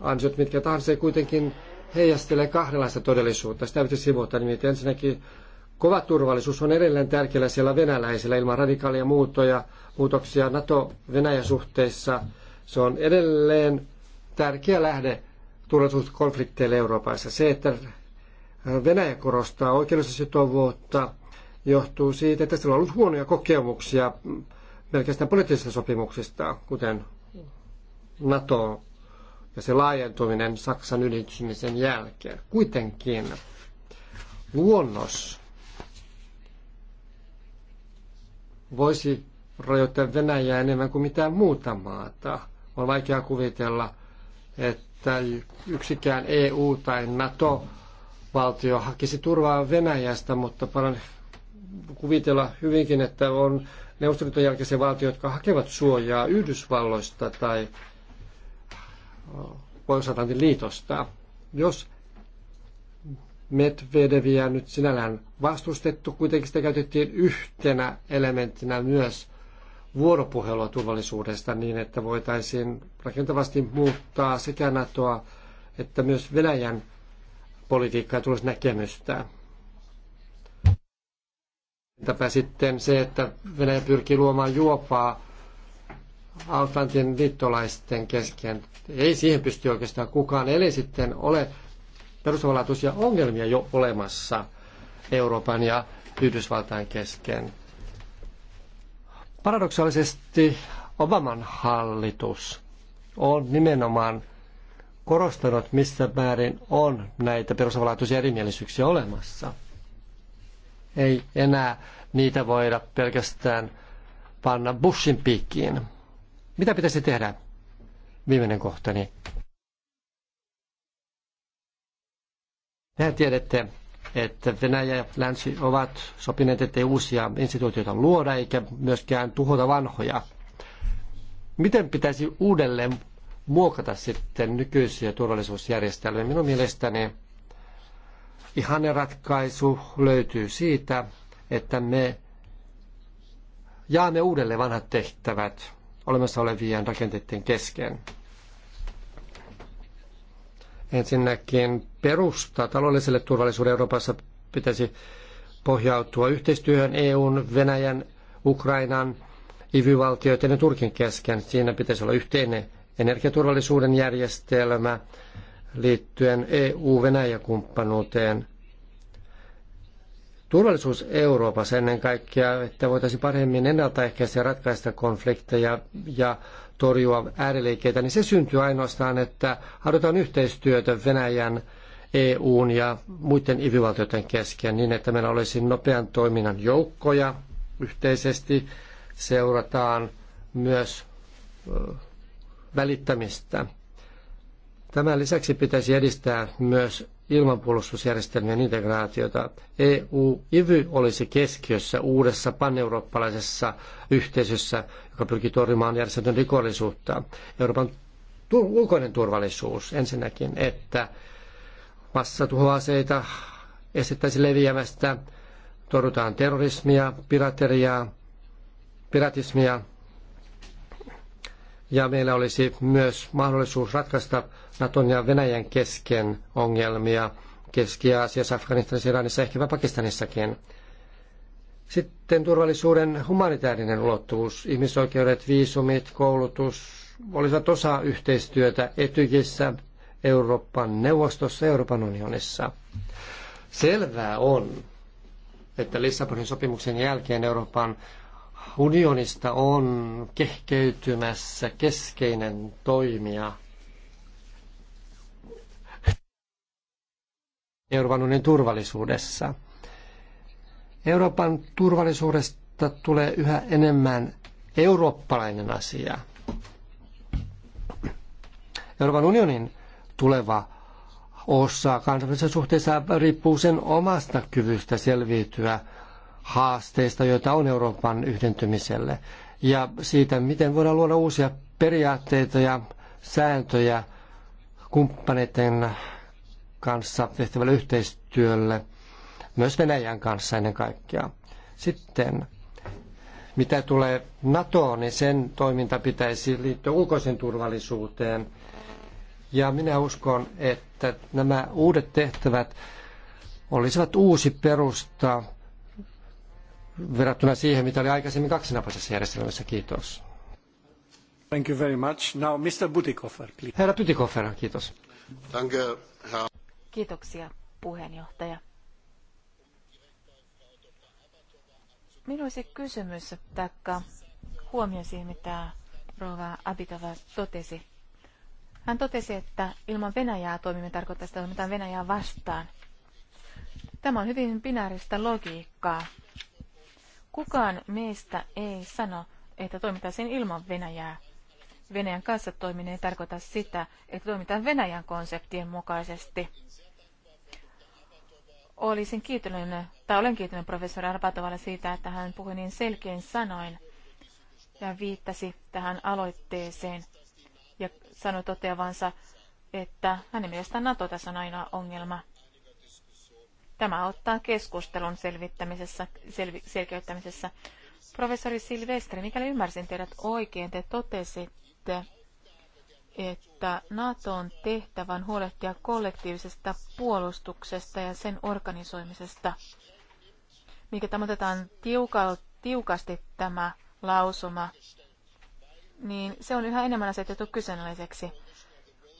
ansiot, mitkä tahansa, kuitenkin heijastelee kahdenlaista todellisuutta. Sitä pitäisi sivuutta nimittäin ensinnäkin kova turvallisuus on edelleen tärkeällä siellä venäläisillä ilman radikaalia muutoja, muutoksia NATO-Venäjä-suhteissa. Se on edelleen tärkeä lähde turvallisuuskonflikteille Euroopassa. Se, että Venäjä korostaa oikeudellista sitovuutta, johtuu siitä, että sillä on ollut huonoja kokemuksia pelkästään poliittisista sopimuksista, kuten NATO ja se laajentuminen Saksan ylitysmisen jälkeen. Kuitenkin luonnos voisi rajoittaa Venäjää enemmän kuin mitään muuta maata. On vaikea kuvitella, että yksikään EU tai NATO-valtio hakisi turvaa Venäjästä, mutta paljon kuvitella hyvinkin, että on neuvostoliiton jälkeisiä valtioita, jotka hakevat suojaa Yhdysvalloista tai Pohjois-Atlantin liitosta. Jos Medvedeviä nyt sinällään vastustettu, kuitenkin sitä käytettiin yhtenä elementtinä myös vuoropuhelua turvallisuudesta niin, että voitaisiin rakentavasti muuttaa sekä NATOa että myös Venäjän politiikkaa ja tulisi näkemystä. Entäpä sitten se, että Venäjä pyrkii luomaan juopaa Atlantin liittolaisten kesken. Ei siihen pysty oikeastaan kukaan, eli sitten ole perustavanlaatuisia ongelmia jo olemassa Euroopan ja Yhdysvaltain kesken. Paradoksaalisesti Obaman hallitus on nimenomaan korostanut, missä määrin on näitä perustavanlaatuisia erimielisyyksiä olemassa – ei enää niitä voida pelkästään panna Bushin piikkiin. Mitä pitäisi tehdä? Viimeinen kohtani. Tehän tiedätte, että Venäjä ja Länsi ovat sopineet, ettei uusia instituutioita luoda eikä myöskään tuhota vanhoja. Miten pitäisi uudelleen muokata sitten nykyisiä turvallisuusjärjestelmiä? Minun mielestäni Ihanen ratkaisu löytyy siitä, että me jaamme uudelle vanhat tehtävät olemassa olevien rakenteiden kesken. Ensinnäkin perusta taloudelliselle turvallisuudelle Euroopassa pitäisi pohjautua yhteistyöhön EUn, Venäjän, Ukrainan, IV-valtioiden ja Turkin kesken. Siinä pitäisi olla yhteinen energiaturvallisuuden järjestelmä, liittyen EU-Venäjä-kumppanuuteen. Turvallisuus Euroopassa ennen kaikkea, että voitaisiin paremmin ennaltaehkäistä ja ratkaista konflikteja ja torjua ääriliikkeitä, niin se syntyy ainoastaan, että halutaan yhteistyötä Venäjän, EUn ja muiden ivivaltioiden kesken niin, että meillä olisi nopean toiminnan joukkoja yhteisesti. Seurataan myös välittämistä. Tämän lisäksi pitäisi edistää myös ilmapuolustusjärjestelmien integraatiota. EU-IVY olisi keskiössä uudessa paneurooppalaisessa yhteisössä, joka pyrkii torjumaan järjestetyn rikollisuutta. Euroopan ulkoinen turvallisuus ensinnäkin, että massatuhoaseita estettäisi leviämästä, torjutaan terrorismia, pirateriaa, piratismia ja meillä olisi myös mahdollisuus ratkaista Naton ja Venäjän kesken ongelmia Keski-Aasiassa, Afganistanissa, Iranissa, ehkäpä Pakistanissakin. Sitten turvallisuuden humanitaarinen ulottuvuus, ihmisoikeudet, viisumit, koulutus olisivat osa yhteistyötä Etyjissä, Euroopan neuvostossa ja Euroopan unionissa. Selvää on, että Lissabonin sopimuksen jälkeen Euroopan unionista on kehkeytymässä keskeinen toimija. Euroopan unionin turvallisuudessa. Euroopan turvallisuudesta tulee yhä enemmän eurooppalainen asia. Euroopan unionin tuleva osa kansainvälisessä suhteessa riippuu sen omasta kyvystä selviytyä – haasteista, joita on Euroopan yhdentymiselle, ja siitä, miten voidaan luoda uusia periaatteita ja sääntöjä kumppaneiden kanssa tehtävälle yhteistyölle, myös Venäjän kanssa ennen kaikkea. Sitten mitä tulee NATOon, niin sen toiminta pitäisi liittyä ulkoisen turvallisuuteen. Ja minä uskon, että nämä uudet tehtävät olisivat uusi perusta verrattuna siihen, mitä oli aikaisemmin kaksinapaisessa järjestelmässä. Kiitos. Thank you very much. Now Mr. Butikoffer, please. Herra Butikoffer, kiitos. Thank you. Kiitoksia, puheenjohtaja. Minulla olisi kysymys, taikka huomio siihen, mitä Rova Abitova totesi. Hän totesi, että ilman Venäjää toimimme tarkoittaa sitä, että Venäjää vastaan. Tämä on hyvin binääristä logiikkaa. Kukaan meistä ei sano, että toimitaan ilman Venäjää. Venäjän kanssa toiminen ei tarkoita sitä, että toimitaan Venäjän konseptien mukaisesti. Olisin kiitollinen, tai olen kiitollinen professori Arpatovalle siitä, että hän puhui niin selkein sanoin ja viittasi tähän aloitteeseen ja sanoi toteavansa, että hänen mielestään NATO tässä on ainoa ongelma. Tämä auttaa keskustelun selvittämisessä, selvi, selkeyttämisessä. Professori Silvestri, mikäli ymmärsin teidät oikein, te totesitte, että NATOn tehtävän huolehtia kollektiivisesta puolustuksesta ja sen organisoimisesta. Mikä tämä otetaan tiuka, tiukasti tämä lausuma, niin se on yhä enemmän asetettu kyseenalaiseksi,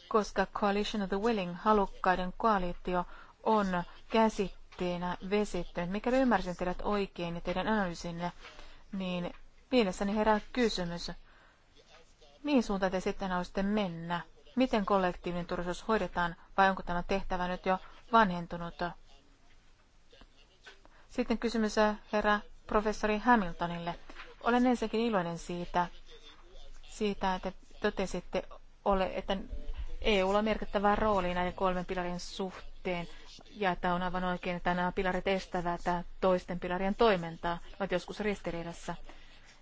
koska Coalition of the Willing, halukkaiden koalitio, on käsitteenä vesittänyt. Mikäli ymmärsin teidät oikein ja teidän analyysinne, niin mielessäni herää kysymys, mihin suuntaan te sitten haluaisitte mennä? Miten kollektiivinen turvallisuus hoidetaan vai onko tämä tehtävä nyt jo vanhentunut? Sitten kysymys eh, herra professori Hamiltonille. Olen ensinnäkin iloinen siitä, siitä että totesitte, ole, että EUlla on merkittävä rooli näiden kolmen pilarin suhteen, ja että on aivan oikein, että nämä pilarit estävät toisten pilarien toimintaa, ovat joskus ristiriidassa.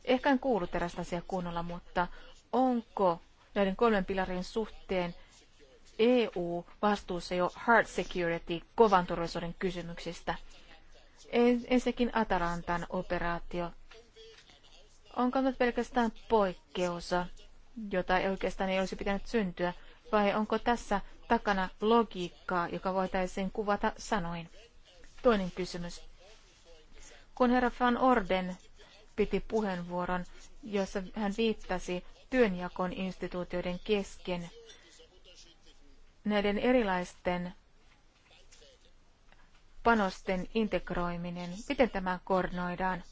Ehkä en kuulu terästä asiaa kunnolla, mutta onko näiden kolmen pilarin suhteen EU vastuussa jo hard security, kovan turvallisuuden kysymyksistä? Ensinnäkin Atalantan operaatio. Onko nyt pelkästään poikkeusa, jota ei oikeastaan ei olisi pitänyt syntyä? vai onko tässä takana logiikkaa, joka voitaisiin kuvata sanoin? Toinen kysymys. Kun herra Van Orden piti puheenvuoron, jossa hän viittasi työnjakon instituutioiden kesken, näiden erilaisten panosten integroiminen, miten tämä koordinoidaan?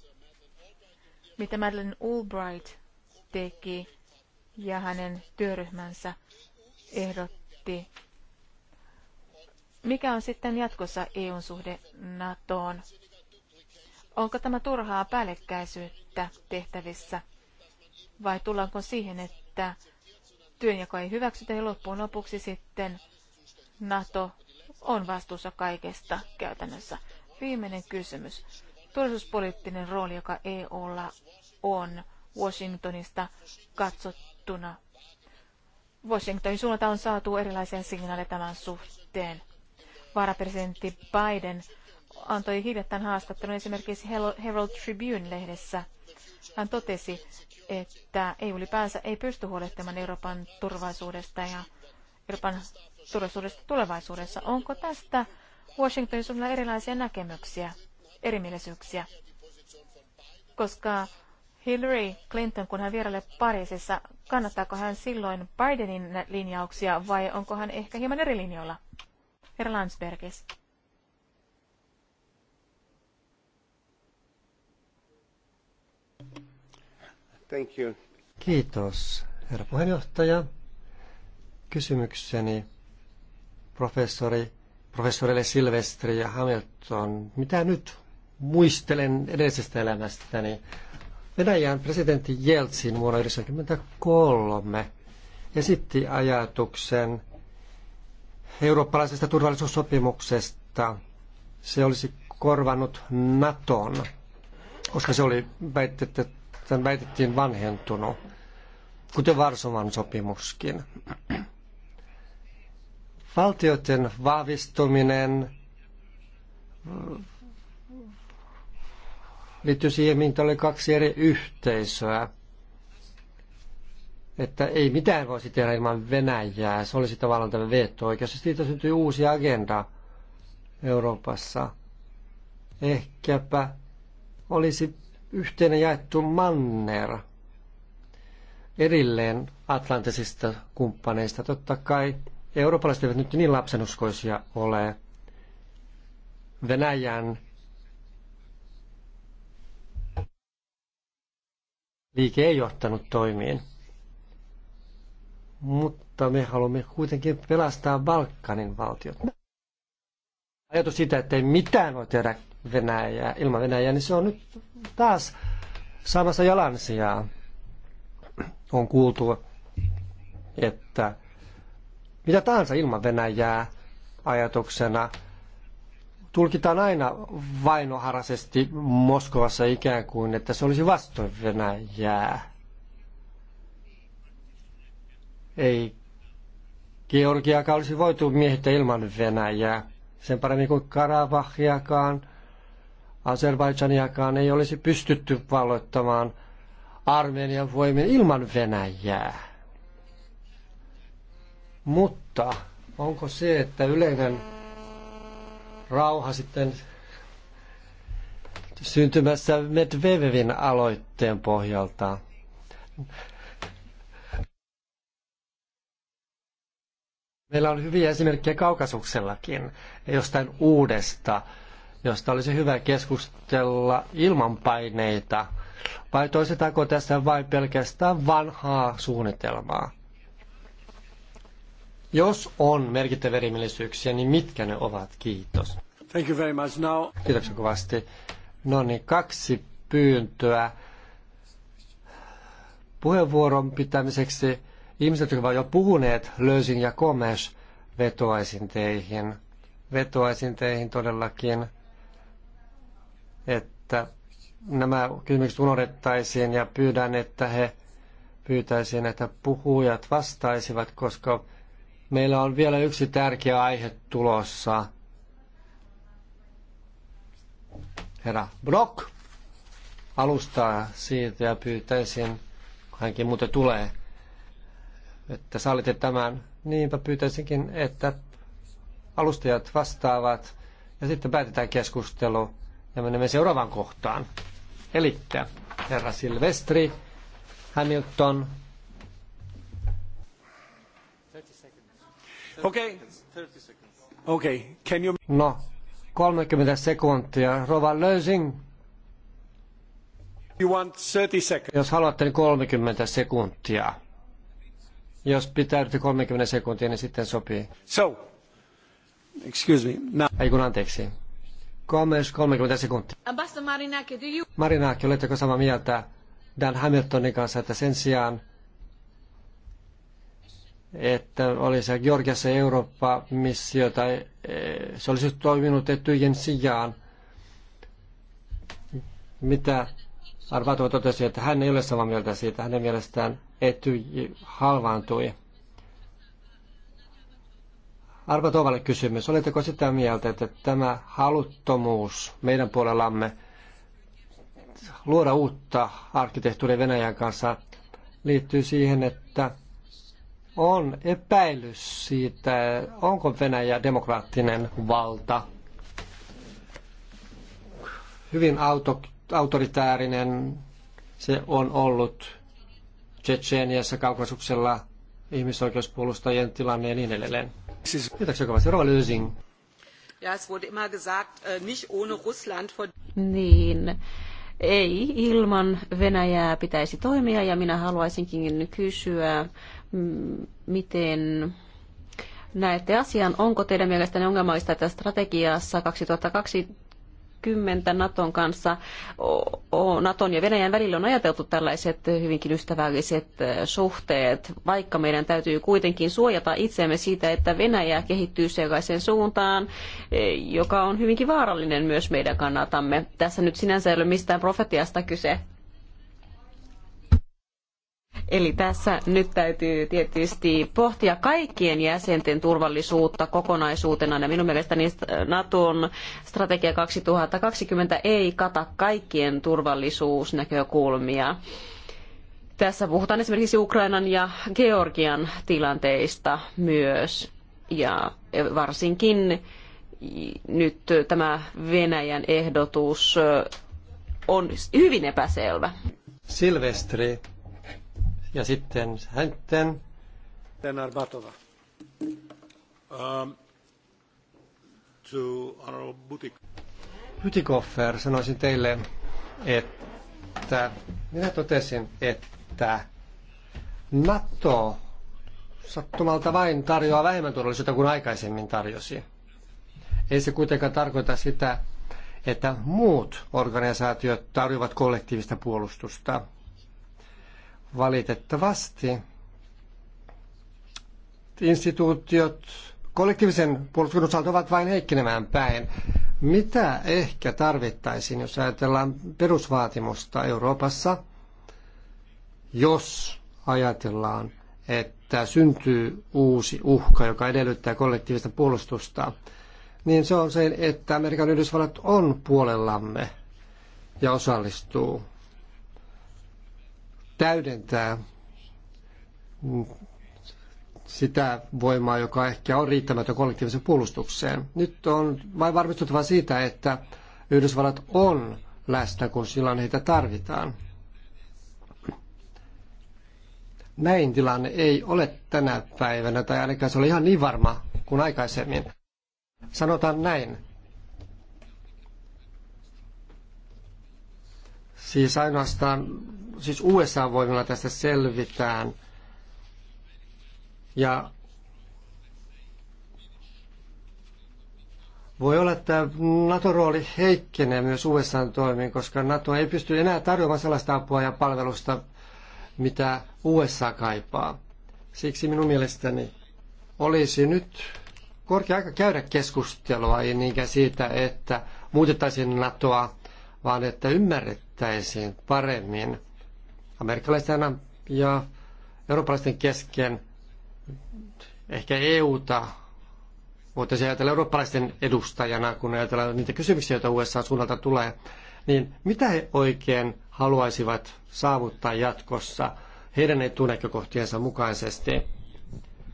Mitä Madeleine Albright teki ja hänen työryhmänsä – ehdotti. Mikä on sitten jatkossa EUn suhde NATOon? Onko tämä turhaa päällekkäisyyttä tehtävissä? Vai tullaanko siihen, että työnjako ei hyväksytä ja loppuun lopuksi sitten NATO on vastuussa kaikesta käytännössä? Viimeinen kysymys. Turvallisuuspoliittinen rooli, joka EUlla on Washingtonista katsottuna Washingtonin suunnalta on saatu erilaisia signaaleja tämän suhteen. Varapresidentti Biden antoi hiljattain haastattelun esimerkiksi Herald Tribune-lehdessä. Hän totesi, että ei ylipäänsä ei pysty huolehtimaan Euroopan turvallisuudesta ja Euroopan turvallisuudesta tulevaisuudessa. Onko tästä Washingtonin suunnalla erilaisia näkemyksiä, erimielisyyksiä? Koska Hillary Clinton, kun hän vierailee Pariisissa, kannattaako hän silloin Bidenin linjauksia vai onko hän ehkä hieman eri linjoilla? Herra Landsbergis. Thank you. Kiitos, herra puheenjohtaja. Kysymykseni professori, professorille Silvestri ja Hamilton. Mitä nyt muistelen edellisestä elämästäni? Niin Venäjän presidentti Jeltsin vuonna 1993 esitti ajatuksen eurooppalaisesta turvallisuussopimuksesta. Se olisi korvannut Naton, koska se oli väitetty, tämän väitettiin vanhentunut, kuten Varsovan sopimuskin. Valtioiden vahvistuminen liittyi siihen, minkä oli kaksi eri yhteisöä. Että ei mitään voisi tehdä ilman Venäjää. Se olisi tavallaan tämä veto-oikeus. siitä syntyi uusi agenda Euroopassa. Ehkäpä olisi yhteinen jaettu manner erilleen Atlantisista kumppaneista. Totta kai eurooppalaiset eivät nyt niin lapsenuskoisia ole. Venäjän liike ei johtanut toimiin. Mutta me haluamme kuitenkin pelastaa Balkanin valtiot. Ajatus siitä, että ei mitään voi tehdä Venäjää, ilman Venäjää, niin se on nyt taas saamassa jalansijaa. On kuultu, että mitä tahansa ilman Venäjää ajatuksena – tulkitaan aina vainoharaisesti Moskovassa ikään kuin, että se olisi vastoin Venäjää. Ei Georgiakaan olisi voitu miehittää ilman Venäjää. Sen paremmin kuin Karabahiakaan, Azerbaidžaniakaan ei olisi pystytty valloittamaan Armenian voimin ilman Venäjää. Mutta onko se, että yleinen rauha sitten syntymässä Medvedevin aloitteen pohjalta. Meillä on hyviä esimerkkejä Kaukasuksellakin jostain uudesta, josta olisi hyvä keskustella ilman paineita. Vai toisetako tässä vain pelkästään vanhaa suunnitelmaa? Jos on merkittäviä erimielisyyksiä, niin mitkä ne ovat? Kiitos. Thank you very much now. Kiitoksia kovasti. No niin, kaksi pyyntöä puheenvuoron pitämiseksi. Ihmiset, jotka ovat jo puhuneet, Löysin ja Komes, vetoaisin teihin. Vetoaisin teihin todellakin, että nämä kysymykset unohdettaisiin ja pyydän, että he pyytäisiin, että puhujat vastaisivat, koska Meillä on vielä yksi tärkeä aihe tulossa. Herra Brock alustaa siitä ja pyytäisin, kun hänkin muuten tulee, että sallitte tämän. Niinpä pyytäisinkin, että alustajat vastaavat ja sitten päätetään keskustelu ja menemme seuraavaan kohtaan. Eli herra Silvestri, Hamilton, Okei. Okay. Okay. you... No, 30 sekuntia. Rova Lösing. You want 30 seconds. Jos haluatte, niin 30 sekuntia. Jos pitäydytte 30 sekuntia, niin sitten sopii. So, excuse me. Now. Ei kun anteeksi. Gomes, 30 sekuntia. Marinaki, you... Marinaki, oletteko samaa mieltä Dan Hamiltonin kanssa, että sen sijaan että olisi Georgiassa Eurooppa-missio tai eh, se olisi toiminut etyjen sijaan. Mitä Arvatova totesi, että hän ei ole samaa mieltä siitä. Hänen mielestään etyj halvaantui. Arvatovalle kysymys. Oletteko sitä mieltä, että tämä haluttomuus meidän puolellamme luoda uutta arkkitehtuuria Venäjän kanssa liittyy siihen, että on epäilys siitä, onko Venäjä demokraattinen valta. Hyvin auto, autoritäärinen se on ollut Tsetseeniassa, Kaukasuksella, ihmisoikeuspuolustajien tilanne ja niin edelleen. Kiitoksia kovasti. Rova Lösing. Ja, es wurde immer gesagt, äh, nicht ohne Russland Niin, ei ilman Venäjää pitäisi toimia ja minä haluaisinkin kysyä, Mm, miten näette asian? Onko teidän mielestänne ongelmallista, että strategiassa 2020 Naton kanssa, Naton ja Venäjän välillä on ajateltu tällaiset hyvinkin ystävälliset suhteet, vaikka meidän täytyy kuitenkin suojata itseämme siitä, että Venäjä kehittyy sellaiseen suuntaan, e, joka on hyvinkin vaarallinen myös meidän kannatamme. Tässä nyt sinänsä ei ole mistään profetiasta kyse, Eli tässä nyt täytyy tietysti pohtia kaikkien jäsenten turvallisuutta kokonaisuutena. Ja minun mielestäni Naton strategia 2020 ei kata kaikkien turvallisuusnäkökulmia. Tässä puhutaan esimerkiksi Ukrainan ja Georgian tilanteista myös. Ja varsinkin nyt tämä Venäjän ehdotus on hyvin epäselvä. Silvestri, ja sitten sitten... Tenar Batova. Um, to Honorable Butik. Butikoffer, sanoisin teille, että minä totesin, että NATO sattumalta vain tarjoaa vähemmän turvallisuutta kuin aikaisemmin tarjosi. Ei se kuitenkaan tarkoita sitä, että muut organisaatiot tarjoavat kollektiivista puolustusta. Valitettavasti instituutiot kollektiivisen puolustuksen osalta ovat vain heikkenemään päin. Mitä ehkä tarvittaisiin, jos ajatellaan perusvaatimusta Euroopassa, jos ajatellaan, että syntyy uusi uhka, joka edellyttää kollektiivista puolustusta, niin se on se, että Amerikan Yhdysvallat on puolellamme ja osallistuu täydentää sitä voimaa, joka ehkä on riittämätön kollektiivisen puolustukseen. Nyt on vain varmistuttava siitä, että Yhdysvallat on läsnä, kun silloin heitä tarvitaan. Näin tilanne ei ole tänä päivänä, tai ainakaan se oli ihan niin varma kuin aikaisemmin. Sanotaan näin, Siis ainoastaan, siis USA-voimilla tästä selvitään. Ja Voi olla, että nato rooli heikkenee myös USAn toimiin, koska NATO ei pysty enää tarjoamaan sellaista apua ja palvelusta, mitä USA kaipaa. Siksi minun mielestäni olisi nyt korkea aika käydä keskustelua, ei niinkään siitä, että muutettaisiin NATOa vaan että ymmärrettäisiin paremmin amerikkalaisten ja eurooppalaisten kesken ehkä EUta voitaisiin ajatella eurooppalaisten edustajana, kun ajatellaan niitä kysymyksiä, joita USA suunnalta tulee, niin mitä he oikein haluaisivat saavuttaa jatkossa heidän etunäkökohtiensa mukaisesti?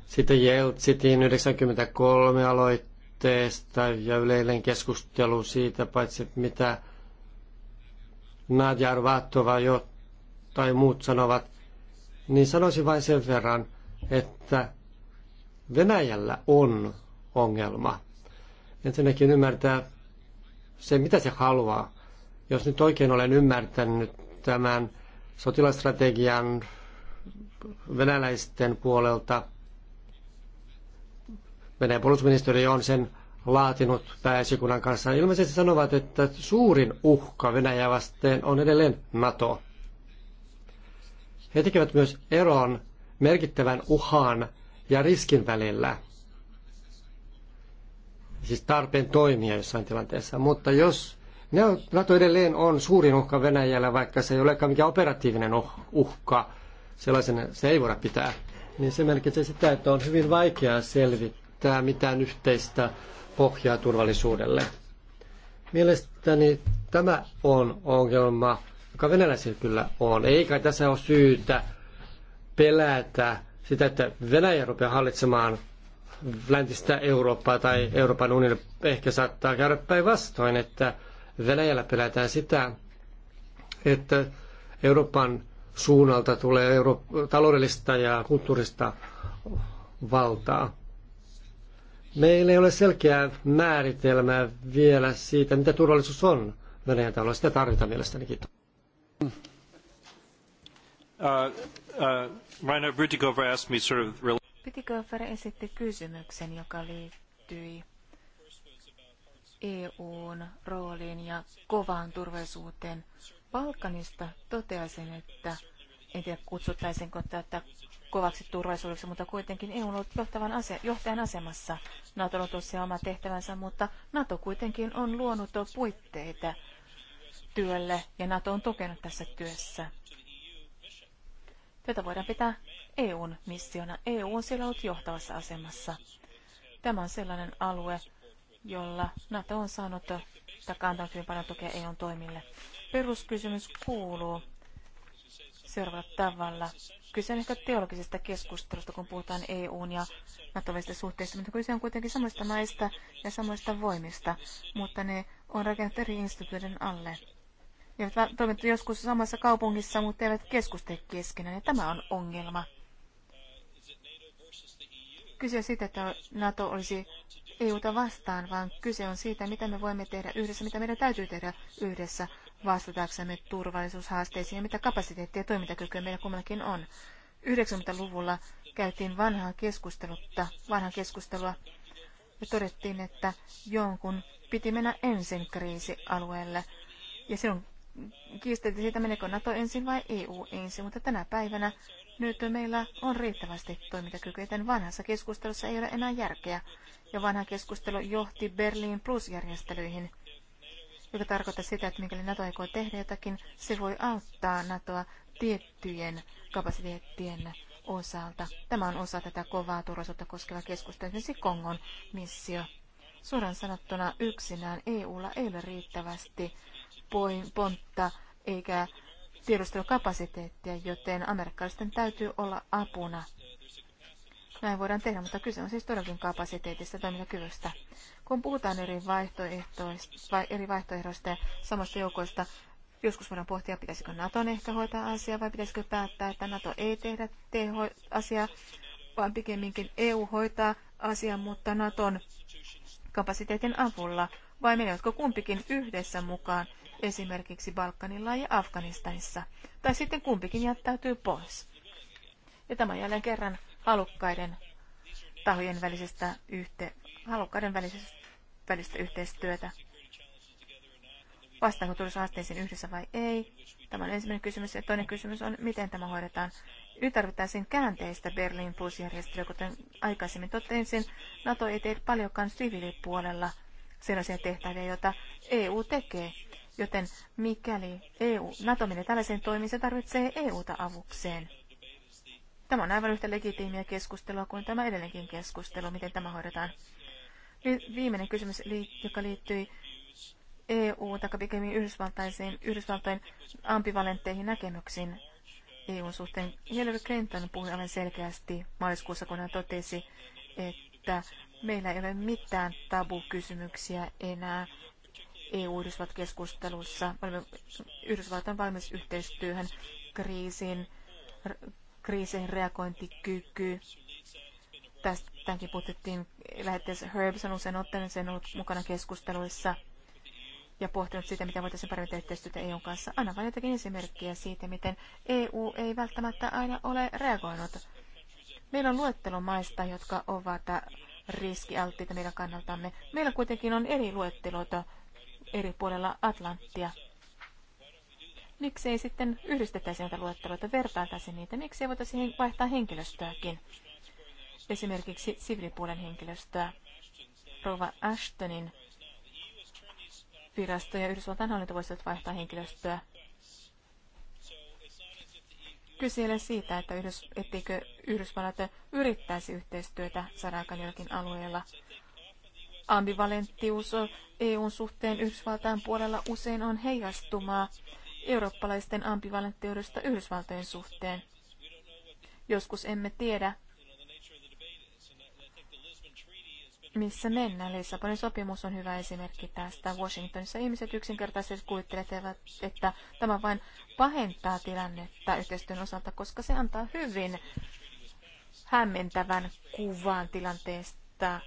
Sitten Jeltsitin 93 aloitteesta ja yleinen keskustelu siitä, paitsi mitä Nadjar Vattova jo tai muut sanovat, niin sanoisin vain sen verran, että Venäjällä on ongelma. Ensinnäkin ymmärtää se, mitä se haluaa. Jos nyt oikein olen ymmärtänyt tämän sotilastrategian venäläisten puolelta, Venäjän puolustusministeriö on sen laatinut pääesikunnan kanssa, ilmeisesti sanovat, että suurin uhka Venäjä vastaan on edelleen NATO. He tekevät myös eron merkittävän uhan ja riskin välillä. Siis tarpeen toimia jossain tilanteessa. Mutta jos NATO edelleen on suurin uhka Venäjällä, vaikka se ei olekaan mikään operatiivinen uh- uhka, sellaisen se ei voida pitää, niin se merkitsee sitä, että on hyvin vaikeaa selvittää mitään yhteistä pohjaa turvallisuudelle. Mielestäni tämä on ongelma, joka venäläisillä kyllä on. Eikä tässä ole syytä pelätä sitä, että Venäjä rupeaa hallitsemaan läntistä Eurooppaa tai Euroopan unionin ehkä saattaa käydä päinvastoin, että Venäjällä pelätään sitä, että Euroopan suunnalta tulee euro- taloudellista ja kulttuurista valtaa. Meillä ei ole selkeää määritelmää vielä siitä, mitä turvallisuus on Venäjän talolla. Sitä tarvitaan mielestäni. Kiitos. Uh, uh, Rainer Bütikofer asked me sort of... esitti kysymyksen, joka liittyi EUn rooliin ja kovaan turvallisuuteen. Balkanista toteaisin, että en tiedä kutsuttaisinko tätä kovaksi turvallisuudeksi, mutta kuitenkin EU on ollut johtavan ase- johtajan asemassa. NATO on tosiaan oma tehtävänsä, mutta NATO kuitenkin on luonut puitteita työlle ja NATO on tukenut tässä työssä. Tätä voidaan pitää EUn missiona. EU on siellä ollut johtavassa asemassa. Tämä on sellainen alue, jolla NATO on saanut tai antanut hyvin paljon tukea EUn toimille. Peruskysymys kuuluu, seuraavalla tavalla. Kyse on ehkä teologisesta keskustelusta, kun puhutaan EUn ja natolaisista suhteista, mutta kyse on kuitenkin samoista maista ja samoista voimista, mutta ne on rakennettu eri instituutioiden alle. Ne ovat toimittu joskus samassa kaupungissa, mutta eivät keskustele keskenään, ja tämä on ongelma. Kyse on siitä, että NATO olisi EUta vastaan, vaan kyse on siitä, mitä me voimme tehdä yhdessä, mitä meidän täytyy tehdä yhdessä vastataksemme turvallisuushaasteisiin ja mitä kapasiteettia ja toimintakykyä meillä kummallakin on. 90-luvulla käytiin vanhaa keskustelutta, vanhaa keskustelua ja todettiin, että jonkun piti mennä ensin kriisialueelle. Ja silloin kiisteltiin siitä, meneekö NATO ensin vai EU ensin, mutta tänä päivänä nyt meillä on riittävästi toimintakykyä, joten vanhassa keskustelussa ei ole enää järkeä. Ja vanha keskustelu johti Berliin plus-järjestelyihin joka tarkoittaa sitä, että mikäli NATO aikoo tehdä jotakin, se voi auttaa NATOa tiettyjen kapasiteettien osalta. Tämä on osa tätä kovaa turvallisuutta koskeva keskustelua, esimerkiksi Kongon missio. Suoraan sanottuna yksinään EUlla ei ole riittävästi pontta eikä tiedustelukapasiteettia, joten amerikkalaisten täytyy olla apuna. Näin voidaan tehdä, mutta kyse on siis todellakin kapasiteetista toimintakyvystä. Kun puhutaan eri, vaihtoehtoista, vai eri vaihtoehdoista ja samasta joukoista, joskus voidaan pohtia, pitäisikö Naton ehkä hoitaa asiaa vai pitäisikö päättää, että Nato ei tehdä teho asiaa, vaan pikemminkin EU hoitaa asiaa, mutta Naton kapasiteetin avulla. Vai menevätkö kumpikin yhdessä mukaan esimerkiksi Balkanilla ja Afganistanissa? Tai sitten kumpikin jättäytyy pois? Ja tämä jälleen kerran halukkaiden tahojen välisestä yhte, halukkaiden välisestä välistä yhteistyötä. Vastaanko haasteisiin yhdessä vai ei? Tämä on ensimmäinen kysymys. Ja toinen kysymys on, miten tämä hoidetaan. Nyt tarvitaan sen käänteistä Berliin plus järjestelyä, kuten aikaisemmin totesin. NATO ei tee paljonkaan siviilipuolella sellaisia tehtäviä, joita EU tekee. Joten mikäli EU, NATO menee tällaiseen toimiin, se tarvitsee EUta avukseen. Tämä on aivan yhtä legitiimiä keskustelua kuin tämä edelleenkin keskustelu, miten tämä hoidetaan. Viimeinen kysymys, joka liittyi EU- tai pikemmin Yhdysvaltaisiin, Yhdysvaltain ambivalentteihin näkemyksiin EUn suhteen. Hillary Clinton puhui aivan selkeästi maaliskuussa, kun hän totesi, että meillä ei ole mitään tabukysymyksiä enää EU-Yhdysvallat-keskustelussa. Yhdysvallat on valmis yhteistyöhön, kriisin, kriisin reagointikyky, Tästäkin puhuttiin lähetteessä Herbs on usein ottanut sen ollut mukana keskusteluissa ja pohtinut sitä, mitä voitaisiin paremmin tehdä yhteistyötä EUn kanssa. Anna vain jotakin esimerkkiä siitä, miten EU ei välttämättä aina ole reagoinut. Meillä on luettelo maista, jotka ovat riskialttiita meidän kannaltamme. Meillä kuitenkin on eri luetteloita eri puolella Atlanttia. Miksei sitten yhdistettäisi näitä luetteloita, vertailtaisi niitä, ei voitaisiin vaihtaa henkilöstöäkin esimerkiksi siviilipuolen henkilöstöä. Rova Ashtonin virasto ja Yhdysvaltain hallinto voisivat vaihtaa henkilöstöä. Kyse ei ole siitä, että Yhdys, etteikö Yhdysvallat yrittäisi yhteistyötä sarakan jollakin alueella. Ambivalenttius EUn suhteen Yhdysvaltain puolella usein on heijastumaa eurooppalaisten ambivalenttiudesta Yhdysvaltojen suhteen. Joskus emme tiedä, missä mennään. Lissabonin sopimus on hyvä esimerkki tästä. Washingtonissa ihmiset yksinkertaisesti kuvittelevat, että tämä vain pahentaa tilannetta yhteistyön osalta, koska se antaa hyvin hämmentävän kuvan tilanteesta.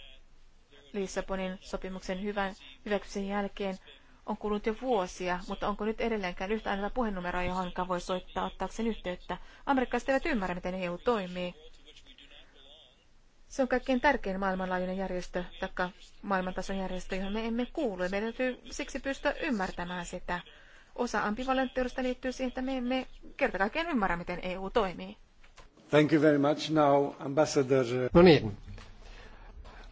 Lissabonin sopimuksen hyvän hyväksymisen jälkeen on kulunut jo vuosia, mutta onko nyt edelleenkään yhtä ainoa puhenumeroa, johon voi soittaa ottaakseen yhteyttä? Amerikkalaiset eivät ymmärrä, miten EU toimii. Se on kaikkein tärkein maailmanlaajuinen järjestö, taikka maailmantason järjestö, johon me emme kuulu. Ja meidän täytyy siksi pystyä ymmärtämään sitä. Osa ambivalenttiudesta liittyy siihen, että me emme kerta kaikkiaan ymmärrä, miten EU toimii. Thank you very much. Now, Ambassador... Uh, no niin.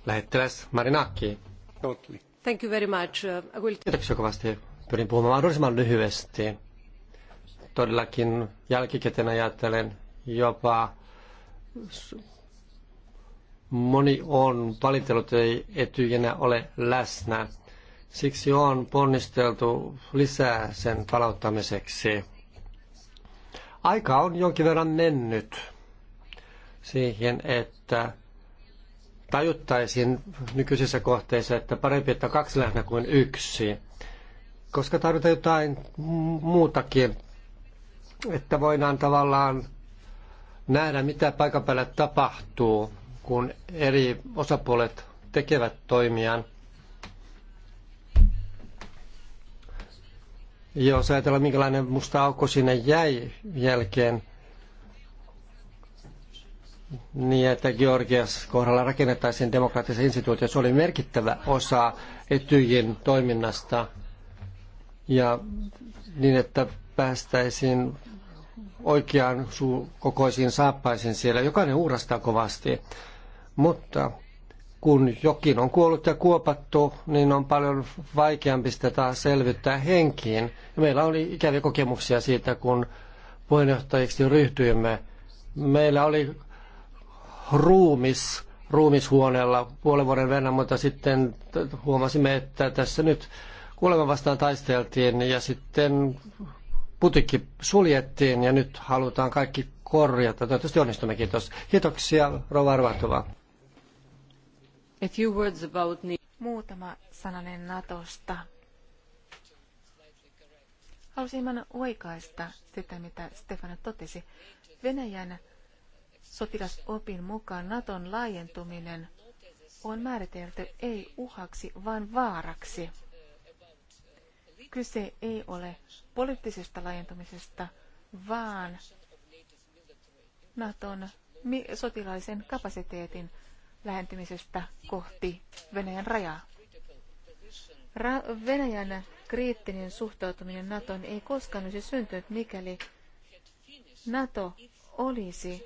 Lähettiläs Marinaki. Totally. Thank you very much. Uh, I will... Kiitoksia kovasti. Pyrin puhumaan mahdollisimman lyhyesti. Todellakin jälkikäteen ajattelen jopa moni on valitellut, ei etyj enää ole läsnä. Siksi on ponnisteltu lisää sen palauttamiseksi. Aika on jonkin verran mennyt siihen, että tajuttaisiin nykyisissä kohteissa, että parempi, että kaksi lähnä kuin yksi. Koska tarvitaan jotain muutakin, että voidaan tavallaan nähdä, mitä paikan päällä tapahtuu kun eri osapuolet tekevät toimiaan. Jos ajatellaan, minkälainen musta aukko sinne jäi jälkeen, niin että Georgias kohdalla rakennettaisiin demokraattisen instituutio. Se oli merkittävä osa Etyjin toiminnasta ja niin, että päästäisiin oikeaan kokoisiin saappaisiin siellä. Jokainen uurastaa kovasti. Mutta kun jokin on kuollut ja kuopattu, niin on paljon vaikeampi sitä taas selvittää henkiin. Ja meillä oli ikäviä kokemuksia siitä, kun puheenjohtajiksi ryhtyimme. Meillä oli ruumis ruumishuoneella puolen vuoden verran, mutta sitten huomasimme, että tässä nyt kuoleman vastaan taisteltiin ja sitten putikki suljettiin ja nyt halutaan kaikki korjata. Toivottavasti onnistumme. Kiitos. Kiitoksia, Rova Arvatova. A few words about... Muutama sananen Natosta. Haluaisin hieman oikaista sitä, mitä Stefano totesi. Venäjän sotilasopin mukaan Naton laajentuminen on määritelty ei uhaksi, vaan vaaraksi. Kyse ei ole poliittisesta laajentumisesta, vaan Naton sotilaisen kapasiteetin lähentymisestä kohti Venäjän rajaa. Ra- Venäjän kriittinen suhtautuminen NATOon ei koskaan olisi syntynyt, mikäli NATO olisi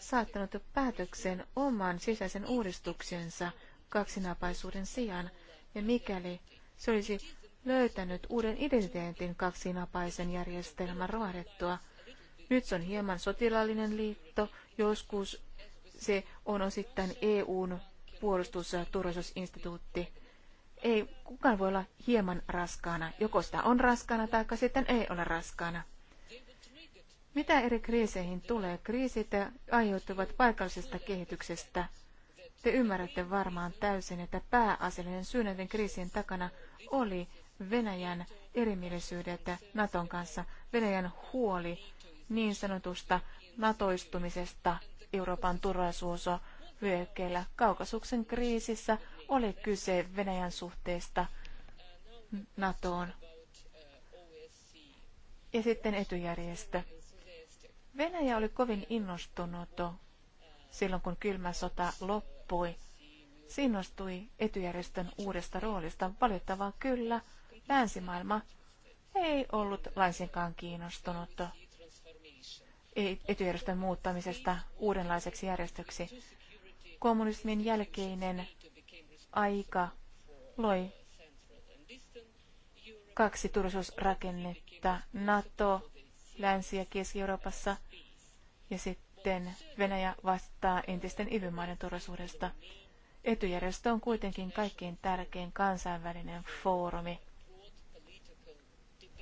saattanut päätökseen oman sisäisen uudistuksensa kaksinapaisuuden sijaan, ja mikäli se olisi löytänyt uuden identiteetin kaksinapaisen järjestelmän rohdettua. Nyt se on hieman sotilaallinen liitto, joskus se on osittain EUn puolustus- ja turvallisuusinstituutti. Ei kukaan voi olla hieman raskaana. Joko sitä on raskaana tai sitten ei ole raskaana. Mitä eri kriiseihin tulee? Kriisit aiheutuvat paikallisesta kehityksestä. Te ymmärrätte varmaan täysin, että pääasiallinen syy näiden kriisien takana oli Venäjän erimielisyydet Naton kanssa, Venäjän huoli niin sanotusta natoistumisesta Euroopan turvallisuusvyöhykkeellä. Kaukasuksen kriisissä oli kyse Venäjän suhteesta NATOon. Ja sitten etujärjestö. Venäjä oli kovin innostunut silloin, kun kylmä sota loppui. Se innostui etujärjestön uudesta roolista. Valitettavaa kyllä, länsimaailma ei ollut laisinkaan kiinnostunut etujärjestön muuttamisesta uudenlaiseksi järjestöksi. Kommunismin jälkeinen aika loi kaksi turvallisuusrakennetta, NATO Länsi- ja Keski-Euroopassa ja sitten Venäjä vastaa entisten ivymaiden turvallisuudesta. Etujärjestö on kuitenkin kaikkein tärkein kansainvälinen foorumi –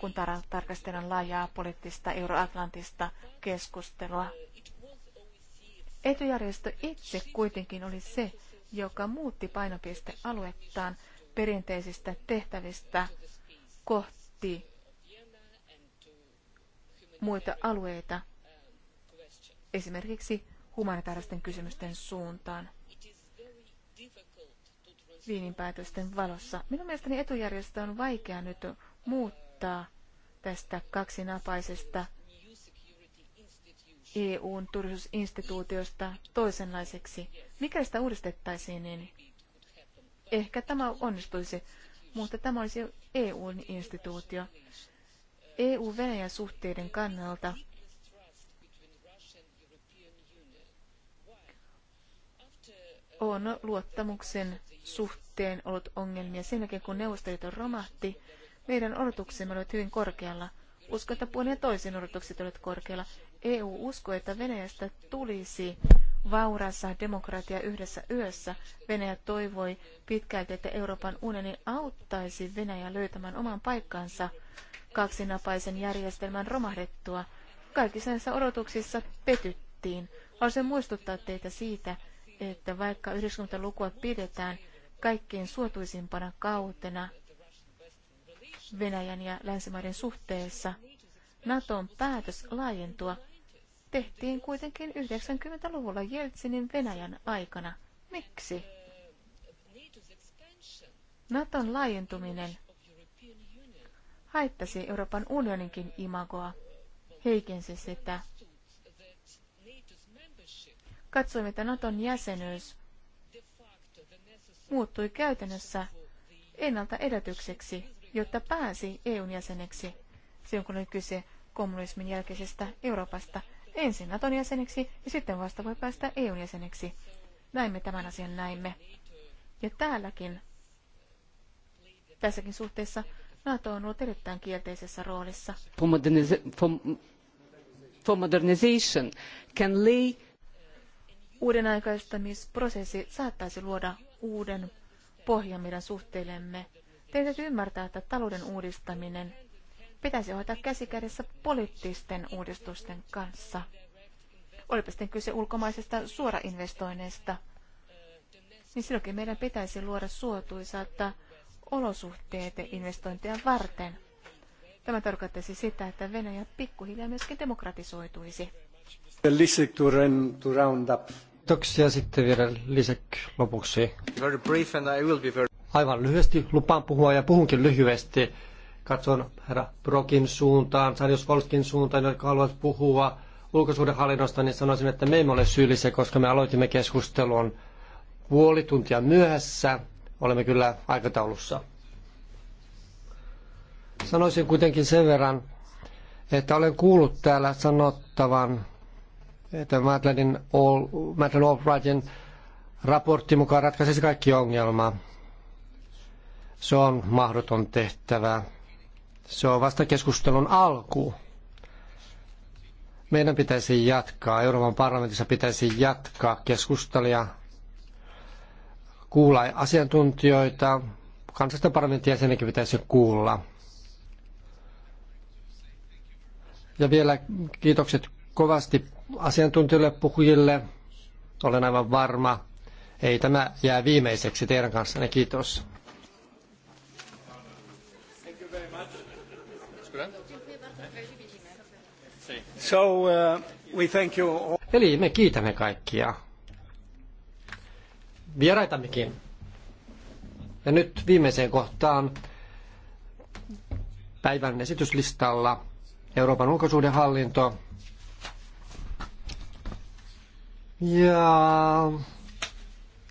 kun tarkastellaan laajaa poliittista euroatlantista keskustelua. Etujärjestö itse kuitenkin oli se, joka muutti painopistealuettaan perinteisistä tehtävistä kohti muita alueita, esimerkiksi humanitaaristen kysymysten suuntaan. Viinin päätösten valossa. Minun mielestäni etujärjestö on vaikea nyt muuttaa kirjoittaa tästä kaksinapaisesta EUn turvallisuusinstituutiosta toisenlaiseksi. Mikäli sitä uudistettaisiin, niin ehkä tämä onnistuisi, mutta tämä olisi EUn instituutio. EU-Venäjän suhteiden kannalta on luottamuksen suhteen ollut ongelmia. Sen jälkeen kun neuvostoliiton romahti, meidän odotuksemme olivat hyvin korkealla. Uskon, että puolin ja toisin odotukset olivat korkealla. EU uskoi, että Venäjästä tulisi vaurassa demokratia yhdessä yössä. Venäjä toivoi pitkälti, että Euroopan unioni auttaisi Venäjä löytämään oman paikkansa kaksinapaisen järjestelmän romahdettua. Kaikissa näissä odotuksissa petyttiin. Haluaisin muistuttaa teitä siitä, että vaikka 90-lukua pidetään kaikkein suotuisimpana kautena Venäjän ja länsimaiden suhteessa. Naton päätös laajentua tehtiin kuitenkin 90-luvulla Jeltsinin Venäjän aikana. Miksi? Naton laajentuminen haittasi Euroopan unioninkin imagoa, heikensi sitä. Katsoimme, että Naton jäsenyys muuttui käytännössä ennalta edätykseksi jotta pääsi EUn jäseneksi silloin, kun oli kyse kommunismin jälkeisestä Euroopasta. Ensin Naton jäseneksi ja sitten vasta voi päästä EUn jäseneksi. me tämän asian näimme. Ja täälläkin, tässäkin suhteessa, NATO on ollut erittäin kielteisessä roolissa. For, moderniz- for, for modernization can lay... Uuden aikaistamisprosessi saattaisi luoda uuden pohjan meidän suhteillemme Teidän täytyy ymmärtää, että talouden uudistaminen pitäisi hoitaa käsikädessä poliittisten uudistusten kanssa. Olipa sitten kyse ulkomaisesta suorainvestoinneista, niin silloinkin meidän pitäisi luoda suotuisaa olosuhteet investointeja varten. Tämä tarkoittaisi sitä, että Venäjä pikkuhiljaa myöskin demokratisoituisi. Kiitoksia sitten vielä lisäksi lopuksi. Aivan lyhyesti lupaan puhua ja puhunkin lyhyesti. Katson herra Brokin suuntaan, Sarjus Volskin suuntaan, jotka haluavat puhua ulkosuhdehallinnosta, niin sanoisin, että me emme ole syyllisiä, koska me aloitimme keskustelun puoli tuntia myöhässä. Olemme kyllä aikataulussa. Sanoisin kuitenkin sen verran, että olen kuullut täällä sanottavan, että Madeleine Albrightin raportti mukaan ratkaisisi kaikki ongelmaa. Se on mahdoton tehtävä. Se on vasta keskustelun alku. Meidän pitäisi jatkaa, Euroopan parlamentissa pitäisi jatkaa keskustelua, kuulla asiantuntijoita, kansallisten parlamentin jäseniäkin pitäisi kuulla. Ja vielä kiitokset kovasti asiantuntijoille puhujille. Olen aivan varma, ei tämä jää viimeiseksi teidän kanssanne. Kiitos. So, uh, we thank you. Eli me kiitämme kaikkia. Vieraitammekin. Ja nyt viimeiseen kohtaan päivän esityslistalla Euroopan ulkosuhdehallinto. Ja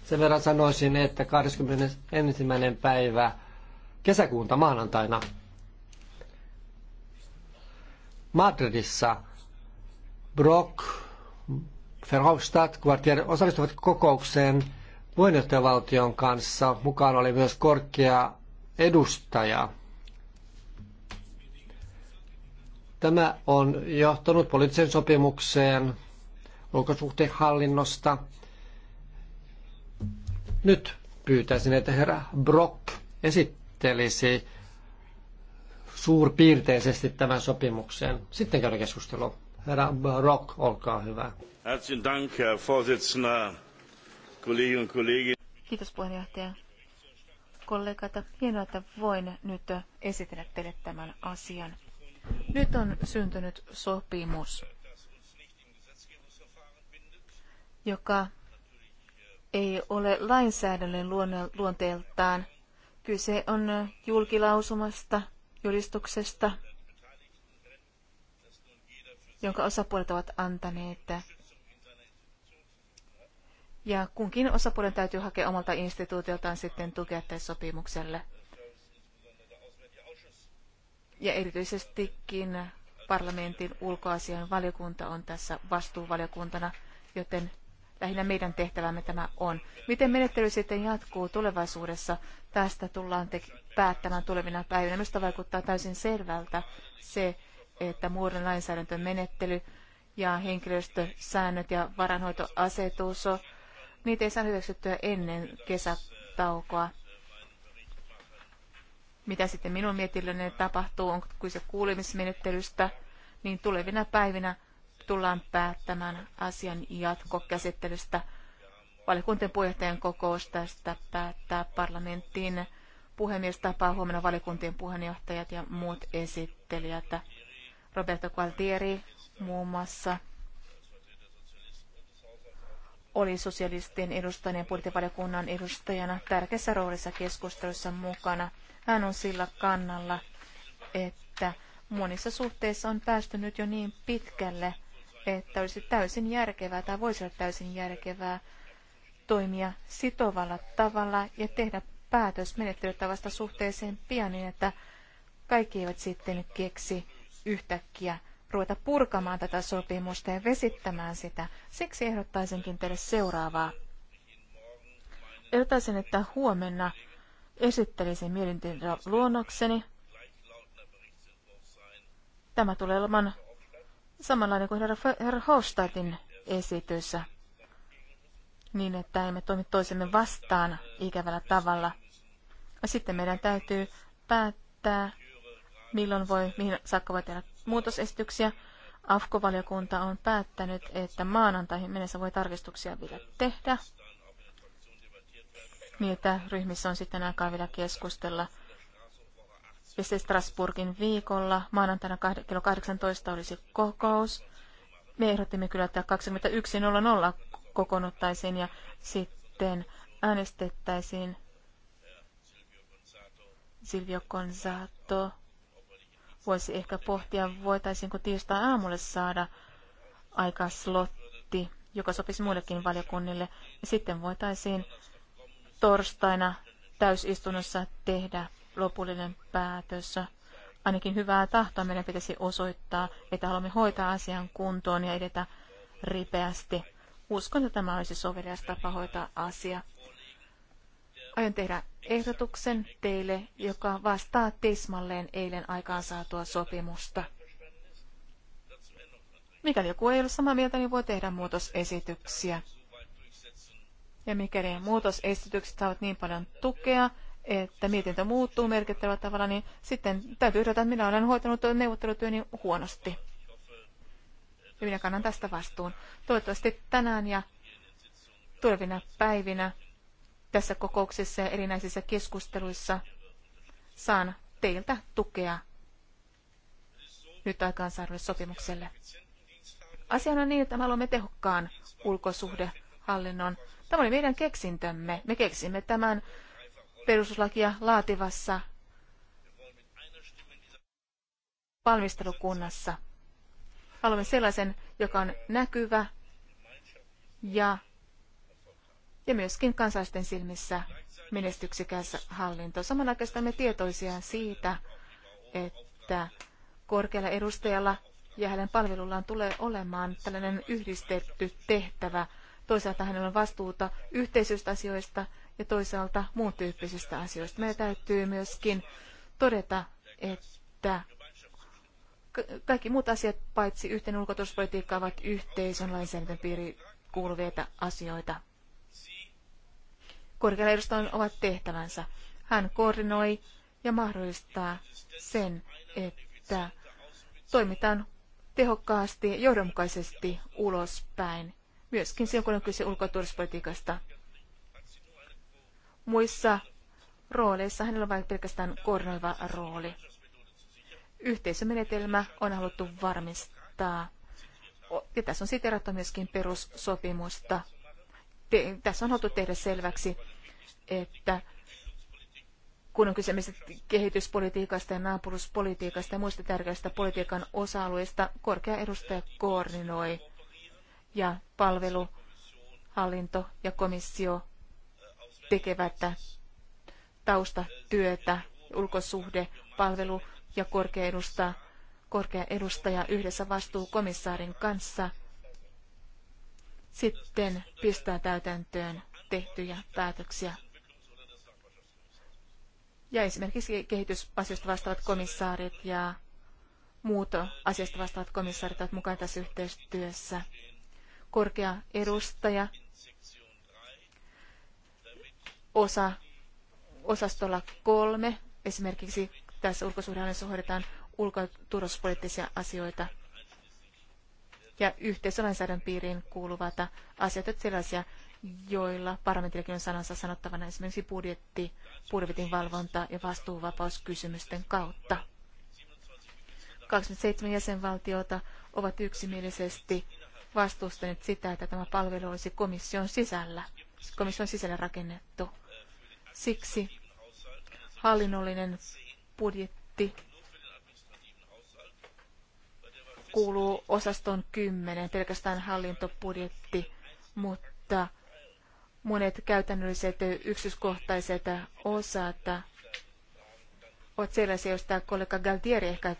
sen verran sanoisin, että 21. päivä kesäkuunta maanantaina Madridissa – Brock, Verhofstadt, Quartier osallistuvat kokoukseen puheenjohtajavaltion kanssa. Mukaan oli myös korkea edustaja. Tämä on johtanut poliittiseen sopimukseen ulkosuhteenhallinnosta. Nyt pyytäisin, että herra Brock esittelisi suurpiirteisesti tämän sopimuksen. Sitten käydään keskustelua. Herra Brock, olkaa hyvä. Kiitos puheenjohtaja. Kollegat, hienoa, että voin nyt esitellä teille tämän asian. Nyt on syntynyt sopimus, joka ei ole lainsäädännön luonteeltaan. Kyse on julkilausumasta, julistuksesta, jonka osapuolet ovat antaneet. Ja kunkin osapuolen täytyy hakea omalta instituutioltaan sitten tukea tälle sopimukselle. Ja erityisestikin parlamentin ulkoasian valiokunta on tässä vastuuvaliokuntana, joten lähinnä meidän tehtävämme tämä on. Miten menettely sitten jatkuu tulevaisuudessa? Tästä tullaan te- päättämään tulevina päivinä. Minusta vaikuttaa täysin selvältä se, että muodon lainsäädäntömenettely ja henkilöstösäännöt ja varanhoitoasetus, niitä ei saa hyväksyttyä ennen kesätaukoa. Mitä sitten minun mietinnölleni tapahtuu, onko kyse kuulemismenettelystä, niin tulevina päivinä tullaan päättämään asian jatkokäsittelystä. Valikuntien puheenjohtajan kokous tästä päättää parlamenttiin puhemies tapaa huomenna valikuntien puheenjohtajat ja muut esittelijät. Roberto Gualtieri muun muassa oli sosialistien edustajan ja budjettivaliokunnan edustajana tärkeässä roolissa keskustelussa mukana. Hän on sillä kannalla, että monissa suhteissa on päästy nyt jo niin pitkälle, että olisi täysin järkevää tai voisi olla täysin järkevää toimia sitovalla tavalla ja tehdä päätös menettelytavasta suhteeseen pian niin, että kaikki eivät sitten keksi yhtäkkiä ruveta purkamaan tätä sopimusta ja vesittämään sitä. Siksi ehdottaisinkin teille seuraavaa. Ehdottaisin, että huomenna esittelisin mietintöä luonnokseni. Tämä tulee olemaan samanlainen kuin herra, herra Hofstadtin esitys, niin että emme toimi toisemme vastaan ikävällä tavalla. Sitten meidän täytyy päättää milloin voi, mihin saakka voi tehdä muutosesityksiä. AFKO-valiokunta on päättänyt, että maanantaihin mennessä voi tarkistuksia vielä tehdä. Niin, ryhmissä on sitten aikaa vielä keskustella. Ja Strasburgin viikolla maanantaina kello 18 olisi kokous. Me ehdottimme kyllä, että 21.00 kokoonnuttaisiin ja sitten äänestettäisiin Silvio Gonzato voisi ehkä pohtia, voitaisiinko tiistai aamulle saada aika slotti, joka sopisi muillekin valiokunnille. Ja sitten voitaisiin torstaina täysistunnossa tehdä lopullinen päätös. Ainakin hyvää tahtoa meidän pitäisi osoittaa, että haluamme hoitaa asian kuntoon ja edetä ripeästi. Uskon, että tämä olisi sovelias tapa hoitaa asia. Aion tehdä ehdotuksen teille, joka vastaa tismalleen eilen aikaansaatua sopimusta. Mikäli joku ei ole samaa mieltä, niin voi tehdä muutosesityksiä. Ja mikäli muutosesitykset saavat niin paljon tukea, että mietintö muuttuu merkittävällä tavalla, niin sitten täytyy yhdellä, että minä olen hoitanut neuvottelutyöni huonosti. Ja minä kannan tästä vastuun. Toivottavasti tänään ja tulevina päivinä tässä kokouksessa ja erinäisissä keskusteluissa saan teiltä tukea nyt aikaansaarille sopimukselle. Asiana on niin, että me haluamme tehokkaan ulkosuhdehallinnon. Tämä oli meidän keksintömme. Me keksimme tämän perustuslakia laativassa valmistelukunnassa. Haluamme sellaisen, joka on näkyvä ja ja myöskin kansalaisten silmissä menestyksekäs hallinto. Samanaikaisesti me tietoisia siitä, että korkealla edustajalla ja hänen palvelullaan tulee olemaan tällainen yhdistetty tehtävä. Toisaalta hänellä on vastuuta yhteisöistä asioista ja toisaalta muun tyyppisistä asioista. Meidän täytyy myöskin todeta, että kaikki muut asiat paitsi yhteen ulkotuspolitiikka ovat yhteisön lainsäädäntön piiri kuuluvia asioita korkealla edustajan ovat tehtävänsä. Hän koordinoi ja mahdollistaa sen, että toimitaan tehokkaasti ja johdonmukaisesti ulospäin, myöskin silloin, kun on kyse ulko- ja Muissa rooleissa hänellä on vain pelkästään koordinoiva rooli. Yhteisömenetelmä on haluttu varmistaa. Ja tässä on siterattu myöskin perussopimusta tässä on haluttu tehdä selväksi, että kun on kyse kehityspolitiikasta ja naapuruspolitiikasta ja muista tärkeistä politiikan osa-alueista, korkea edustaja koordinoi ja palvelu, hallinto ja komissio tekevät taustatyötä, ulkosuhde, palvelu ja korkea edustaja, korkea edustaja yhdessä vastuukomissaarin kanssa sitten pistää täytäntöön tehtyjä päätöksiä. Ja esimerkiksi kehitysasioista vastaavat komissaarit ja muut asiasta vastaavat komissaarit ovat mukana tässä yhteistyössä. Korkea edustaja osa, osastolla kolme. Esimerkiksi tässä ulkosuhdehallinnossa hoidetaan ulko- ja turvallisuuspoliittisia asioita – ja yhteisölainsäädännön piiriin kuuluvat asiat ovat sellaisia, joilla parlamentillakin on sanansa sanottavana esimerkiksi budjetti, budjetin valvonta ja vastuuvapauskysymysten kautta. 27 jäsenvaltiota ovat yksimielisesti vastustaneet sitä, että tämä palvelu olisi komission sisällä, komission sisällä rakennettu. Siksi hallinnollinen budjetti kuuluu osaston 10, pelkästään hallintobudjetti, mutta monet käytännölliset yksityiskohtaiset osat ovat sellaisia, joista kollega Galtieri ehkä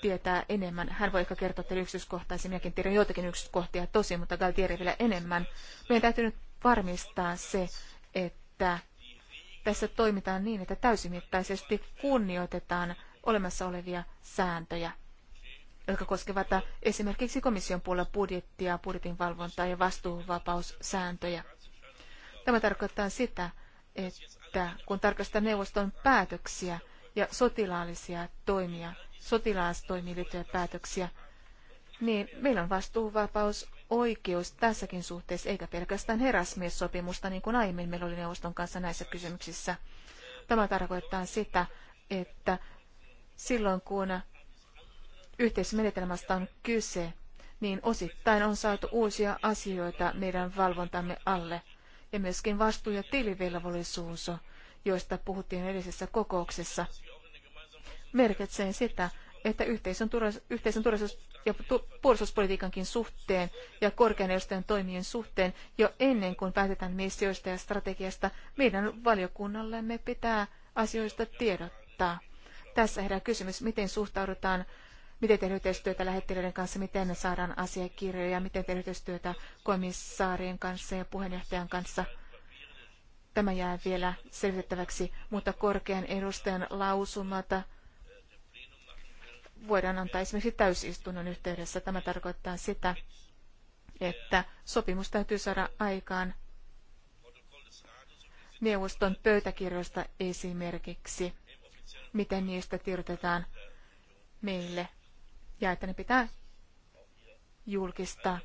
tietää enemmän. Hän voi ehkä kertoa teille yksityiskohtaisia. Minäkin tiedän joitakin yksityiskohtia tosi, mutta Galtieri vielä enemmän. Meidän täytyy nyt varmistaa se, että tässä toimitaan niin, että täysimittaisesti kunnioitetaan olemassa olevia sääntöjä jotka koskevat esimerkiksi komission puolella budjettia, budjetin valvontaa ja vastuuvapaussääntöjä. Tämä tarkoittaa sitä, että kun tarkastaa neuvoston päätöksiä ja sotilaallisia toimia, sotilaastoimiin liittyviä päätöksiä, niin meillä on vastuuvapaus oikeus tässäkin suhteessa, eikä pelkästään herrasmiessopimusta, niin kuin aiemmin meillä oli neuvoston kanssa näissä kysymyksissä. Tämä tarkoittaa sitä, että silloin kun yhteismenetelmästä on kyse, niin osittain on saatu uusia asioita meidän valvontamme alle. Ja myöskin vastuu- ja tilivelvollisuus, joista puhuttiin edellisessä kokouksessa, merkitsee sitä, että yhteisön, turvallisuus, yhteisön turvallisuus- ja puolustuspolitiikankin suhteen ja korkean edustajan toimien suhteen jo ennen kuin päätetään missioista ja strategiasta, meidän valiokunnallemme pitää asioista tiedottaa. Tässä herää kysymys, miten suhtaudutaan miten tehdään yhteistyötä lähettilöiden kanssa, miten saadaan asiakirjoja, miten tehdään yhteistyötä komissaarien kanssa ja puheenjohtajan kanssa. Tämä jää vielä selvitettäväksi, mutta korkean edustajan lausumata voidaan antaa esimerkiksi täysistunnon yhteydessä. Tämä tarkoittaa sitä, että sopimus täytyy saada aikaan neuvoston pöytäkirjoista esimerkiksi, miten niistä tiedotetaan meille ja että ne pitää julkistaa.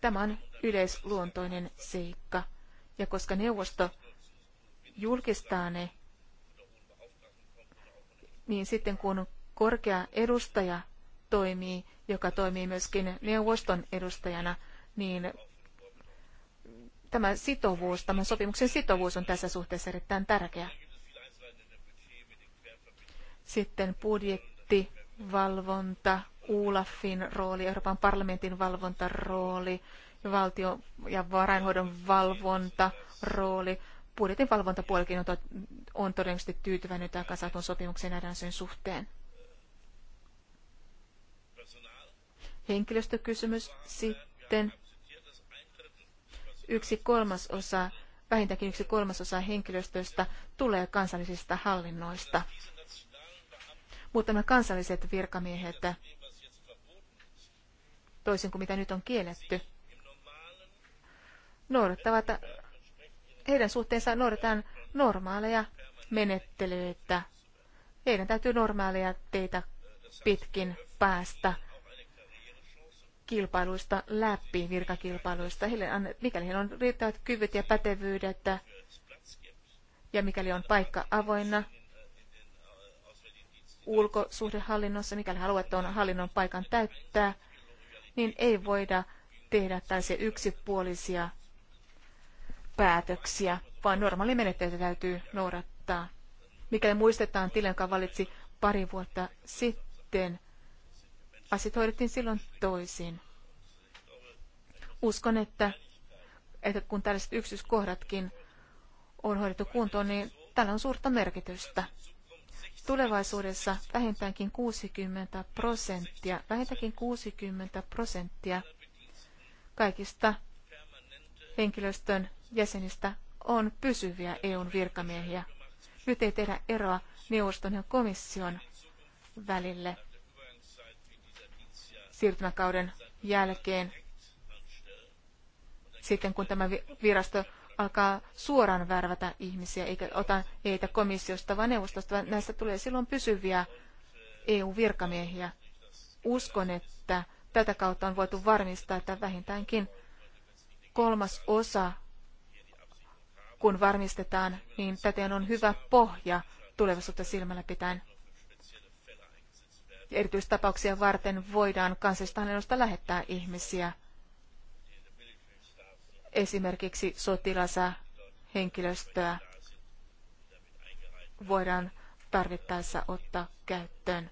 Tämä on yleisluontoinen seikka. Ja koska neuvosto julkistaa ne, niin sitten kun korkea edustaja toimii, joka toimii myöskin neuvoston edustajana, niin tämä sitovuus, tämän sopimuksen sitovuus on tässä suhteessa erittäin tärkeä. Sitten budjettivalvonta ULAFin rooli, Euroopan parlamentin valvontarooli, valtio- ja varainhoidon valvontarooli. Budjetin valvontapuolikin on, to- on todennäköisesti tyytyväinen tämän saatuun sopimuksen nähdään sen suhteen. Henkilöstökysymys sitten. Yksi kolmasosa, vähintäänkin yksi kolmasosa henkilöstöstä tulee kansallisista hallinnoista. Mutta nämä kansalliset virkamiehet toisin kuin mitä nyt on kielletty, noudattavat, heidän suhteensa noudatetaan normaaleja menettelyitä. Heidän täytyy normaaleja teitä pitkin päästä kilpailuista läpi, virkakilpailuista, heille, mikäli heillä on riittävät kyvyt ja pätevyydet, ja mikäli on paikka avoinna ulkosuhdehallinnossa, mikäli haluat tuon hallinnon paikan täyttää, niin ei voida tehdä tällaisia yksipuolisia päätöksiä, vaan normaali menettely täytyy noudattaa. Mikäli muistetaan tilanne, joka valitsi pari vuotta sitten, asiat hoidettiin silloin toisin. Uskon, että, että kun tällaiset yksityiskohdatkin on hoidettu kuntoon, niin tällä on suurta merkitystä tulevaisuudessa vähintäänkin 60 prosenttia, vähintäänkin 60 prosenttia kaikista henkilöstön jäsenistä on pysyviä EUn virkamiehiä. Nyt ei tehdä eroa neuvoston ja komission välille siirtymäkauden jälkeen, sitten kun tämä virasto alkaa suoraan värvätä ihmisiä, eikä ota heitä komissiosta vaan neuvostosta, vaan näistä tulee silloin pysyviä EU-virkamiehiä. Uskon, että tätä kautta on voitu varmistaa, että vähintäänkin kolmas osa, kun varmistetaan, niin täten on hyvä pohja tulevaisuutta silmällä pitäen. erityistapauksia varten voidaan kansallisesta lähettää ihmisiä esimerkiksi sotilasa henkilöstöä voidaan tarvittaessa ottaa käyttöön.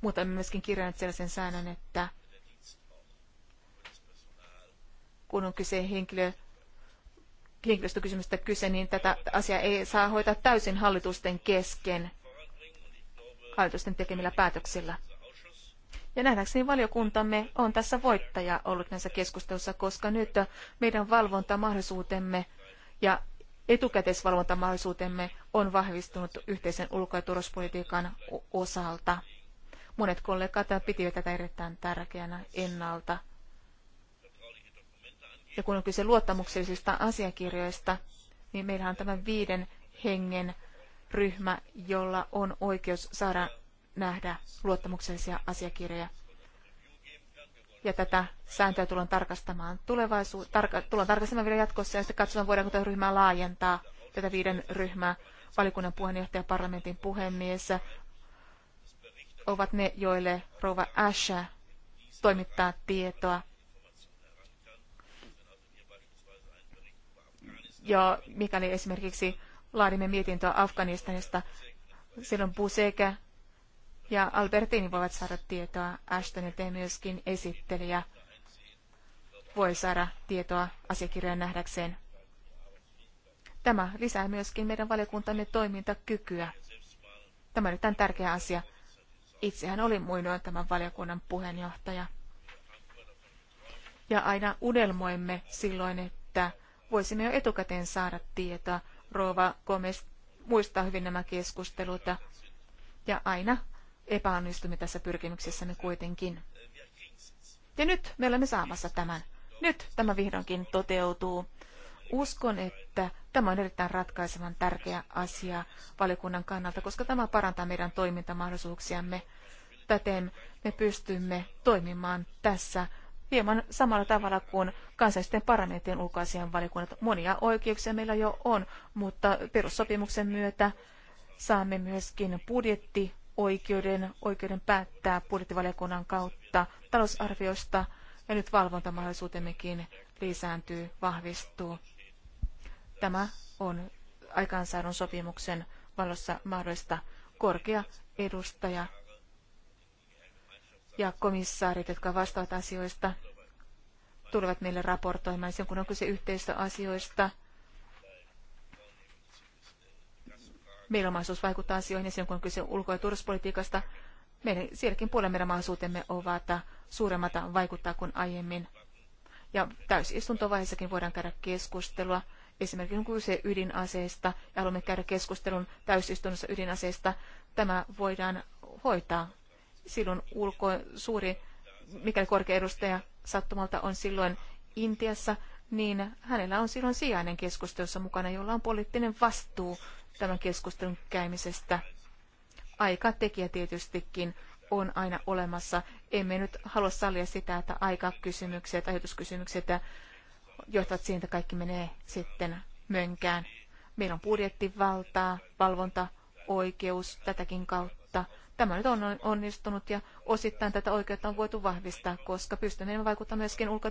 Mutta emme myöskin kirjanneet sellaisen säännön, että kun on kyse henkilö, henkilöstökysymystä kyse, niin tätä asiaa ei saa hoitaa täysin hallitusten kesken hallitusten tekemillä päätöksillä. Ja nähdäkseni valiokuntamme on tässä voittaja ollut näissä keskustelussa, koska nyt meidän valvontamahdollisuutemme ja etukäteisvalvontamahdollisuutemme on vahvistunut yhteisen ulko- ja turvallisuuspolitiikan osalta. Monet kollegat pitivät tätä erittäin tärkeänä ennalta. Ja kun on kyse luottamuksellisista asiakirjoista, niin meillähän on tämä viiden hengen ryhmä, jolla on oikeus saada nähdä luottamuksellisia asiakirjoja. Ja tätä sääntöä tullaan tarkastamaan tulevaisuus, tarka, tullaan tarkastamaan vielä jatkossa ja sitten katsotaan, voidaanko tätä ryhmää laajentaa, tätä viiden ryhmää, valikunnan puheenjohtaja, parlamentin puhemies, ovat ne, joille Rova Asha toimittaa tietoa. Ja mikäli esimerkiksi laadimme mietintöä Afganistanista, silloin Buseke ja Albertini voivat saada tietoa. Ashton ja myöskin esittelijä voi saada tietoa asiakirjojen nähdäkseen. Tämä lisää myöskin meidän valiokuntamme toimintakykyä. Tämä on erittäin tärkeä asia. Itsehän olin muinoin tämän valiokunnan puheenjohtaja. Ja aina unelmoimme silloin, että voisimme jo etukäteen saada tietoa. Rova Gomez muistaa hyvin nämä keskustelut ja aina epäonnistumme tässä pyrkimyksessämme kuitenkin. Ja nyt me olemme saamassa tämän. Nyt tämä vihdoinkin toteutuu. Uskon, että tämä on erittäin ratkaisevan tärkeä asia valiokunnan kannalta, koska tämä parantaa meidän toimintamahdollisuuksiamme. Täten me pystymme toimimaan tässä hieman samalla tavalla kuin kansallisten parlamenttien ulkoasian valiokunnat. Monia oikeuksia meillä jo on, mutta perussopimuksen myötä saamme myöskin budjetti oikeuden, oikeuden päättää budjettivaliokunnan kautta talousarviosta ja nyt valvontamahdollisuutemmekin lisääntyy, vahvistuu. Tämä on aikaansaadun sopimuksen valossa mahdollista korkea edustaja ja komissaarit, jotka vastaavat asioista, tulevat meille raportoimaan sen, kun on kyse yhteistöasioista – Meillä on mahdollisuus vaikuttaa asioihin ja silloin kun on kyse ulko- ja turvallisuuspolitiikasta, meidän, sielläkin puolella meidän mahdollisuutemme ovat suuremmat vaikuttaa kuin aiemmin. Ja täysistuntovaiheessakin voidaan käydä keskustelua. Esimerkiksi kun se ydinaseista ja haluamme käydä keskustelun täysistunnossa ydinaseista, tämä voidaan hoitaa. Silloin ulko suuri, mikäli korkea edustaja sattumalta on silloin Intiassa, niin hänellä on silloin sijainen keskustelussa mukana, jolla on poliittinen vastuu tämän keskustelun käymisestä. Aikatekijä tietystikin on aina olemassa. Emme nyt halua sallia sitä, että aikakysymykset, ajatuskysymykset johtavat siihen, että kaikki menee sitten mönkään. Meillä on budjettivaltaa, valvontaoikeus tätäkin kautta. Tämä nyt on onnistunut ja osittain tätä oikeutta on voitu vahvistaa, koska pystymme vaikuttamaan myöskin ulko-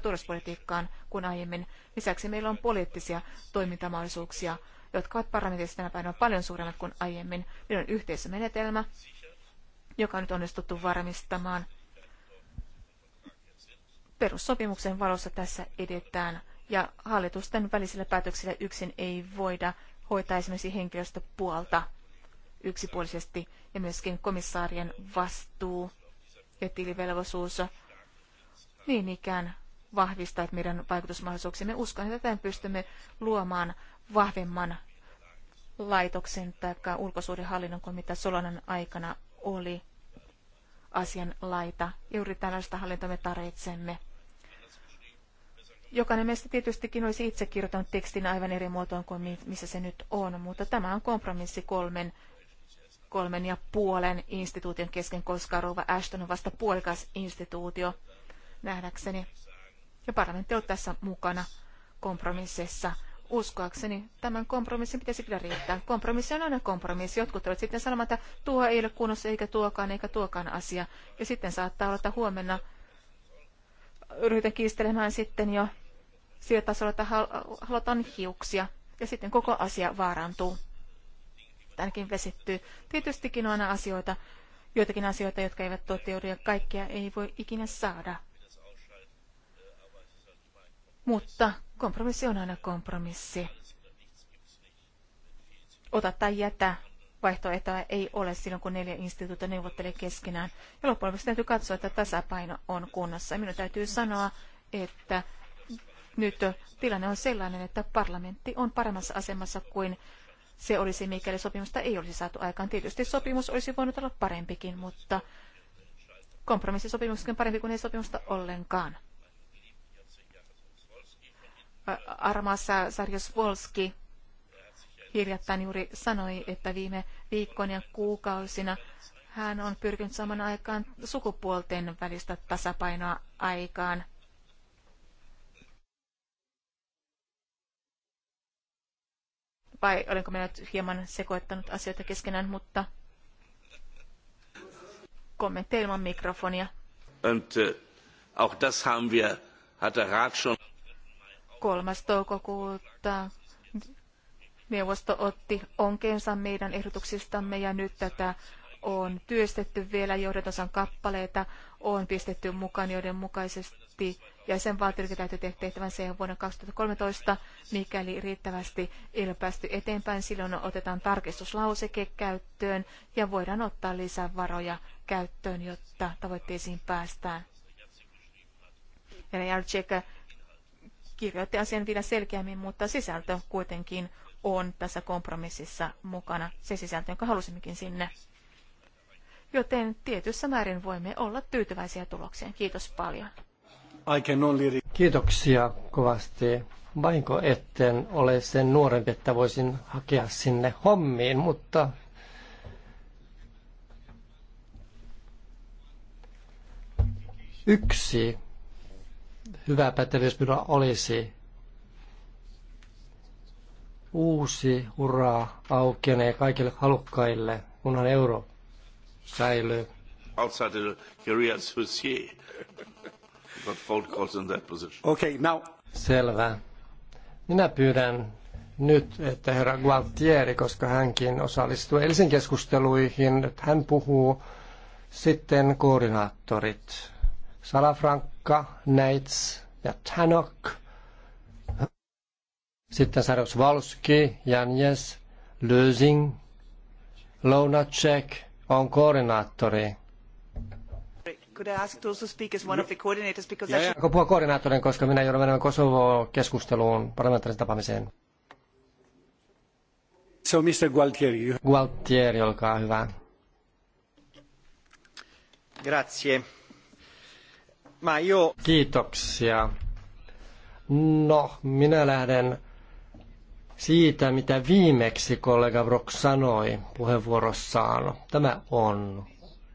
ja kun aiemmin. Lisäksi meillä on poliittisia toimintamahdollisuuksia jotka ovat parlamentissa tänä päivänä paljon suuremmat kuin aiemmin. Meillä on yhteisömenetelmä, joka on nyt onnistuttu varmistamaan. Perussopimuksen valossa tässä edetään ja hallitusten välisillä päätöksillä yksin ei voida hoitaa esimerkiksi henkilöstöpuolta yksipuolisesti ja myöskin komissaarien vastuu ja tilivelvollisuus niin ikään vahvistaa meidän vaikutusmahdollisuuksiamme. Uskon, että tämän pystymme luomaan vahvemman laitoksen tai ulkosuudenhallinnon kuin mitä Solonan aikana oli asian laita. Juuri tällaista hallintoa me tarvitsemme. Jokainen meistä tietystikin olisi itse kirjoittanut tekstin aivan eri muotoon kuin missä se nyt on, mutta tämä on kompromissi kolmen, kolmen ja puolen instituution kesken, koska Rova Ashton on vasta puolikas instituutio nähdäkseni. Ja parlamentti on tässä mukana kompromississa uskoakseni tämän kompromissin pitäisi kyllä riittää. Kompromissi on aina kompromissi. Jotkut ovat sitten sanomaan, että tuo ei ole kunnossa eikä tuokaan eikä tuokaan asia. Ja sitten saattaa olla, että huomenna ryhdytään kiistelemään sitten jo sillä tasolla, että halutaan hiuksia. Ja sitten koko asia vaarantuu. Tänkin vesittyy. Tietystikin on aina asioita, joitakin asioita, jotka eivät toteudu ja kaikkea ei voi ikinä saada. Mutta Kompromissi on aina kompromissi. Ota tai jätä vaihtoehtoa ei ole silloin, kun neljä instituutta neuvottelee keskenään. Ja loppujen lopuksi täytyy katsoa, että tasapaino on kunnossa. Minun täytyy sanoa, että nyt tilanne on sellainen, että parlamentti on paremmassa asemassa kuin se olisi, mikäli sopimusta ei olisi saatu aikaan. Tietysti sopimus olisi voinut olla parempikin, mutta kompromissisopimuksen parempi kuin ei sopimusta ollenkaan. Armas Sarjos Volski hiljattain juuri sanoi, että viime viikkoina ja kuukausina hän on pyrkinyt saman aikaan sukupuolten välistä tasapainoa aikaan. Vai olenko minä nyt hieman sekoittanut asioita keskenään, mutta kommentteilman mikrofonia. Und, äh, auch das haben wir, hat der Rat schon 3. toukokuuta neuvosto otti onkeensa meidän ehdotuksistamme ja nyt tätä on työstetty vielä johdatosan kappaleita, on pistetty mukaan, joiden mukaisesti jäsenvaltioiden täytyy tehdä tehtävänsä vuonna 2013, mikäli riittävästi ei ole päästy eteenpäin. Silloin otetaan tarkistuslauseke käyttöön ja voidaan ottaa varoja käyttöön, jotta tavoitteisiin päästään. Ja Jarczyk kirjoitti asian vielä selkeämmin, mutta sisältö kuitenkin on tässä kompromississa mukana, se sisältö, jonka halusimmekin sinne. Joten tietyssä määrin voimme olla tyytyväisiä tulokseen. Kiitos paljon. Kiitoksia kovasti. Vainko etten ole sen nuorempi, että voisin hakea sinne hommiin, mutta yksi hyvä pätevyys minulla olisi. Uusi ura aukenee kaikille halukkaille, kunhan euro säilyy. Outside the career associate. Got fault calls in that position. Okay, now. Selvä. Minä pyydän nyt, että herra Gualtieri, koska hänkin osallistuu eilisen keskusteluihin, että hän puhuu sitten koordinaattorit. Salafranca, Neitz ja Tanok. Sitten Sarjus Valski, Janjes, Lösing, Lounacek on koordinaattori. Could I ask to also speak as one of the coordinators because yeah, I should... puhua koordinaattorin, koska minä joudun menemään Kosovo-keskusteluun parlamentaarisen tapaamiseen. So Mr. Gualtieri. Gualtieri, olkaa hyvä. Grazie mä jo... Kiitoksia. No, minä lähden siitä, mitä viimeksi kollega Brock sanoi puheenvuorossaan. Tämä on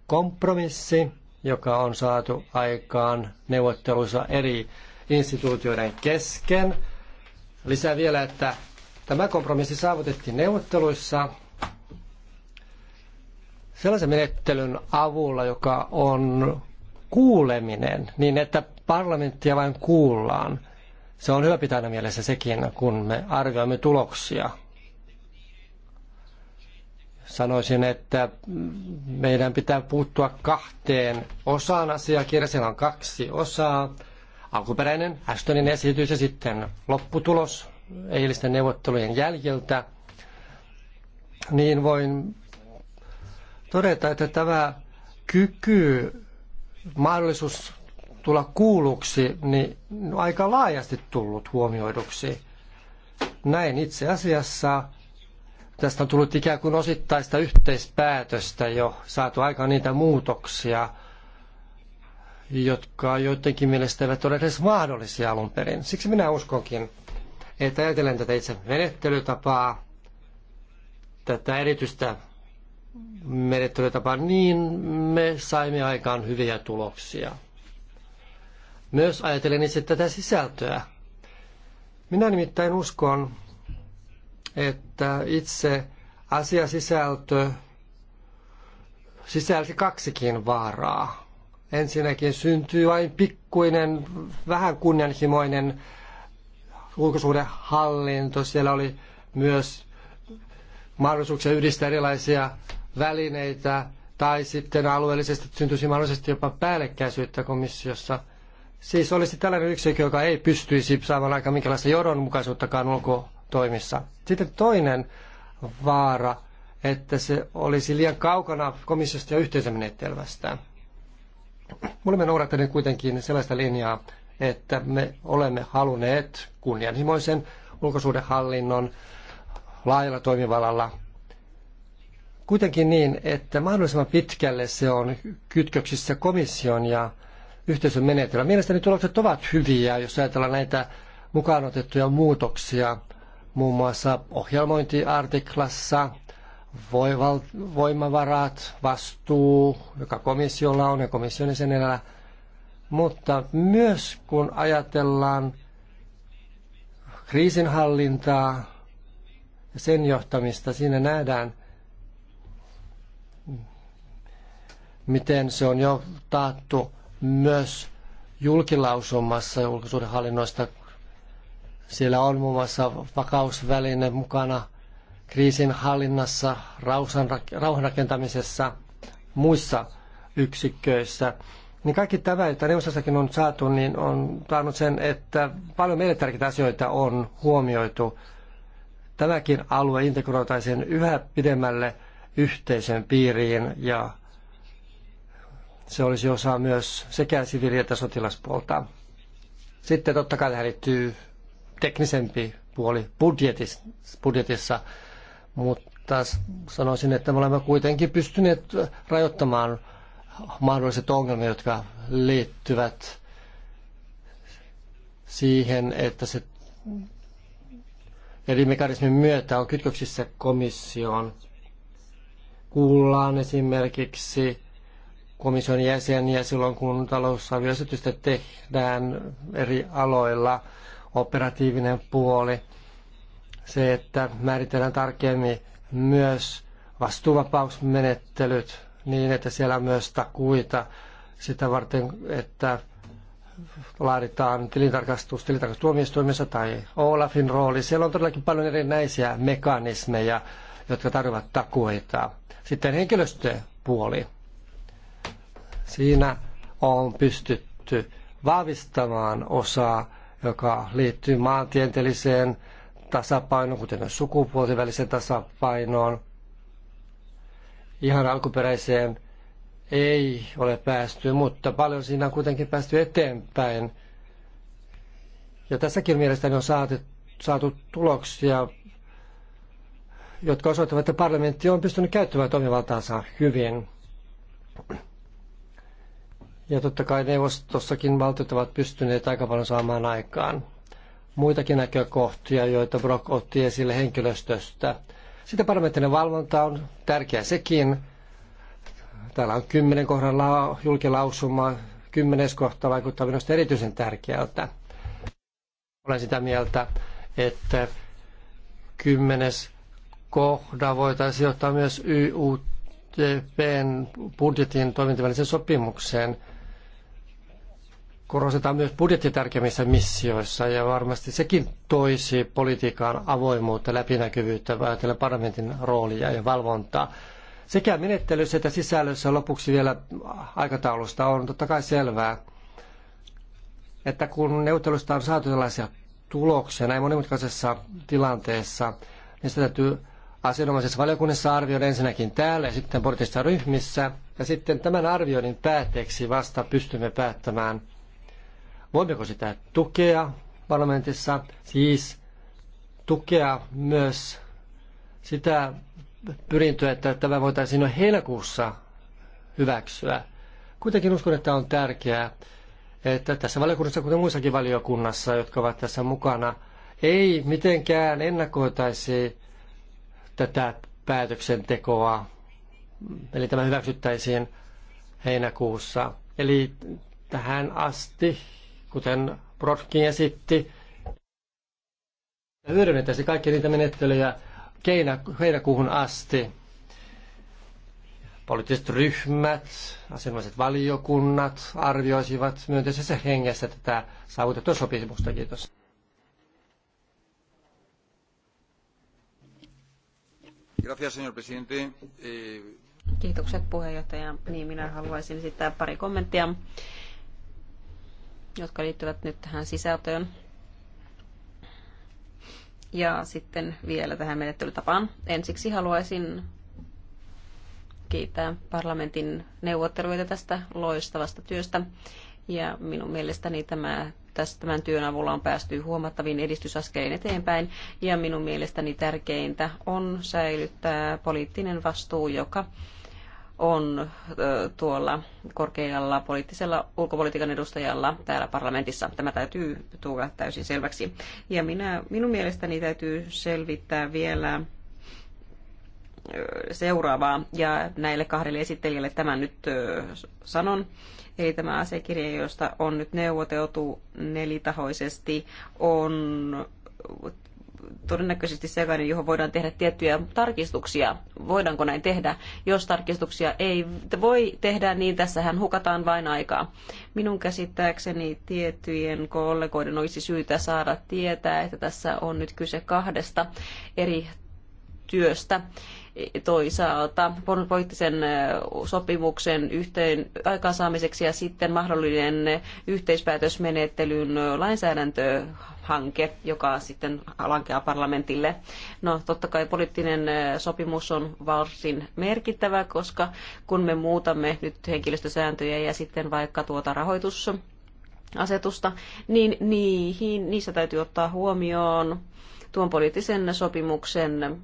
kompromissi, joka on saatu aikaan neuvotteluissa eri instituutioiden kesken. Lisää vielä, että tämä kompromissi saavutettiin neuvotteluissa sellaisen menettelyn avulla, joka on kuuleminen, niin että parlamenttia vain kuullaan. Se on hyvä pitää aina mielessä sekin, kun me arvioimme tuloksia. Sanoisin, että meidän pitää puuttua kahteen osaan asiakirja. Siellä on kaksi osaa. Alkuperäinen Ashtonin esitys ja sitten lopputulos eilisten neuvottelujen jäljiltä. Niin voin todeta, että tämä kyky mahdollisuus tulla kuulluksi, niin no, aika laajasti tullut huomioiduksi. Näin itse asiassa tästä on tullut ikään kuin osittaista yhteispäätöstä jo, saatu aika niitä muutoksia, jotka joidenkin mielestä eivät ole edes mahdollisia alun perin. Siksi minä uskonkin, että ajatellen tätä itse menettelytapaa, tätä erityistä menettelytapa, niin me saimme aikaan hyviä tuloksia. Myös ajatellen itse tätä sisältöä. Minä nimittäin uskon, että itse asiasisältö sisälsi kaksikin vaaraa. Ensinnäkin syntyy vain pikkuinen, vähän kunnianhimoinen ulkosuhdehallinto. Siellä oli myös mahdollisuuksia yhdistää erilaisia välineitä tai sitten alueellisesti syntyisi mahdollisesti jopa päällekkäisyyttä komissiossa. Siis olisi tällainen yksikö, joka ei pystyisi saamaan aika minkälaista johdonmukaisuuttakaan ulkotoimissa. Sitten toinen vaara, että se olisi liian kaukana komissiosta ja yhteisömenetelmästä. Me olemme noudattaneet kuitenkin sellaista linjaa, että me olemme halunneet kunnianhimoisen ulkosuhdehallinnon laajalla toimivallalla kuitenkin niin, että mahdollisimman pitkälle se on kytköksissä komission ja yhteisön menetelmä. Mielestäni tulokset ovat hyviä, jos ajatellaan näitä mukaan otettuja muutoksia, muun muassa ohjelmointiartiklassa, voimavarat, vastuu, joka komissiolla on ja komission jäsenellä, mutta myös kun ajatellaan kriisinhallintaa ja sen johtamista, siinä nähdään, miten se on jo taattu myös julkilausumassa julkisuudenhallinnoista. Siellä on muun muassa vakausväline mukana kriisin hallinnassa, rauhanrakentamisessa, muissa yksiköissä. Niin kaikki tämä, jota neuvostossakin on saatu, niin on taannut sen, että paljon meille tärkeitä asioita on huomioitu. Tämäkin alue integroitaisiin yhä pidemmälle yhteisön piiriin ja se olisi osa myös sekä siviili- että sotilaspuolta. Sitten totta kai tähän liittyy teknisempi puoli budjetissa, mutta sanoisin, että me olemme kuitenkin pystyneet rajoittamaan mahdolliset ongelmat, jotka liittyvät siihen, että se eli mekanismin myötä on kytköksissä komissioon. Kuullaan esimerkiksi komission jäseniä silloin, kun talousarvioesitystä tehdään eri aloilla, operatiivinen puoli, se, että määritellään tarkemmin myös vastuuvapausmenettelyt niin, että siellä on myös takuita sitä varten, että laaditaan tilintarkastus tilintarkastustuomioistuimessa tai Olafin rooli. Siellä on todellakin paljon erinäisiä mekanismeja, jotka tarvitsevat takuita. Sitten henkilöstöpuoli Siinä on pystytty vahvistamaan osaa, joka liittyy maantieteelliseen tasapainoon, kuten myös sukupuolten väliseen tasapainoon. Ihan alkuperäiseen ei ole päästy, mutta paljon siinä on kuitenkin päästy eteenpäin. Ja tässäkin mielestäni on saatu, saatu tuloksia, jotka osoittavat, että parlamentti on pystynyt käyttämään toimivaltaansa hyvin. Ja totta kai neuvostossakin valtiot ovat pystyneet aika paljon saamaan aikaan. Muitakin näkökohtia, joita Brock otti esille henkilöstöstä. Sitten parlamenttinen valvonta on tärkeä sekin. Täällä on kymmenen kohdan julkilausuma. Kymmenes kohta vaikuttaa minusta erityisen tärkeältä. Olen sitä mieltä, että kymmenes kohda voitaisiin ottaa myös YUTPn budjetin toimintavälisen sopimukseen – korostetaan myös budjettitärkeimmissä missioissa ja varmasti sekin toisi politiikan avoimuutta, läpinäkyvyyttä, ajatellen parlamentin roolia ja valvontaa. Sekä menettelyssä että sisällössä lopuksi vielä aikataulusta on totta kai selvää, että kun neuvottelusta on saatu tällaisia tuloksia näin monimutkaisessa tilanteessa, niin sitä täytyy asianomaisessa valiokunnassa arvioida ensinnäkin täällä ja sitten poliittisissa ryhmissä. Ja sitten tämän arvioinnin päätteeksi vasta pystymme päättämään – Voimmeko sitä tukea parlamentissa, siis tukea myös sitä pyrintöä, että tämä voitaisiin jo heinäkuussa hyväksyä. Kuitenkin uskon, että on tärkeää, että tässä valiokunnassa, kuten muissakin valiokunnassa, jotka ovat tässä mukana, ei mitenkään ennakoitaisi tätä päätöksentekoa, eli tämä hyväksyttäisiin heinäkuussa. Eli tähän asti kuten Brodkin esitti, hyödynnettäisiin kaikki niitä menettelyjä heinäkuuhun asti. Poliittiset ryhmät, asianomaiset valiokunnat arvioisivat myönteisessä hengessä tätä saavutettua sopimusta. Kiitos. Eh, Kiitokset puheenjohtaja. Niin, minä haluaisin esittää pari kommenttia jotka liittyvät nyt tähän sisältöön. Ja sitten vielä tähän menettelytapaan. Ensiksi haluaisin kiittää parlamentin neuvotteluita tästä loistavasta työstä. Ja minun mielestäni tämä, tästä, tämän työn avulla on päästy huomattaviin edistysaskeleen eteenpäin. Ja minun mielestäni tärkeintä on säilyttää poliittinen vastuu, joka on tuolla korkealla poliittisella ulkopolitiikan edustajalla täällä parlamentissa. Tämä täytyy tulla täysin selväksi. Ja minä, minun mielestäni täytyy selvittää vielä seuraavaa, ja näille kahdelle esittelijälle tämän nyt sanon. Eli tämä asiakirja, josta on nyt neuvoteltu nelitahoisesti, on todennäköisesti sellainen, johon voidaan tehdä tiettyjä tarkistuksia. Voidaanko näin tehdä? Jos tarkistuksia ei voi tehdä, niin tässähän hukataan vain aikaa. Minun käsittääkseni tiettyjen kollegoiden olisi syytä saada tietää, että tässä on nyt kyse kahdesta eri työstä toisaalta poliittisen sopimuksen yhteen aikaansaamiseksi ja sitten mahdollinen yhteispäätösmenettelyn lainsäädäntöhanke, joka sitten lankeaa parlamentille. No totta kai poliittinen sopimus on varsin merkittävä, koska kun me muutamme nyt henkilöstösääntöjä ja sitten vaikka tuota rahoitus asetusta, niin niihin, niissä täytyy ottaa huomioon tuon poliittisen sopimuksen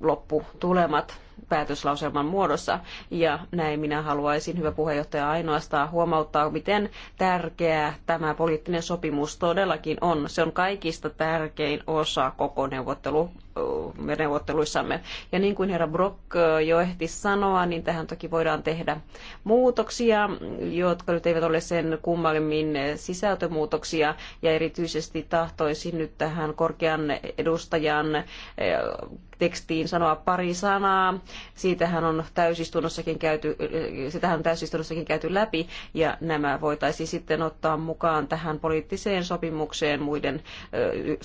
lopputulemat päätöslauselman muodossa. Ja näin minä haluaisin, hyvä puheenjohtaja, ainoastaan huomauttaa, miten tärkeää tämä poliittinen sopimus todellakin on. Se on kaikista tärkein osa koko neuvottelu, neuvotteluissamme. Ja niin kuin herra Brock jo ehti sanoa, niin tähän toki voidaan tehdä muutoksia, jotka nyt eivät ole sen kummallimmin sisältömuutoksia. Ja erityisesti tahtoisin nyt tähän korkean edustajan tekstiin sanoa pari sanaa Siitähän on täysistunnossakin käyty, sitähän on täysistunnossakin käyty läpi ja nämä voitaisiin sitten ottaa mukaan tähän poliittiseen sopimukseen muiden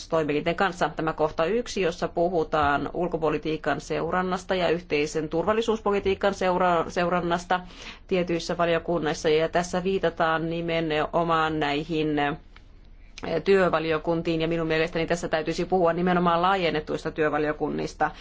toimielinten kanssa. Tämä kohta yksi, jossa puhutaan ulkopolitiikan seurannasta ja yhteisen turvallisuuspolitiikan seura- seurannasta tietyissä valiokunnissa ja tässä viitataan nimenomaan näihin työvaliokuntiin ja minun mielestäni tässä täytyisi puhua nimenomaan laajennetuista työvaliokunnista.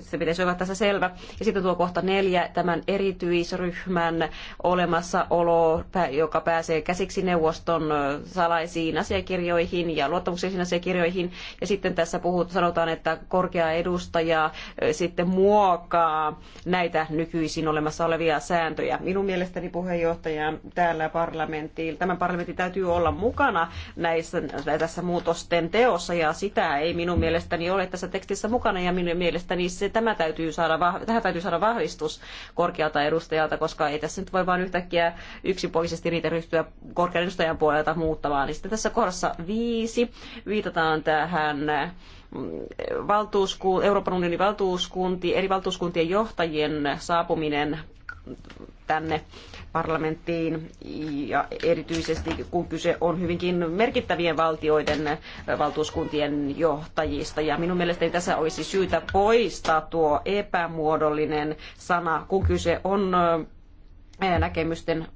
Se pitäisi olla tässä selvä. Ja sitten tuo kohta neljä, tämän erityisryhmän olemassaolo, joka pääsee käsiksi neuvoston salaisiin asiakirjoihin ja luottamuksellisiin asiakirjoihin. Ja sitten tässä puhut, sanotaan, että korkea edustaja sitten muokkaa näitä nykyisin olemassa olevia sääntöjä. Minun mielestäni puheenjohtaja täällä parlamenttiin, tämän parlamentin täytyy olla mukana näissä näissä, tässä muutosten teossa ja sitä ei minun mielestäni ole tässä tekstissä mukana ja minun mielestäni se, tämä täytyy saada, tähän täytyy saada vahvistus korkealta edustajalta, koska ei tässä nyt voi vain yhtäkkiä yksipuolisesti niitä ryhtyä korkean edustajan puolelta muuttamaan. Niin sitten tässä kohdassa viisi viitataan tähän mm, valtuusku, Euroopan unionin valtuuskunti, eri valtuuskuntien johtajien saapuminen tänne parlamenttiin ja erityisesti kun kyse on hyvinkin merkittävien valtioiden äh, valtuuskuntien johtajista. Ja minun mielestäni tässä olisi syytä poistaa tuo epämuodollinen sana, kun kyse on äh, näkemysten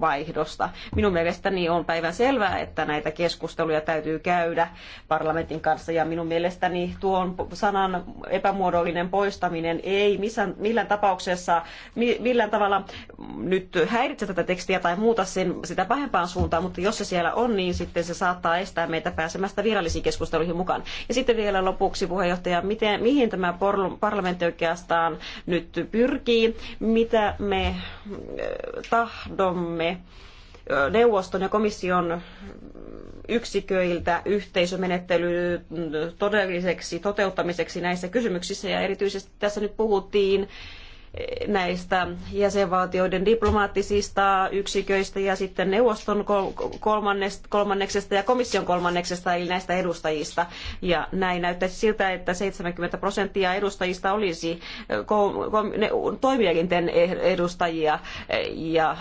vaihdosta. Minun mielestäni on päivän selvää, että näitä keskusteluja täytyy käydä parlamentin kanssa ja minun mielestäni tuon sanan epämuodollinen poistaminen ei missään, millään tapauksessa, millään tavalla nyt häiritse tätä tekstiä tai muuta sen, sitä pahempaan suuntaan, mutta jos se siellä on, niin sitten se saattaa estää meitä pääsemästä virallisiin keskusteluihin mukaan. Ja sitten vielä lopuksi puheenjohtaja, miten, mihin tämä parlamentti oikeastaan nyt pyrkii, mitä me tahdomme neuvoston ja komission yksiköiltä yhteisömenettely todelliseksi toteuttamiseksi näissä kysymyksissä ja erityisesti tässä nyt puhuttiin näistä jäsenvaltioiden diplomaattisista yksiköistä ja sitten neuvoston kolmanneksesta ja komission kolmanneksesta eli näistä edustajista. Ja näin näyttäisi siltä, että 70 prosenttia edustajista olisi toimielinten edustajia ja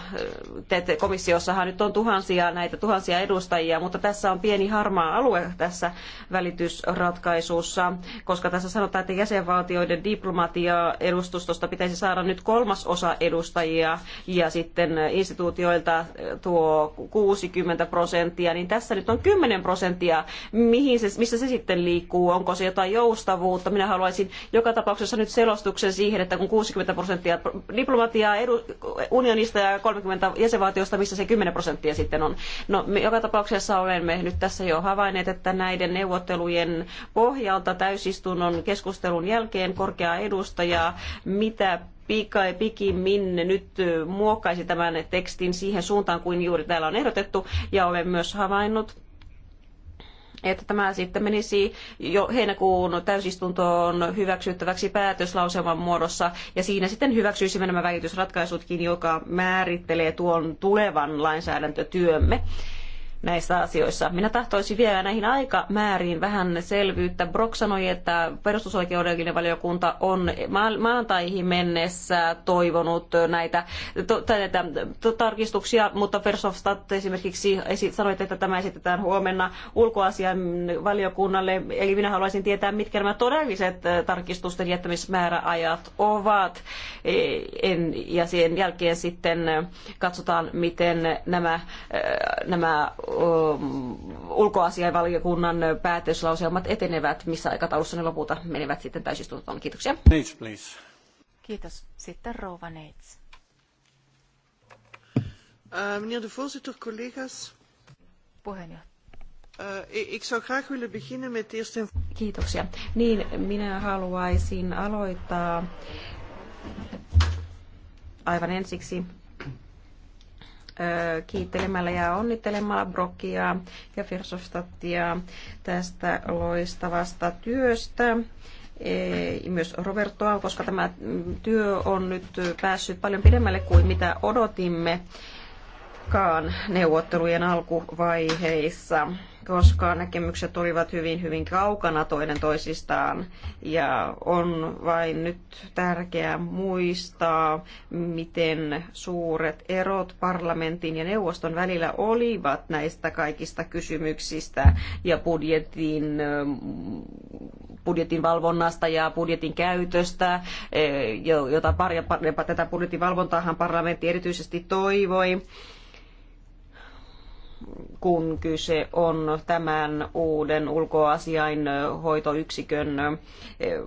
komissiossahan nyt on tuhansia näitä tuhansia edustajia, mutta tässä on pieni harmaa alue tässä välitysratkaisussa, koska tässä sanotaan, että jäsenvaltioiden diplomatia edustustosta pitäisi saada nyt kolmas osa edustajia ja sitten instituutioilta tuo 60 prosenttia, niin tässä nyt on 10 prosenttia. Mihin se, missä se sitten liikkuu? Onko se jotain joustavuutta? Minä haluaisin joka tapauksessa nyt selostuksen siihen, että kun 60 prosenttia diplomatiaa edu, unionista ja 30 jäsenvaltiosta, missä se 10 prosenttia sitten on. No, me joka tapauksessa olemme nyt tässä jo havainneet, että näiden neuvottelujen pohjalta täysistunnon keskustelun jälkeen korkea edustaja, mitä pika ja pikimmin nyt muokkaisi tämän tekstin siihen suuntaan kuin juuri täällä on ehdotettu ja olen myös havainnut että tämä sitten menisi jo heinäkuun täysistuntoon hyväksyttäväksi päätöslauselman muodossa ja siinä sitten hyväksyisimme nämä väitysratkaisutkin, joka määrittelee tuon tulevan lainsäädäntötyömme näissä asioissa. Minä tahtoisin vielä näihin aikamääriin vähän selvyyttä. Brock sanoi, että perustusoikeudellinen valiokunta on maantaihin mennessä toivonut näitä to, to, tarkistuksia, mutta Versofstadt esimerkiksi esi- sanoi, että tämä esitetään huomenna ulkoasian valiokunnalle. Eli minä haluaisin tietää, mitkä nämä todelliset tarkistusten jättämismääräajat ovat. E, en, ja sen jälkeen sitten katsotaan, miten nämä, nämä ulkoasiainvaliokunnan päätöslauselmat etenevät, missä aikataulussa ne lopulta menevät sitten täysistuntoon. Kiitoksia. Neitz, please. Kiitos. Sitten Rouva Neits. Uh, meneer de voorzitter, collega's. Puheenjohtaja. Eh, Kiitoksia. Niin, minä haluaisin aloittaa aivan ensiksi kiittelemällä ja onnittelemalla Brokia ja Firsostatia tästä loistavasta työstä e, myös Robertoa, koska tämä työ on nyt päässyt paljon pidemmälle kuin mitä odotimme tarkkaan neuvottelujen alkuvaiheissa, koska näkemykset olivat hyvin, hyvin kaukana toinen toisistaan. Ja on vain nyt tärkeää muistaa, miten suuret erot parlamentin ja neuvoston välillä olivat näistä kaikista kysymyksistä ja budjetin, budjetin valvonnasta ja budjetin käytöstä, eh, jota, tätä budjetin valvontaahan parlamentti erityisesti toivoi kun kyse on tämän uuden ulkoasiain hoitoyksikön eh,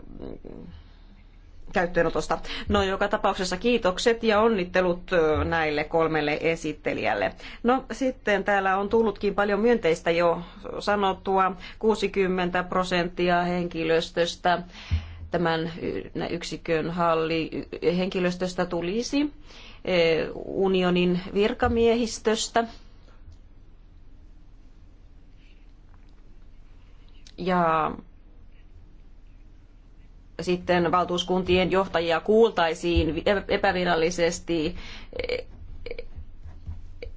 käyttöönotosta. No joka tapauksessa kiitokset ja onnittelut eh, näille kolmelle esittelijälle. No sitten täällä on tullutkin paljon myönteistä jo sanottua. 60 prosenttia henkilöstöstä tämän yksikön halli, henkilöstöstä tulisi eh, unionin virkamiehistöstä ja sitten valtuuskuntien johtajia kuultaisiin epävirallisesti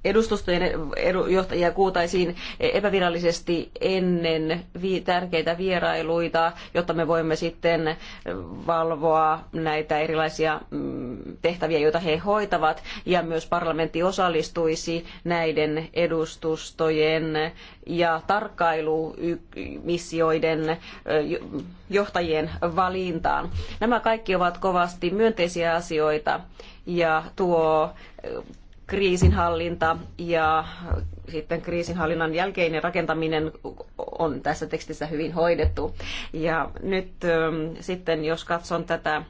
edustustojen johtajia kuultaisiin epävirallisesti ennen tärkeitä vierailuita, jotta me voimme sitten valvoa näitä erilaisia mm, tehtäviä, joita he hoitavat, ja myös parlamentti osallistuisi näiden edustustojen ja tarkkailumissioiden johtajien valintaan. Nämä kaikki ovat kovasti myönteisiä asioita, ja tuo kriisinhallinta ja sitten kriisinhallinnan jälkeinen rakentaminen on tässä tekstissä hyvin hoidettu. Ja nyt ähm, sitten jos katson tätä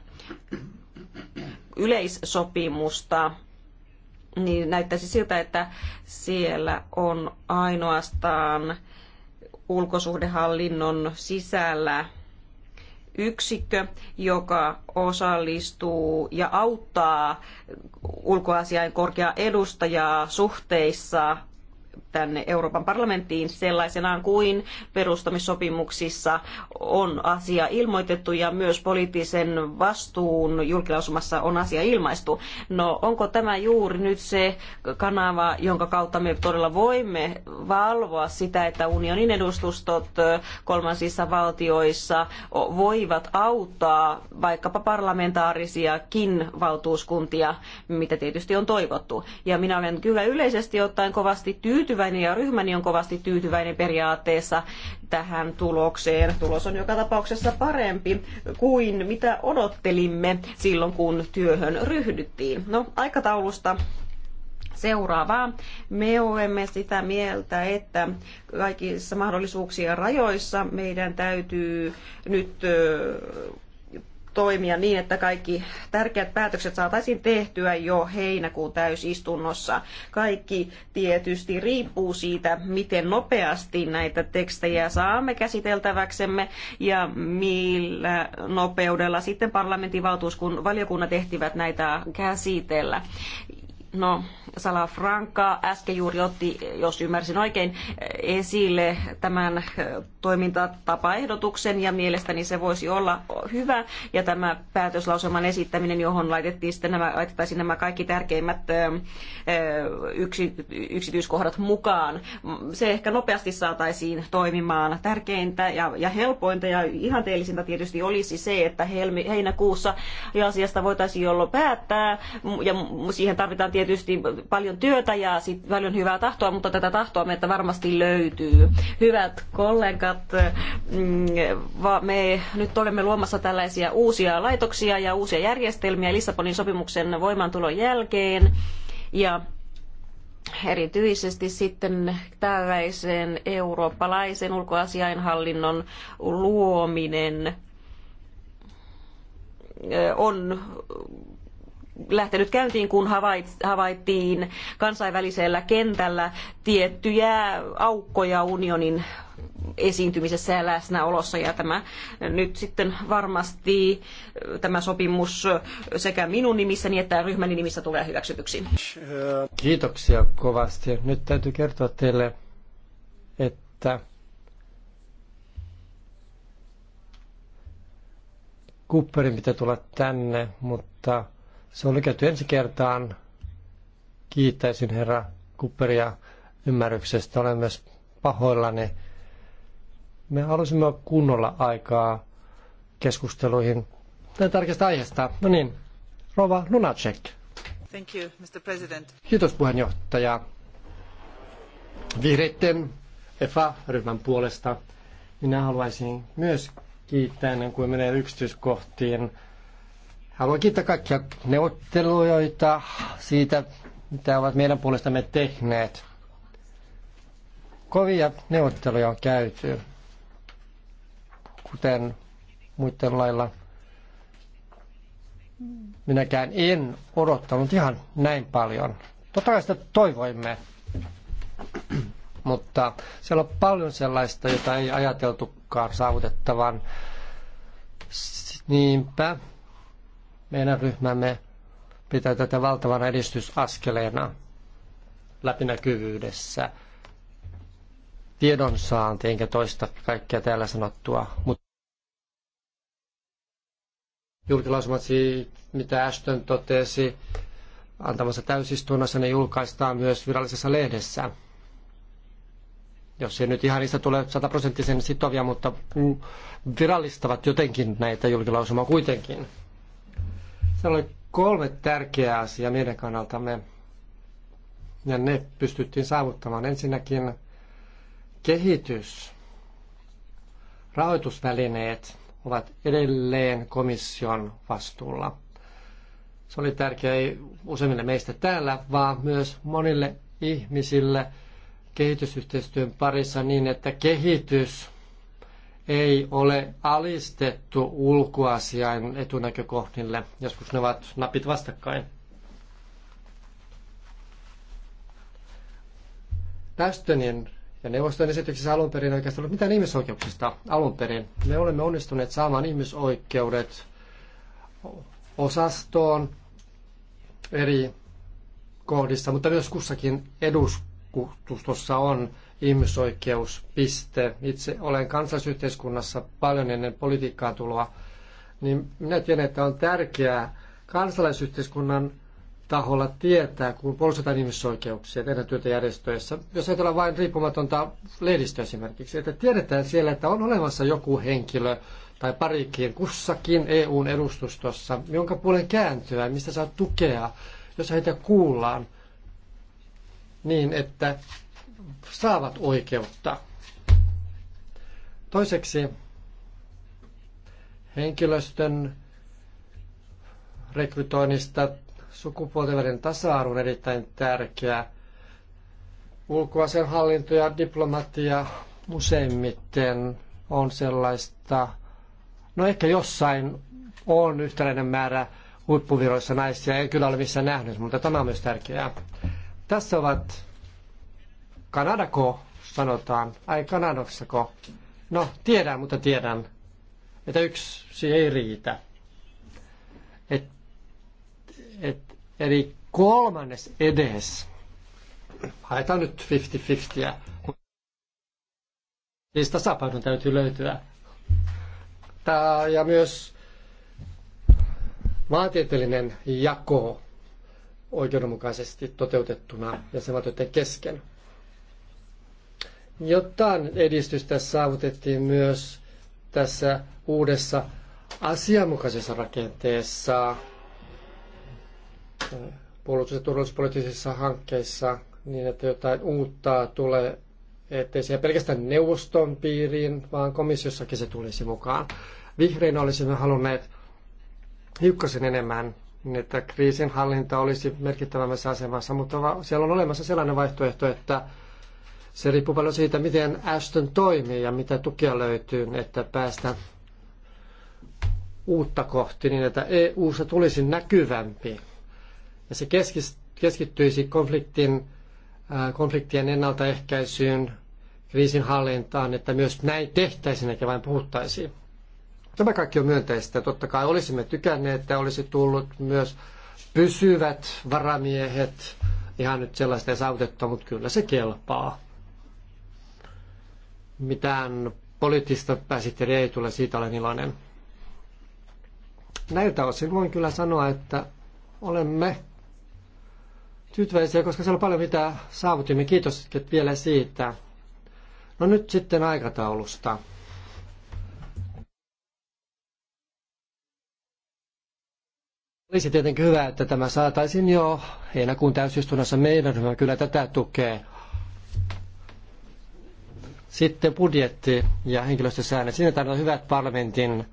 yleissopimusta, niin näyttäisi siltä, että siellä on ainoastaan ulkosuhdehallinnon sisällä yksikkö, joka osallistuu ja auttaa ulkoasiain korkeaa edustajaa suhteissa tänne Euroopan parlamenttiin sellaisenaan kuin perustamissopimuksissa on asia ilmoitettu ja myös poliittisen vastuun julkilausumassa on asia ilmaistu. No onko tämä juuri nyt se kanava, jonka kautta me todella voimme valvoa sitä, että unionin edustustot kolmansissa valtioissa voivat auttaa vaikkapa parlamentaarisiakin valtuuskuntia, mitä tietysti on toivottu. Ja minä olen kyllä yleisesti ottaen kovasti tyytyväinen tyytyväinen ja ryhmäni on kovasti tyytyväinen periaatteessa tähän tulokseen. Tulos on joka tapauksessa parempi kuin mitä odottelimme silloin, kun työhön ryhdyttiin. No, aikataulusta seuraavaa. Me olemme sitä mieltä, että kaikissa mahdollisuuksien rajoissa meidän täytyy nyt toimia niin, että kaikki tärkeät päätökset saataisiin tehtyä jo heinäkuun täysistunnossa. Kaikki tietysti riippuu siitä, miten nopeasti näitä tekstejä saamme käsiteltäväksemme ja millä nopeudella sitten parlamentin valtuuskun valiokunnat ehtivät näitä käsitellä. No, Sala Franca äsken juuri otti, jos ymmärsin oikein, esille tämän eh, toimintatapaehdotuksen ja mielestäni se voisi olla hyvä. Ja tämä päätöslauselman esittäminen, johon laitettiin sitten nämä, laitettaisiin nämä kaikki tärkeimmät eh, eh, yksi, yksityiskohdat mukaan. Se ehkä nopeasti saataisiin toimimaan. Tärkeintä ja, ja helpointa ja ihanteellisinta tietysti olisi se, että helmi, heinäkuussa asiasta voitaisiin jolloin päättää ja siihen tarvitaan tietysti tietysti paljon työtä ja sit paljon hyvää tahtoa, mutta tätä tahtoa meiltä varmasti löytyy. Hyvät kollegat, mm, me nyt olemme luomassa tällaisia uusia laitoksia ja uusia järjestelmiä Lissabonin sopimuksen voimaantulon jälkeen. Ja erityisesti sitten tällaisen eurooppalaisen ulkoasiainhallinnon luominen on lähtenyt käyntiin, kun havaittiin kansainvälisellä kentällä tiettyjä aukkoja unionin esiintymisessä ja läsnäolossa. Ja tämä nyt sitten varmasti tämä sopimus sekä minun nimissäni että ryhmäni nimissä tulee hyväksytyksi. Kiitoksia kovasti. Nyt täytyy kertoa teille, että Cooperin pitää tulla tänne, mutta se oli käyty ensi kertaan. Kiittäisin herra Kupperia ymmärryksestä. Olen myös pahoillani. Me halusimme kunnolla aikaa keskusteluihin Tämä tärkeästä aiheesta. No niin, Rova Lunacek. Thank you, Mr. President. Kiitos puheenjohtaja. Vihreitten EFA-ryhmän puolesta minä haluaisin myös kiittää ennen kuin menee yksityiskohtiin Haluan kiittää kaikkia neuvottelijoita siitä, mitä ovat meidän puolestamme tehneet. Kovia neuvotteluja on käyty, kuten muiden lailla. Minäkään en odottanut ihan näin paljon. Totta kai sitä toivoimme, mutta siellä on paljon sellaista, jota ei ajateltukaan saavutettavan. Niinpä meidän ryhmämme pitää tätä valtavana edistysaskeleena läpinäkyvyydessä, tiedonsaanti, enkä toista kaikkea täällä sanottua, mutta julkilausumat, siis, mitä Ashton totesi antamassa täysistunnossa, ne julkaistaan myös virallisessa lehdessä. Jos ei nyt ihan niistä tule sataprosenttisen sitovia, mutta virallistavat jotenkin näitä julkilausumaa kuitenkin. Se oli kolme tärkeää asiaa meidän kannaltamme, ja ne pystyttiin saavuttamaan. Ensinnäkin kehitys, rahoitusvälineet ovat edelleen komission vastuulla. Se oli tärkeää ei useimmille meistä täällä, vaan myös monille ihmisille kehitysyhteistyön parissa niin, että kehitys ei ole alistettu ulkoasiain etunäkökohdille. Joskus ne ovat napit vastakkain. Nästönin ja neuvoston esityksessä alun perin oikeastaan ollut mitään ihmisoikeuksista alun perin. Me olemme onnistuneet saamaan ihmisoikeudet osastoon eri kohdissa, mutta myös kussakin edustustossa on ihmisoikeus, piste. Itse olen kansalaisyhteiskunnassa paljon ennen politiikkaa tuloa, niin minä tiedän, että on tärkeää kansalaisyhteiskunnan taholla tietää, kun puolustetaan ihmisoikeuksia tehdään työtä järjestöissä. Jos ajatellaan vain riippumatonta lehdistöä esimerkiksi, että tiedetään siellä, että on olemassa joku henkilö tai parikin kussakin EUn edustustossa, jonka puolen kääntyä, mistä saa tukea, jos heitä kuullaan, niin että saavat oikeutta. Toiseksi henkilöstön rekrytoinnista sukupuolten välinen tasa-arvo on erittäin tärkeää. hallinto ja diplomatia useimmiten on sellaista, no ehkä jossain on yhtäläinen määrä huippuviroissa naisia, ei kyllä ole missään nähnyt, mutta tämä on myös tärkeää. Tässä ovat Kanadako sanotaan, ai Kanadaksako. No, tiedän, mutta tiedän, että yksi ei riitä. Et, et, eli kolmannes edes. Haetaan nyt 50-50. Siis tasapainon täytyy löytyä. Tää, ja myös maantieteellinen jako oikeudenmukaisesti toteutettuna jäsenvaltioiden kesken. Jotain edistystä saavutettiin myös tässä uudessa asianmukaisessa rakenteessa puolustus- ja turvallisuuspoliittisissa hankkeissa niin, että jotain uutta tulee, ettei se pelkästään neuvoston piiriin, vaan komissiossakin se tulisi mukaan. Vihreinä olisimme halunneet hiukkasen enemmän, niin että kriisin hallinta olisi merkittävämmässä asemassa, mutta siellä on olemassa sellainen vaihtoehto, että se riippuu paljon siitä, miten Ashton toimii ja mitä tukea löytyy, että päästä uutta kohti niin, että eu tulisi näkyvämpi. Ja se keskittyisi konfliktin, äh, konfliktien ennaltaehkäisyyn, kriisin hallintaan, että myös näin tehtäisiin eikä vain puhuttaisiin. Tämä kaikki on myönteistä. Totta kai olisimme tykänneet, että olisi tullut myös pysyvät varamiehet. Ihan nyt sellaista ei saavutettu, mutta kyllä se kelpaa mitään poliittista pääsihteeriä ei tule, siitä olen iloinen. Näiltä osin voin kyllä sanoa, että olemme tyytyväisiä, koska siellä on paljon mitä saavutimme. Kiitos vielä siitä. No nyt sitten aikataulusta. Olisi tietenkin hyvä, että tämä saataisiin jo heinäkuun täysistunnossa meidän ryhmä kyllä tätä tukee. Sitten budjetti ja henkilöstösäännöt. Siinä tarvitaan hyvät parlamentin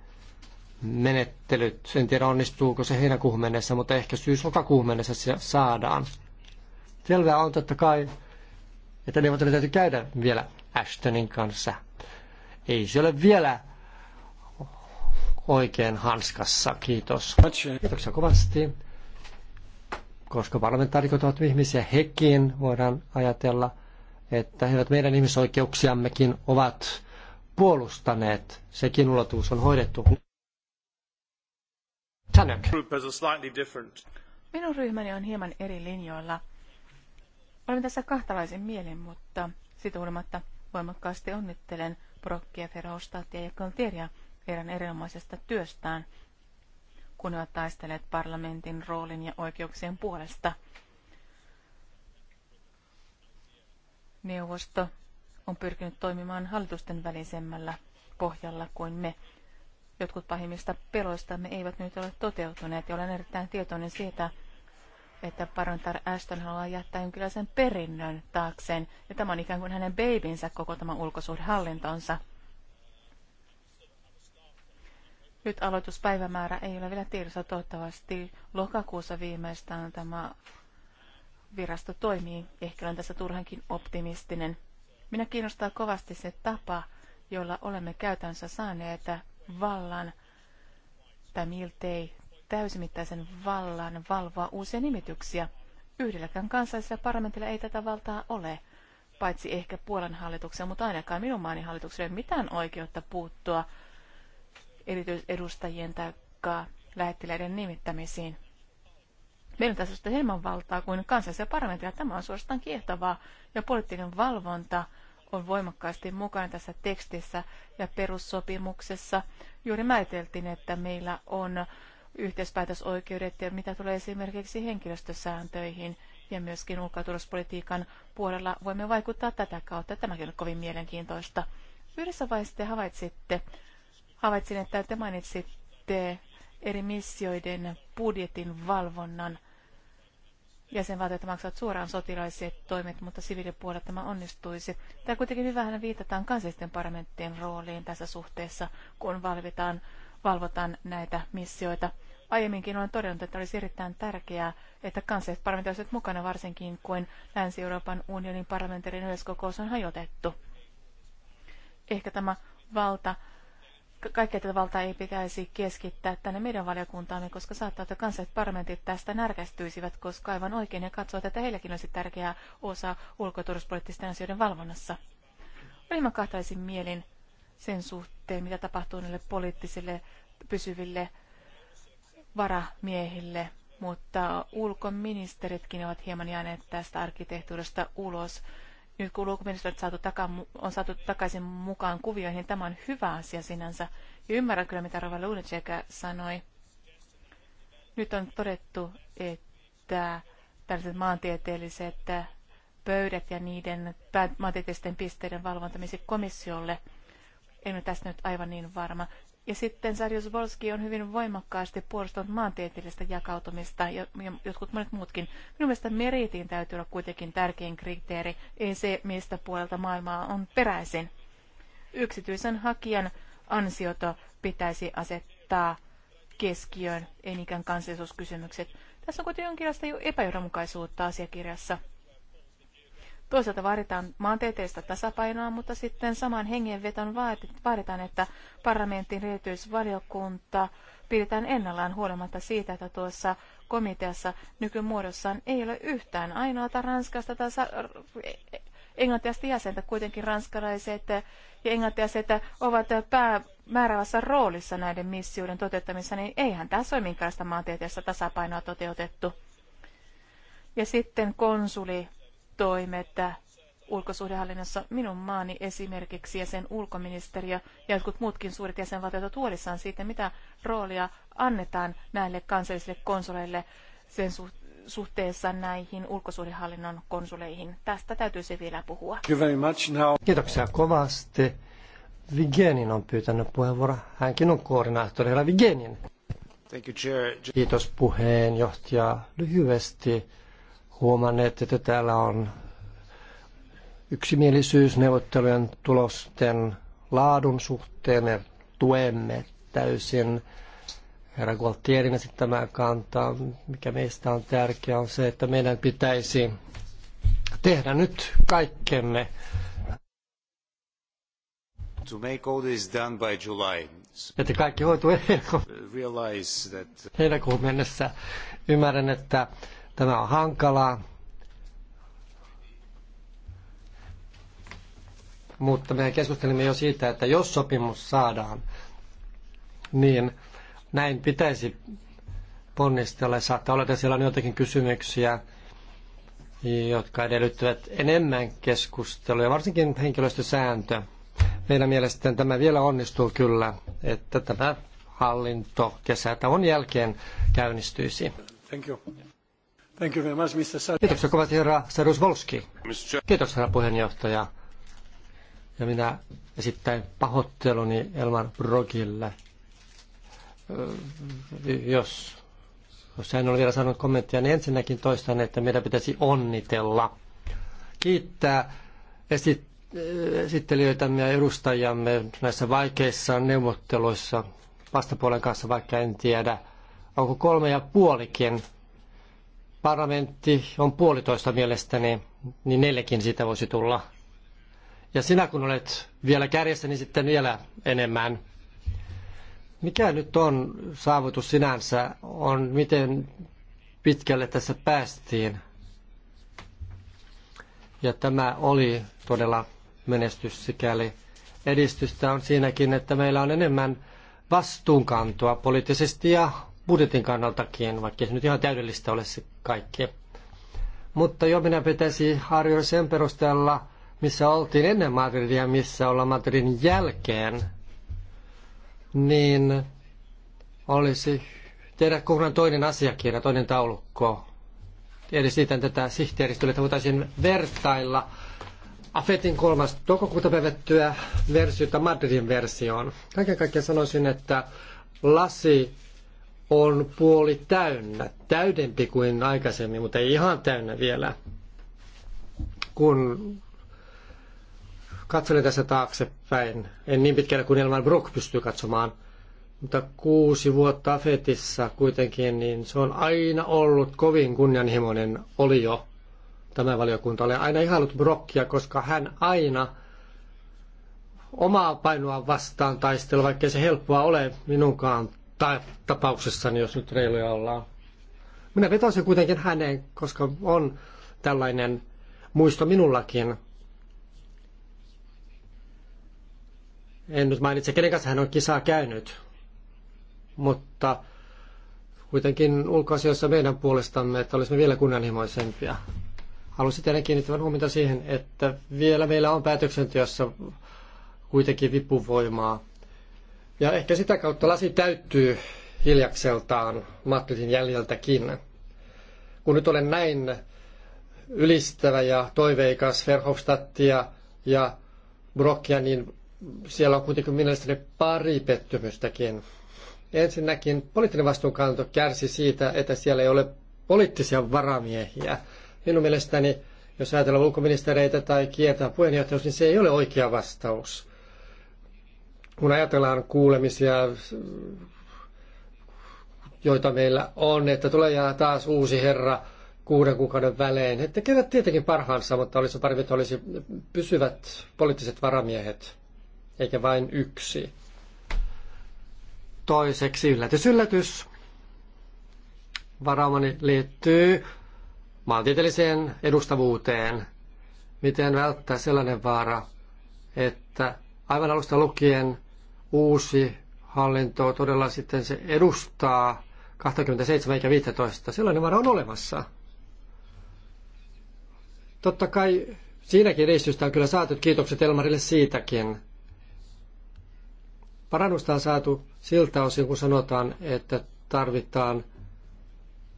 menettelyt. En tiedä onnistuuko se heinäkuuhun mennessä, mutta ehkä syys-lokakuuhun mennessä se saadaan. Selvä on totta kai, että neuvottelut täytyy käydä vielä Ashtonin kanssa. Ei se ole vielä oikein hanskassa. Kiitos. Kiitoksia kovasti. Koska parlamentaarikot ovat ihmisiä, hekin voidaan ajatella – että he ovat meidän ihmisoikeuksiammekin ovat puolustaneet. Sekin ulottuvuus on hoidettu. Tanök. Minun ryhmäni on hieman eri linjoilla. Olen tässä kahtalaisen mielen, mutta sitä huolimatta voimakkaasti onnittelen Brokkia, Ferhostatia ja Kalteria heidän erinomaisesta työstään, kun he ovat taistelleet parlamentin roolin ja oikeuksien puolesta – neuvosto on pyrkinyt toimimaan hallitusten välisemmällä pohjalla kuin me. Jotkut pahimmista peloistamme eivät nyt ole toteutuneet ja olen erittäin tietoinen siitä, että parantar Ashton haluaa jättää jonkinlaisen perinnön taakseen. Ja tämä on ikään kuin hänen babynsä koko tämä ulkosuhdehallintonsa. Nyt aloituspäivämäärä ei ole vielä tiedossa. Toivottavasti lokakuussa viimeistään tämä virasto toimii. Ehkä olen tässä turhankin optimistinen. Minä kiinnostaa kovasti se tapa, jolla olemme käytänsä saaneet vallan tai miltei täysimittaisen vallan valvoa uusia nimityksiä. Yhdelläkään kansallisella parlamentilla ei tätä valtaa ole, paitsi ehkä Puolan hallituksen, mutta ainakaan minun maani hallitukselle mitään oikeutta puuttua erityisedustajien tai lähettiläiden nimittämisiin. Meillä on tässä enemmän valtaa kuin kansallisia parlamentteja. Tämä on suorastaan kiehtovaa ja poliittinen valvonta on voimakkaasti mukana tässä tekstissä ja perussopimuksessa. Juuri määriteltiin, että meillä on yhteispäätösoikeudet ja mitä tulee esimerkiksi henkilöstösääntöihin ja myöskin ulkoturvallisuuspolitiikan puolella voimme vaikuttaa tätä kautta. Tämäkin on kovin mielenkiintoista. Yhdessä vaiheessa te havaitsitte, havaitsin, että te mainitsitte eri missioiden budjetin valvonnan – jäsenvaltiot maksavat suoraan sotilaiset toimet, mutta siviilipuolella tämä onnistuisi. Tämä kuitenkin hyvähän viitataan kansallisten parlamenttien rooliin tässä suhteessa, kun valvitaan, valvotaan näitä missioita. Aiemminkin olen todennut, että olisi erittäin tärkeää, että kansalliset parlamentit olisivat mukana varsinkin, kun Länsi-Euroopan unionin parlamentaarinen yleiskokous on hajotettu. Ehkä tämä valta kaikkea tätä valtaa ei pitäisi keskittää tänne meidän valiokuntaamme, koska saattaa, että kansalliset parlamentit tästä närkästyisivät, koska aivan oikein ja katsovat, että heilläkin olisi tärkeä osa ulko- ja asioiden valvonnassa. Olin kahtaisin mielin sen suhteen, mitä tapahtuu niille poliittisille pysyville varamiehille, mutta ulkoministeritkin ovat hieman jääneet tästä arkkitehtuurista ulos nyt kun ulkoministeriöt saatu taka, on saatu takaisin mukaan kuvioihin, niin tämä on hyvä asia sinänsä. Ja ymmärrän kyllä, mitä Rova Lunacek sanoi. Nyt on todettu, että tällaiset maantieteelliset pöydät ja niiden maantieteellisten pisteiden valvontamisi komissiolle. En ole tästä nyt aivan niin varma. Ja sitten Sarjus Volski on hyvin voimakkaasti puolustanut maantieteellistä jakautumista ja jotkut monet muutkin. Minun mielestä meritiin täytyy olla kuitenkin tärkein kriteeri, ei se, mistä puolelta maailmaa on peräisin. Yksityisen hakijan ansiota pitäisi asettaa keskiöön, ei niinkään kansallisuuskysymykset. Tässä on kuitenkin jonkinlaista epäjohdonmukaisuutta asiakirjassa. Toisaalta vaaditaan maantieteellistä tasapainoa, mutta sitten saman hengenveton vaaditaan, että parlamentin erityisvaliokunta pidetään ennallaan huolimatta siitä, että tuossa komiteassa nykymuodossaan ei ole yhtään ainoata ranskasta tai englantilaista jäsentä. Kuitenkin ranskalaiset ja englantilaiset ovat päämäärävässä roolissa näiden missioiden toteuttamisessa, niin eihän tässä ole minkäänlaista maantieteellistä tasapainoa toteutettu. Ja sitten konsuli toimet ulkosuhdehallinnossa minun maani esimerkiksi ja sen ulkoministeri ja jotkut muutkin suuret jäsenvaltiot ovat huolissaan siitä, mitä roolia annetaan näille kansallisille konsuleille sen suhteessa näihin ulkosuhdehallinnon konsuleihin. Tästä täytyisi vielä puhua. Kiitoksia kovasti. Vigenin on pyytänyt puheenvuoro. Hänkin on koordinaattori. Vigenin. Kiitos puheenjohtaja. Lyhyesti huomanneet, että täällä on yksimielisyys neuvottelujen tulosten laadun suhteen. ja tuemme täysin herra Gualtierin esittämään kantaa, mikä meistä on tärkeää, on se, että meidän pitäisi tehdä nyt kaikkemme. To make all this done by July. Että kaikki hoituu heinäkuun mennessä. Ymmärrän, että Tämä on hankalaa, mutta me keskustelimme jo siitä, että jos sopimus saadaan, niin näin pitäisi ponnistella. Saattaa olla, että siellä on joitakin kysymyksiä, jotka edellyttävät enemmän keskustelua, varsinkin henkilöstösääntö. Meidän mielestäni tämä vielä onnistuu kyllä, että tämä hallinto kesätä on jälkeen käynnistyisi. Thank you. Thank you very much, Mr. Sar- Kiitoksia kovat herra Sarus Volski. Kiitos herra puheenjohtaja. Ja minä esittäin pahoitteluni Elmar Brogille, jos, jos hän on vielä saanut kommenttia, niin ensinnäkin toistan, että meidän pitäisi onnitella, kiittää esit- esittelijöitämme ja edustajamme näissä vaikeissa neuvotteluissa vastapuolen kanssa, vaikka en tiedä, onko kolme ja puolikin parlamentti on puolitoista mielestäni, niin neljäkin siitä voisi tulla. Ja sinä kun olet vielä kärjessä, niin sitten vielä enemmän. Mikä nyt on saavutus sinänsä, on miten pitkälle tässä päästiin. Ja tämä oli todella menestys sikäli. Edistystä on siinäkin, että meillä on enemmän vastuunkantoa poliittisesti ja budjetin kannaltakin, vaikka se nyt ihan täydellistä ole se kaikki. Mutta jo minä pitäisi arvioida sen perusteella, missä oltiin ennen Madridia, missä ollaan Madridin jälkeen, niin olisi tehdä kokonaan toinen asiakirja, toinen taulukko. siitä tätä sihteeristöä, että voitaisiin vertailla Afetin 3. toukokuuta päivättyä versiota Madridin versioon. Kaiken kaikkiaan sanoisin, että lasi on puoli täynnä, täydempi kuin aikaisemmin, mutta ei ihan täynnä vielä. Kun katselen tässä taaksepäin, en niin pitkällä kuin Elman Brock pystyy katsomaan, mutta kuusi vuotta Fetissä kuitenkin, niin se on aina ollut kovin kunnianhimoinen oli jo tämä valiokunta. Olen aina ihailut Brockia, koska hän aina omaa painoa vastaan taistelu, vaikkei se helppoa ole minunkaan ta- tapauksessa, niin jos nyt reiluja ollaan. Minä vetosin kuitenkin häneen, koska on tällainen muisto minullakin. En nyt mainitse, kenen kanssa hän on kisaa käynyt, mutta kuitenkin ulkoasioissa meidän puolestamme, että olisimme vielä kunnianhimoisempia. Haluaisin teidän kiinnittää huomiota siihen, että vielä meillä on päätöksenteossa kuitenkin vipuvoimaa ja ehkä sitä kautta lasi täyttyy hiljakseltaan Mattilin jäljeltäkin. Kun nyt olen näin ylistävä ja toiveikas Verhofstadtia ja Brokkia, niin siellä on kuitenkin mielestäni pari pettymystäkin. Ensinnäkin poliittinen vastuunkanto kärsi siitä, että siellä ei ole poliittisia varamiehiä. Minun mielestäni, jos ajatellaan ulkoministereitä tai kiertää puheenjohtajuus, niin se ei ole oikea vastaus kun ajatellaan kuulemisia, joita meillä on, että tulee jää taas uusi herra kuuden kuukauden välein. että kerät tietenkin parhaansa, mutta olisi parempi, että olisi pysyvät poliittiset varamiehet, eikä vain yksi. Toiseksi yllätys, yllätys. Varaumani liittyy maantieteelliseen edustavuuteen. Miten välttää sellainen vaara, että aivan alusta lukien uusi hallinto todella sitten se edustaa 27 eikä 15. Sellainen vara on olemassa. Totta kai siinäkin edistystä on kyllä saatu. Kiitokset Elmarille siitäkin. Parannusta on saatu siltä osin, kun sanotaan, että tarvitaan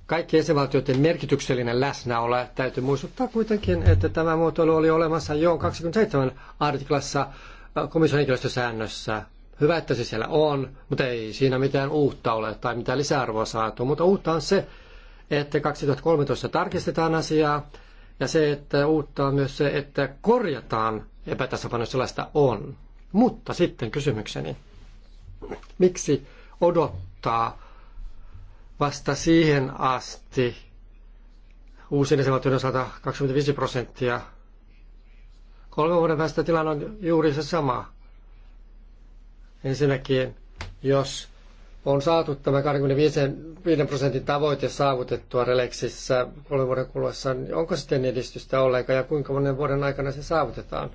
kaikki jäsenvaltioiden merkityksellinen läsnäolo. Täytyy muistuttaa kuitenkin, että tämä muotoilu oli olemassa jo 27 artiklassa komission henkilöstösäännössä. Hyvä, että se siellä on, mutta ei siinä mitään uutta ole tai mitään lisäarvoa saatu. Mutta uutta on se, että 2013 tarkistetaan asiaa ja se, että uutta on myös se, että korjataan epätasapaino sellaista on. Mutta sitten kysymykseni, miksi odottaa vasta siihen asti uusien esimerkiksi osalta 25 prosenttia Kolme vuoden päästä tilanne on juuri se sama. Ensinnäkin, jos on saatu tämä 25 prosentin tavoite saavutettua Relexissä kolmen vuoden kuluessa, niin onko sitten edistystä ollenkaan ja kuinka monen vuoden aikana se saavutetaan?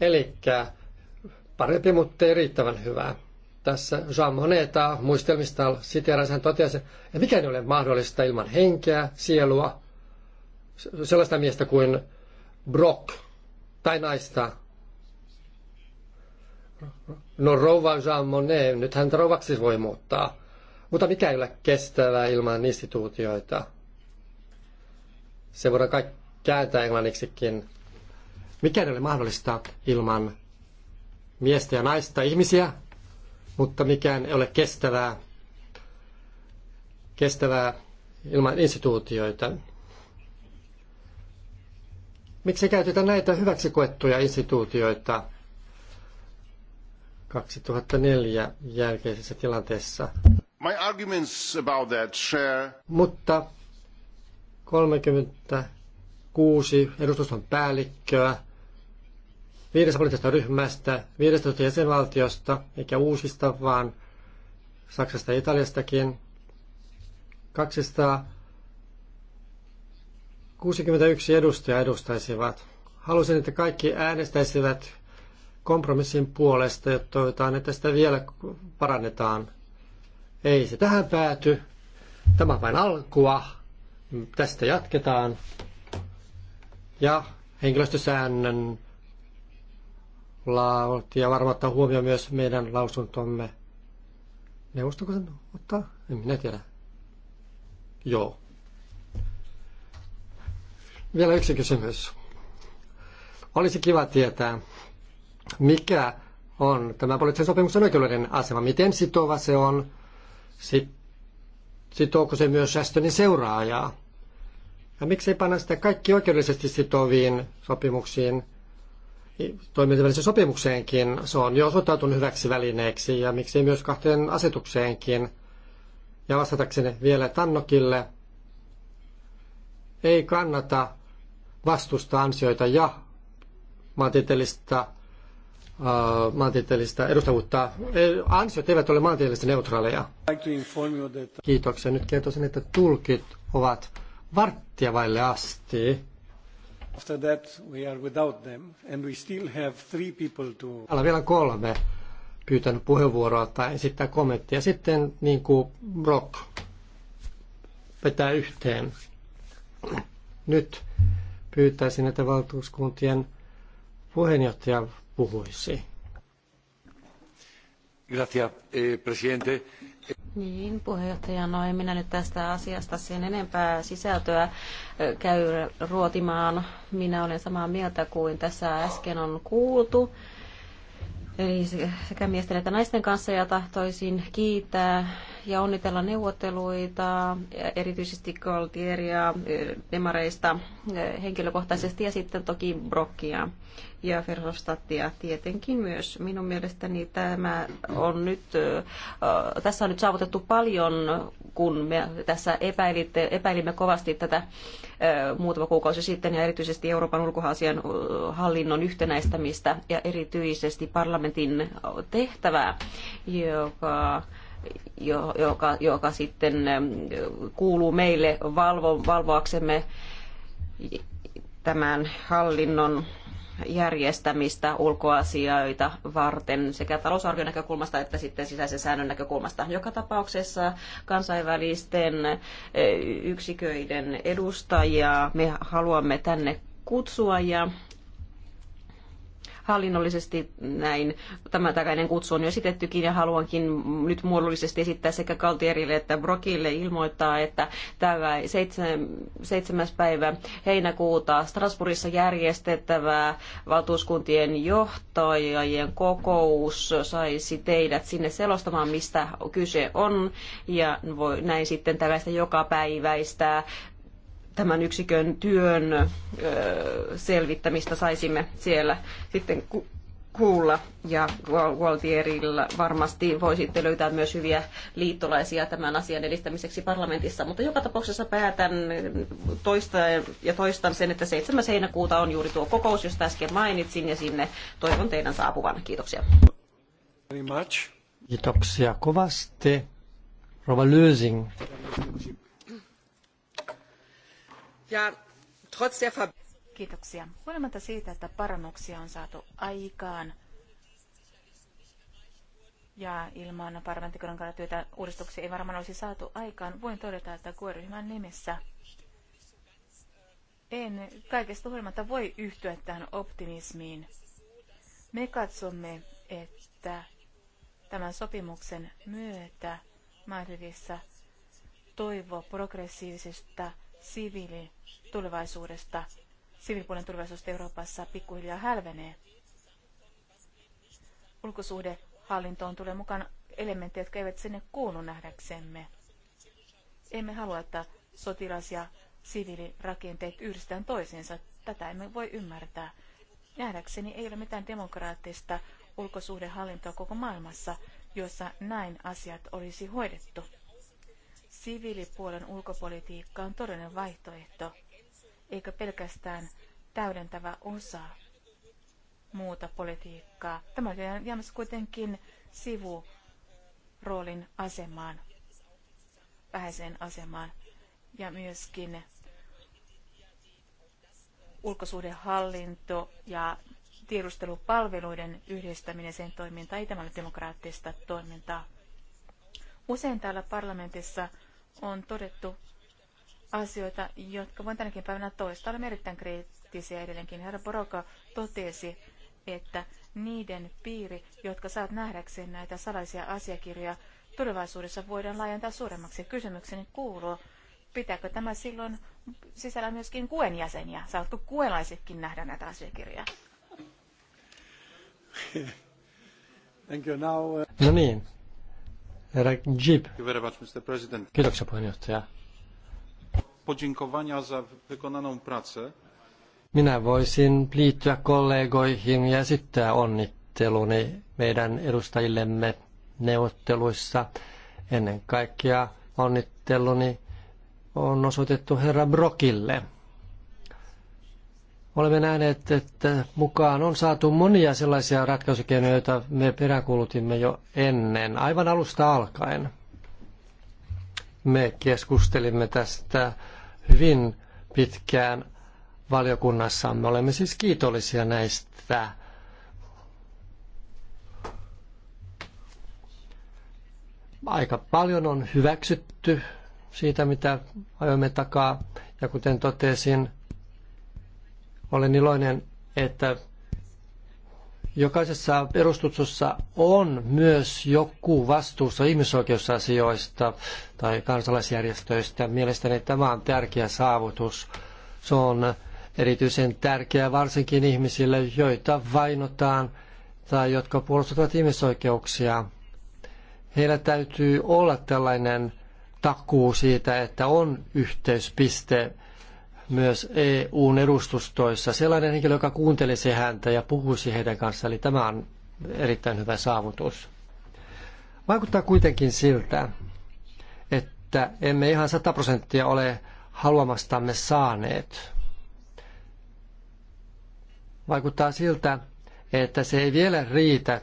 Eli parempi, mutta ei riittävän hyvää. Tässä Jean Moneta muistelmista siteeras hän totesi, että mikä ei ole mahdollista ilman henkeä, sielua, sellaista miestä kuin Brock, tai naista. No rouva Jean Monnet, nyt hän rouvaksi voi muuttaa. Mutta mikä ei ole kestävää ilman instituutioita? Se voidaan kaikki kääntää englanniksikin. Mikä ei ole mahdollista ilman miestä ja naista ihmisiä, mutta mikään ei ole kestävää, kestävää ilman instituutioita. Miksi käytetään näitä hyväksi koettuja instituutioita 2004 jälkeisessä tilanteessa? My arguments about that share... Mutta 36 edustuston päällikköä viidestä poliittisesta ryhmästä, viidestä jäsenvaltiosta, eikä uusista, vaan Saksasta ja Italiastakin. 200 61 edustajaa edustaisivat. Halusin, että kaikki äänestäisivät kompromissin puolesta, jotta toivotaan, että sitä vielä parannetaan. Ei se tähän pääty. Tämä vain alkua. Tästä jatketaan. Ja henkilöstösäännön ja varmaan ottaa huomioon myös meidän lausuntomme. Neuvostoko sen ottaa? En minä tiedä. Joo. Vielä yksi kysymys. Olisi kiva tietää, mikä on tämä poliittisen sopimuksen oikeudellinen asema, miten sitova se on, sitooko se myös Ashtonin seuraajaa. Ja miksei panna sitä kaikki oikeudellisesti sitoviin sopimuksiin, toimintavälisen sopimukseenkin. Se on jo osoittautunut hyväksi välineeksi ja miksei myös kahteen asetukseenkin. Ja vastatakseni vielä Tannokille, ei kannata vastusta ansioita ja maantieteellistä, uh, maantieteellistä edustavuutta. Ansiot eivät ole maantieteellisesti neutraaleja. Kiitoksia. Nyt kertoisin, että tulkit ovat varttia vaille asti. After that we are without them and we still have three people to... Täällä vielä kolme pyytänyt puheenvuoroa tai esittää kommenttia. Sitten niin kuin Brock vetää yhteen. Nyt pyytäisin, että valtuuskuntien puheenjohtaja puhuisi. Gracias, eh, presidente. Niin, puheenjohtaja, no en minä nyt tästä asiasta sen enempää sisältöä käy ruotimaan. Minä olen samaa mieltä kuin tässä äsken on kuultu. Eli sekä miesten että naisten kanssa ja tahtoisin kiittää ja onnitella neuvotteluita, erityisesti Galtieria, Demareista henkilökohtaisesti ja sitten toki Brokkia ja ferrostattia tietenkin myös. Minun mielestäni tämä on nyt, tässä on nyt saavutettu paljon, kun me tässä epäilitte, epäilimme kovasti tätä muutama kuukausi sitten ja erityisesti Euroopan ulkoasian hallinnon yhtenäistämistä ja erityisesti parlamentin tehtävää, joka joka, joka sitten kuuluu meille valvo, valvoaksemme tämän hallinnon järjestämistä ulkoasioita varten sekä talousarvion näkökulmasta että sitten sisäisen säännön näkökulmasta. Joka tapauksessa kansainvälisten eh, yksiköiden edustajia me haluamme tänne kutsua ja hallinnollisesti näin. Tämä takainen kutsu on jo esitettykin ja haluankin nyt muodollisesti esittää sekä Kaltierille että Brokille ilmoittaa, että tämä 7. päivä heinäkuuta Strasbourgissa järjestettävä valtuuskuntien johtajien kokous saisi teidät sinne selostamaan, mistä kyse on ja näin sitten tällaista jokapäiväistä tämän yksikön työn selvittämistä saisimme siellä sitten kuulla ja Gualtierilla varmasti voi sitten löytää myös hyviä liittolaisia tämän asian edistämiseksi parlamentissa. Mutta joka tapauksessa päätän toista ja toistan sen, että 7. heinäkuuta on juuri tuo kokous, josta äsken mainitsin ja sinne toivon teidän saapuvan. Kiitoksia. Very much. Kiitoksia kovasti. Rova Lösing. Ja trotz der Kiitoksia. Huolimatta siitä, että parannuksia on saatu aikaan ja ilman parlamenttikunnan työtä uudistuksia ei varmaan olisi saatu aikaan, voin todeta, että kuoryhmän nimissä en kaikesta huolimatta voi yhtyä tähän optimismiin. Me katsomme, että tämän sopimuksen myötä Madridissa toivo progressiivisesta siviili- tulevaisuudesta, siviilipuolen tulevaisuudesta Euroopassa pikkuhiljaa hälvenee. Ulkosuhdehallintoon tulee mukaan elementtejä, jotka eivät sinne kuulu nähdäksemme. Emme halua, että sotilas- ja siviilirakenteet yhdistetään toisiinsa. Tätä emme voi ymmärtää. Nähdäkseni ei ole mitään demokraattista ulkosuhdehallintoa koko maailmassa, jossa näin asiat olisi hoidettu. Siviilipuolen ulkopolitiikka on todellinen vaihtoehto eikä pelkästään täydentävä osa muuta politiikkaa. Tämä on jäämässä kuitenkin sivuroolin asemaan, vähäiseen asemaan ja myöskin ulkosuhdehallinto ja tiedustelupalveluiden yhdistäminen sen toiminta ei tämä ole demokraattista toimintaa. Usein täällä parlamentissa on todettu, asioita, jotka voin tänäkin päivänä toistaa. Olemme erittäin kriittisiä edelleenkin. Herra Boroka totesi, että niiden piiri, jotka saat nähdäkseen näitä salaisia asiakirjoja, tulevaisuudessa voidaan laajentaa suuremmaksi. Kysymykseni kuuluu, pitääkö tämä silloin sisällä myöskin kuen jäseniä? Saatko kuenlaisetkin nähdä näitä asiakirjoja? Thank you now. Uh, no niin. Herra Jib. Kiitoksia puheenjohtaja podziękowania za wykonaną pracę. Minä voisin liittyä kollegoihin ja esittää onnitteluni meidän edustajillemme neuvotteluissa. Ennen kaikkea onnitteluni on osoitettu herra Brokille. Olemme nähneet, että mukaan on saatu monia sellaisia ratkaisukeinoja, joita me peräkuulutimme jo ennen, aivan alusta alkaen. Me keskustelimme tästä hyvin pitkään valiokunnassamme. Olemme siis kiitollisia näistä. Aika paljon on hyväksytty siitä, mitä ajoimme takaa. Ja kuten totesin, olen iloinen, että Jokaisessa perustutsussa on myös joku vastuussa ihmisoikeusasioista tai kansalaisjärjestöistä. Mielestäni tämä on tärkeä saavutus. Se on erityisen tärkeää varsinkin ihmisille, joita vainotaan tai jotka puolustavat ihmisoikeuksia. Heillä täytyy olla tällainen takuu siitä, että on yhteyspiste myös EUn edustustoissa sellainen henkilö, joka kuuntelisi häntä ja puhuisi heidän kanssaan. Eli tämä on erittäin hyvä saavutus. Vaikuttaa kuitenkin siltä, että emme ihan 100 prosenttia ole haluamastamme saaneet. Vaikuttaa siltä, että se ei vielä riitä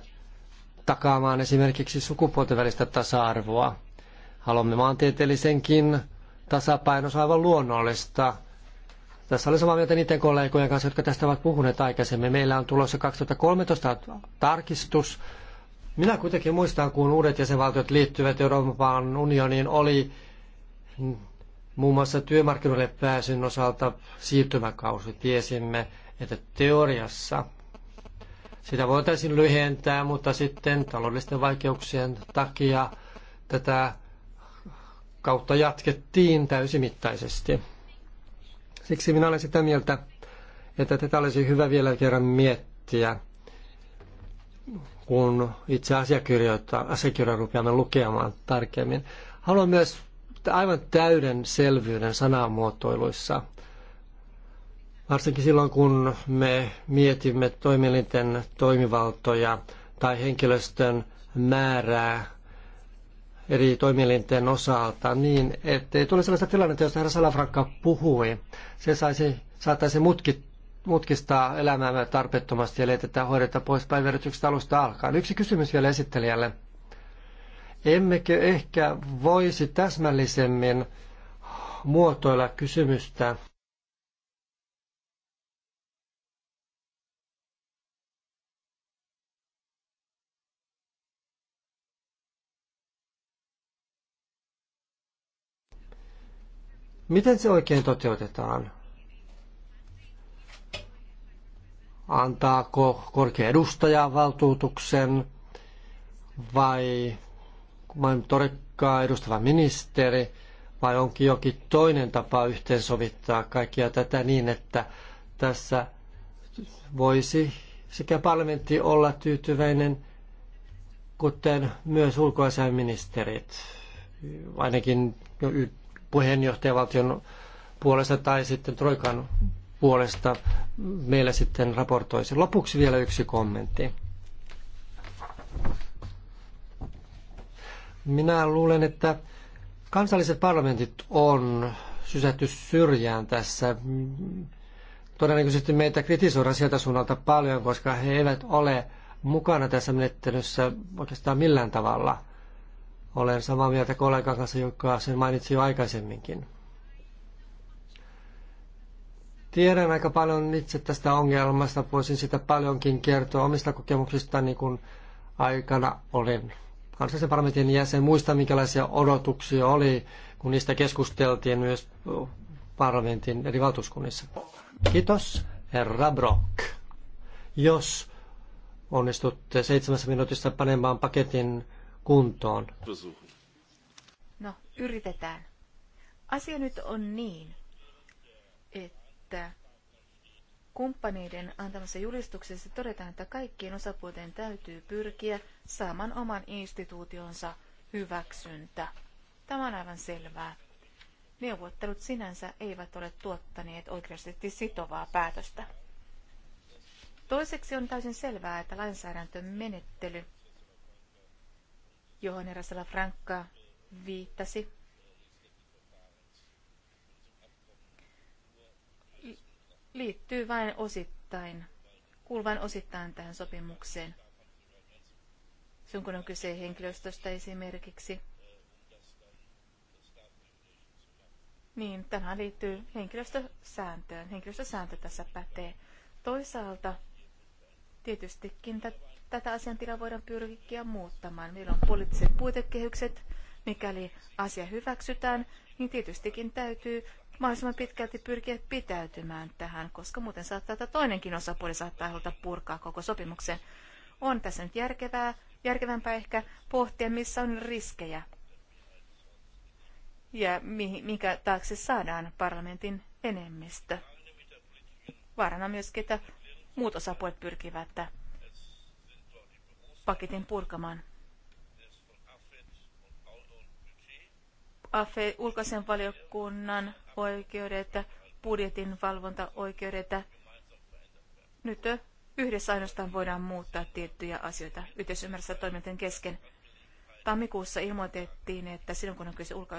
takaamaan esimerkiksi sukupuolten välistä tasa-arvoa. Haluamme maantieteellisenkin tasapainon aivan luonnollista – tässä olen samaa mieltä niiden kollegojen kanssa, jotka tästä ovat puhuneet aikaisemmin. Meillä on tulossa 2013 tarkistus. Minä kuitenkin muistan, kun uudet jäsenvaltiot liittyvät Euroopan unioniin, oli muun muassa työmarkkinoille pääsyn osalta siirtymäkausi. Tiesimme, että teoriassa sitä voitaisiin lyhentää, mutta sitten taloudellisten vaikeuksien takia tätä kautta jatkettiin täysimittaisesti. Siksi minä olen sitä mieltä, että tätä olisi hyvä vielä kerran miettiä, kun itse asiakirjoita, asiakirjoja rupeamme lukemaan tarkemmin. Haluan myös aivan täyden selvyyden sanamuotoiluissa, varsinkin silloin kun me mietimme toimielinten toimivaltoja tai henkilöstön määrää eri toimielinten osalta niin, ettei tule sellaista tilannetta, josta herra Salafranka puhui. Se saisi, saattaisi mutki, mutkistaa elämäämme tarpeettomasti ja leitetään hoidetta pois päiväjärjestyksestä alusta alkaen. Yksi kysymys vielä esittelijälle. Emmekö ehkä voisi täsmällisemmin muotoilla kysymystä Miten se oikein toteutetaan? Antaako korkea edustaja valtuutuksen vai vain todekkaa edustava ministeri vai onkin jokin toinen tapa yhteensovittaa kaikkia tätä niin, että tässä voisi sekä parlamentti olla tyytyväinen, kuten myös ulkoasiainministerit, ainakin puheenjohtajavaltion puolesta tai sitten Troikan puolesta meille sitten raportoisi. Lopuksi vielä yksi kommentti. Minä luulen, että kansalliset parlamentit on sysätty syrjään tässä. Todennäköisesti meitä kritisoidaan sieltä suunnalta paljon, koska he eivät ole mukana tässä menettelyssä oikeastaan millään tavalla. Olen samaa mieltä kollegan kanssa, joka sen mainitsi jo aikaisemminkin. Tiedän aika paljon itse tästä ongelmasta, voisin sitä paljonkin kertoa omista kokemuksista, niin kun aikana olin kansallisen parlamentin jäsen. Muista, minkälaisia odotuksia oli, kun niistä keskusteltiin myös parlamentin eri valtuuskunnissa. Kiitos, herra Brock. Jos onnistutte seitsemässä minuutissa panemaan paketin kuntoon. No, yritetään. Asia nyt on niin, että kumppaneiden antamassa julistuksessa todetaan, että kaikkien osapuolten täytyy pyrkiä saamaan oman instituutionsa hyväksyntä. Tämä on aivan selvää. Neuvottelut sinänsä eivät ole tuottaneet oikeasti sitovaa päätöstä. Toiseksi on täysin selvää, että lainsäädäntömenettely menettely johon Erasala Frankka viittasi. Liittyy vain osittain, kuuluu vain osittain tähän sopimukseen. Sun kun on kyse henkilöstöstä esimerkiksi. Niin, tähän liittyy henkilöstösääntöön. Henkilöstösääntö tässä pätee. Toisaalta tietystikin tätä asiantilaa voidaan pyrkiä muuttamaan. Meillä on poliittiset puitekehykset. Mikäli asia hyväksytään, niin tietystikin täytyy mahdollisimman pitkälti pyrkiä pitäytymään tähän, koska muuten saattaa, että toinenkin osapuoli saattaa haluta purkaa koko sopimuksen. On tässä nyt järkevää, järkevämpää ehkä pohtia, missä on riskejä ja minkä taakse saadaan parlamentin enemmistö. Vaarana myöskin, että muut osapuolet pyrkivät paketin purkamaan. AFE, ulkoisen valiokunnan oikeudet, budjetin valvontaoikeudet. Nyt yhdessä ainoastaan voidaan muuttaa tiettyjä asioita yhteisymmärrässä toimintojen kesken. Tammikuussa ilmoitettiin, että silloin kun on kyse ulko-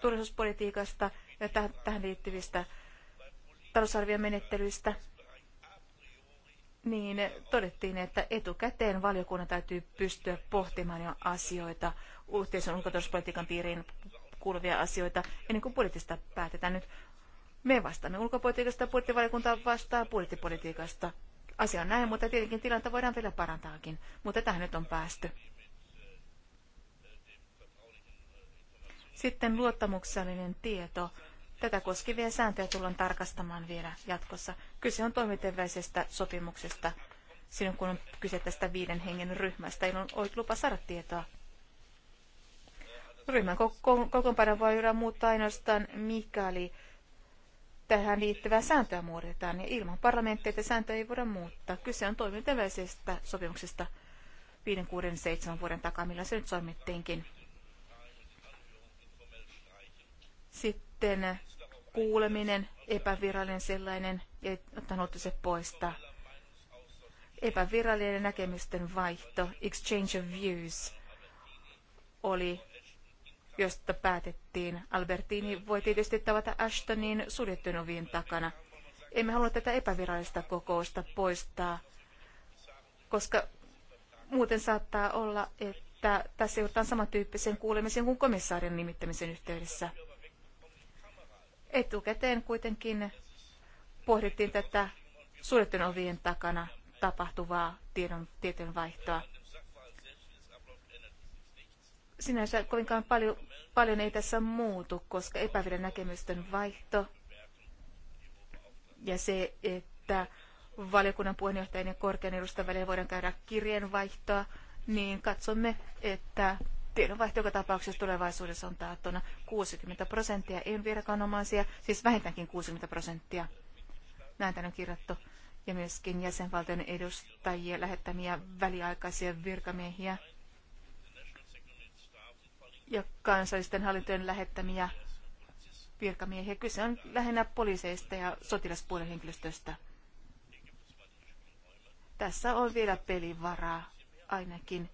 turvallisuuspolitiikasta ja tähän liittyvistä talousarviomenettelyistä, niin todettiin, että etukäteen valiokunnan täytyy pystyä pohtimaan jo asioita, yhteisön ulkoturvallisuuspolitiikan piiriin kuuluvia asioita, ennen kuin budjetista päätetään nyt. Me vastaamme ulkopolitiikasta, budjettivaliokunta vastaa budjettipolitiikasta. Asia on näin, mutta tietenkin tilannetta voidaan vielä parantaakin, mutta tähän nyt on päästy. Sitten luottamuksellinen tieto Tätä koskevia sääntöjä tullaan tarkastamaan vielä jatkossa. Kyse on toimintaväisestä sopimuksesta silloin, kun on kyse tästä viiden hengen ryhmästä. Ei ole lupa saada tietoa. Ryhmän kokoonpano voidaan muuttaa ainoastaan, mikäli tähän liittyvää sääntöä muutetaan ja ilman parlamenttia tätä sääntöä ei voida muuttaa. Kyse on toimintaväisestä sopimuksesta 5, 6, 7 vuoden takaa, millä se nyt solmittiinkin. Sitten kuuleminen, epävirallinen sellainen, ja haluatte se poistaa. Epävirallinen näkemysten vaihto, exchange of views, oli, josta päätettiin. Albertini voi tietysti tavata Ashtonin suljettujen ovien takana. Emme halua tätä epävirallista kokousta poistaa, koska muuten saattaa olla, että tässä joudutaan samantyyppiseen kuulemiseen kuin komissaarin nimittämisen yhteydessä. Etukäteen kuitenkin pohdittiin tätä suljettujen ovien takana tapahtuvaa tiedon, tietojen vaihtoa. Sinänsä kovinkaan paljon, paljon ei tässä muutu, koska epävirän näkemysten vaihto ja se, että valiokunnan puheenjohtajan ja korkean edustajan välillä voidaan käydä kirjeenvaihtoa, niin katsomme, että Tiedonvaihto joka tapauksessa tulevaisuudessa on taattuna 60 prosenttia EU-viranomaisia, siis vähintäänkin 60 prosenttia. Näin tänne on kirjattu. Ja myöskin jäsenvaltion edustajia lähettämiä väliaikaisia virkamiehiä ja kansallisten hallintojen lähettämiä virkamiehiä. Kyse on lähinnä poliiseista ja sotilaspuolen henkilöstöstä. Tässä on vielä pelivaraa ainakin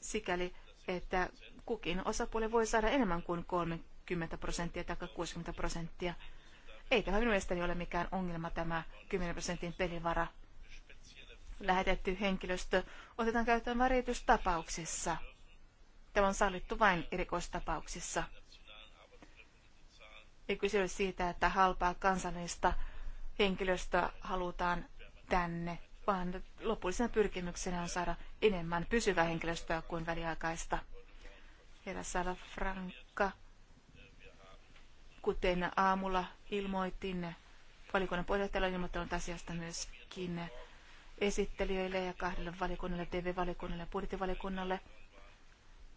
sikäli että kukin osapuoli voi saada enemmän kuin 30 prosenttia tai 60 prosenttia. Ei tämä minun mielestäni ole mikään ongelma tämä 10 prosentin pelivara. Lähetetty henkilöstö otetaan käyttöön vain Tämä on sallittu vain erikoistapauksissa. Ei kyse ole siitä, että halpaa kansallista henkilöstöä halutaan tänne vaan lopullisena pyrkimyksenä on saada enemmän pysyvää henkilöstöä kuin väliaikaista. Herra Franka, kuten aamulla ilmoitin, valikunnan puheenjohtajalla on ilmoittanut asiasta myöskin esittelijöille ja kahdelle valikunnalle, TV-valikunnalle ja budjettivalikunnalle,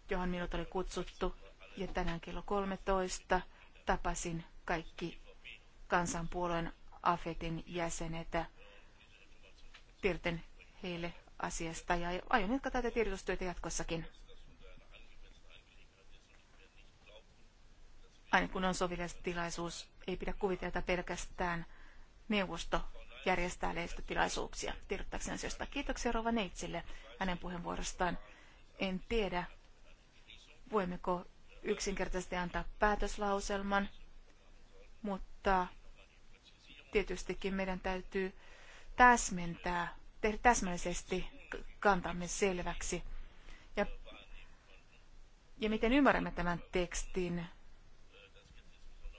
johon minut oli kutsuttu. Ja tänään kello 13 tapasin kaikki kansanpuolueen AFETin jäsenet tieten heille asiasta ja aion jatkaa tätä tiedotustyötä jatkossakin. Aina kun on tilaisuus, ei pidä kuvitella pelkästään neuvosto järjestää lehdistötilaisuuksia tiedottaakseen asioista. Kiitoksia Rova Neitsille hänen puheenvuorostaan. En tiedä, voimmeko yksinkertaisesti antaa päätöslauselman, mutta tietystikin meidän täytyy täsmentää, tehdä täsmällisesti kantamme selväksi. Ja, ja miten ymmärrämme tämän tekstin,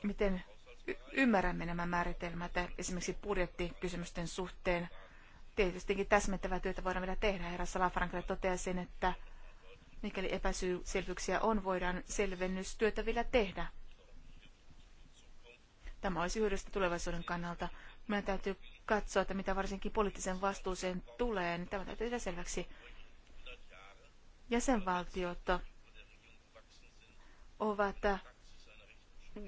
miten y- ymmärrämme nämä määritelmät esimerkiksi budjettikysymysten suhteen. Tietystikin täsmentävää työtä voidaan vielä tehdä. Herra Salafrankille toteaa sen, että mikäli epäselvyyksiä on, voidaan selvennystyötä vielä tehdä. Tämä olisi hyödyllistä tulevaisuuden kannalta. Meidän täytyy katsoa, että mitä varsinkin poliittisen vastuuseen tulee, niin tämä täytyy tehdä selväksi. Jäsenvaltiot ovat,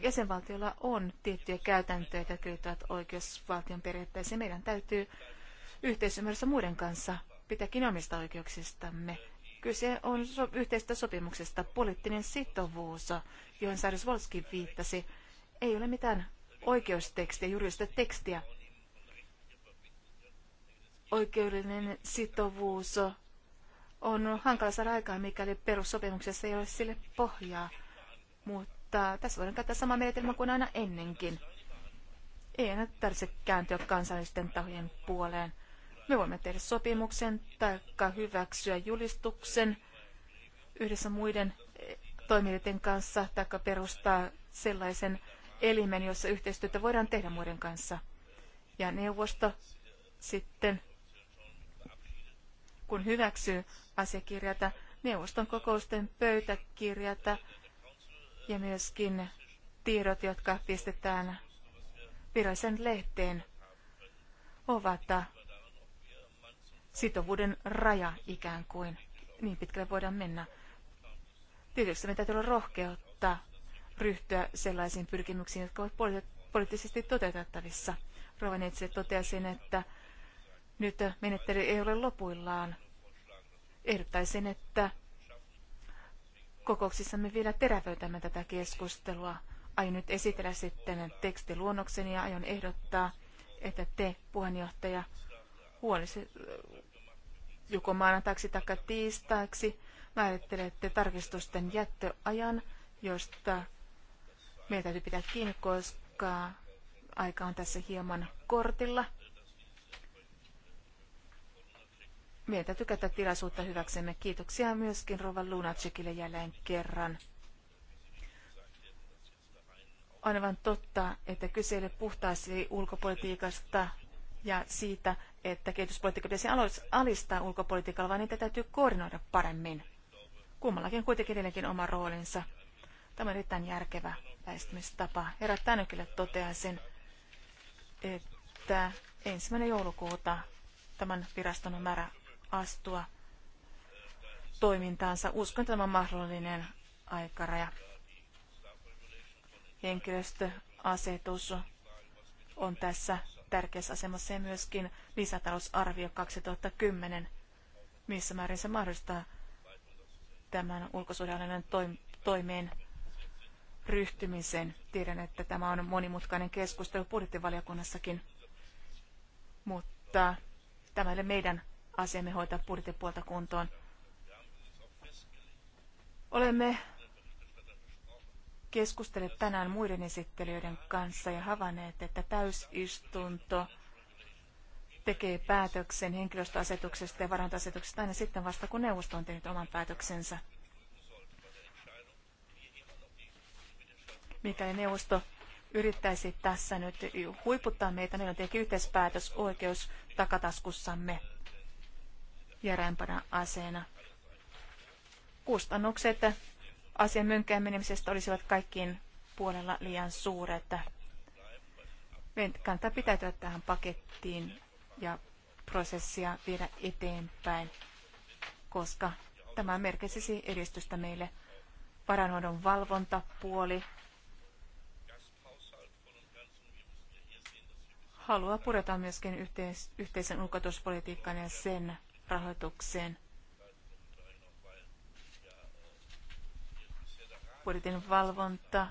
jäsenvaltiolla on tiettyjä käytäntöjä, jotka liittyvät oikeusvaltion periaatteeseen. Meidän täytyy yhteisymmärryssä muiden kanssa pitääkin omista oikeuksistamme. Kyse on so- yhteistä sopimuksesta. Poliittinen sitovuus, johon Sarius Volski viittasi, ei ole mitään oikeustekstiä, juridista tekstiä oikeudellinen sitovuus on hankala saada aikaan, mikäli perussopimuksessa ei ole sille pohjaa. Mutta tässä voidaan käyttää sama menetelmä kuin aina ennenkin. Ei enää tarvitse kääntyä kansallisten tahojen puoleen. Me voimme tehdä sopimuksen tai hyväksyä julistuksen yhdessä muiden e, toimijoiden kanssa tai perustaa sellaisen elimen, jossa yhteistyötä voidaan tehdä muiden kanssa. Ja neuvosto sitten kun hyväksyy asiakirjata, neuvoston kokousten pöytäkirjata ja myöskin tiedot, jotka pistetään virallisen lehteen, ovat sitovuuden raja ikään kuin. Niin pitkälle voidaan mennä. Tietysti meidän täytyy olla rohkeutta ryhtyä sellaisiin pyrkimyksiin, jotka ovat poliittisesti toteutettavissa. Rovanitse toteasin, että nyt menettely ei ole lopuillaan. Ehdottaisin, että kokouksissamme vielä terävöitämme tätä keskustelua. Aion nyt esitellä sitten tekstiluonnoksen ja aion ehdottaa, että te, puheenjohtaja, huolisi, joko maanantaiksi tai tiistaiksi määrittelette tarkistusten jättöajan, josta meidän täytyy pitää kiinni, koska aika on tässä hieman kortilla. Meidän täytyy käyttää tilaisuutta hyväksemme. Kiitoksia myöskin Rova Lunacekille jälleen kerran. On aivan totta, että kyse ei puhtaasti ulkopolitiikasta ja siitä, että kehityspolitiikka pitäisi alistaa ulkopolitiikalla, vaan niitä täytyy koordinoida paremmin. Kummallakin kuitenkin edelleenkin oma roolinsa. Tämä on erittäin järkevä lähestymistapa. Herra toteaa toteaisin, että ensimmäinen joulukuuta tämän viraston on määrä astua toimintaansa. Uskon tämä mahdollinen aikaraja. Henkilöstöasetus on tässä tärkeässä asemassa ja myöskin lisätalousarvio 2010, missä määrin se mahdollistaa tämän ulkosuhdehallinnon toimeen ryhtymisen. Tiedän, että tämä on monimutkainen keskustelu budjettivaliokunnassakin, mutta tämä ei ole meidän asiamme hoitaa budjettipuolta kuntoon. Olemme keskustelleet tänään muiden esittelijöiden kanssa ja havainneet, että täysistunto tekee päätöksen henkilöstöasetuksesta ja varantoasetuksesta aina sitten vasta, kun neuvosto on tehnyt oman päätöksensä. Mikäli neuvosto yrittäisi tässä nyt huiputtaa meitä, meillä on tietenkin yhteispäätös oikeus takataskussamme järeämpänä aseena. Kustannukset asian mönkään menemisestä olisivat kaikkiin puolella liian suuret. Meidän kannattaa pitäytyä tähän pakettiin ja prosessia viedä eteenpäin, koska tämä merkitsisi edistystä meille. Varanhoidon valvontapuoli haluaa pureta myöskin yhteis- yhteisen ulkotuspolitiikan ja sen rahoitukseen. Budjetin valvonta,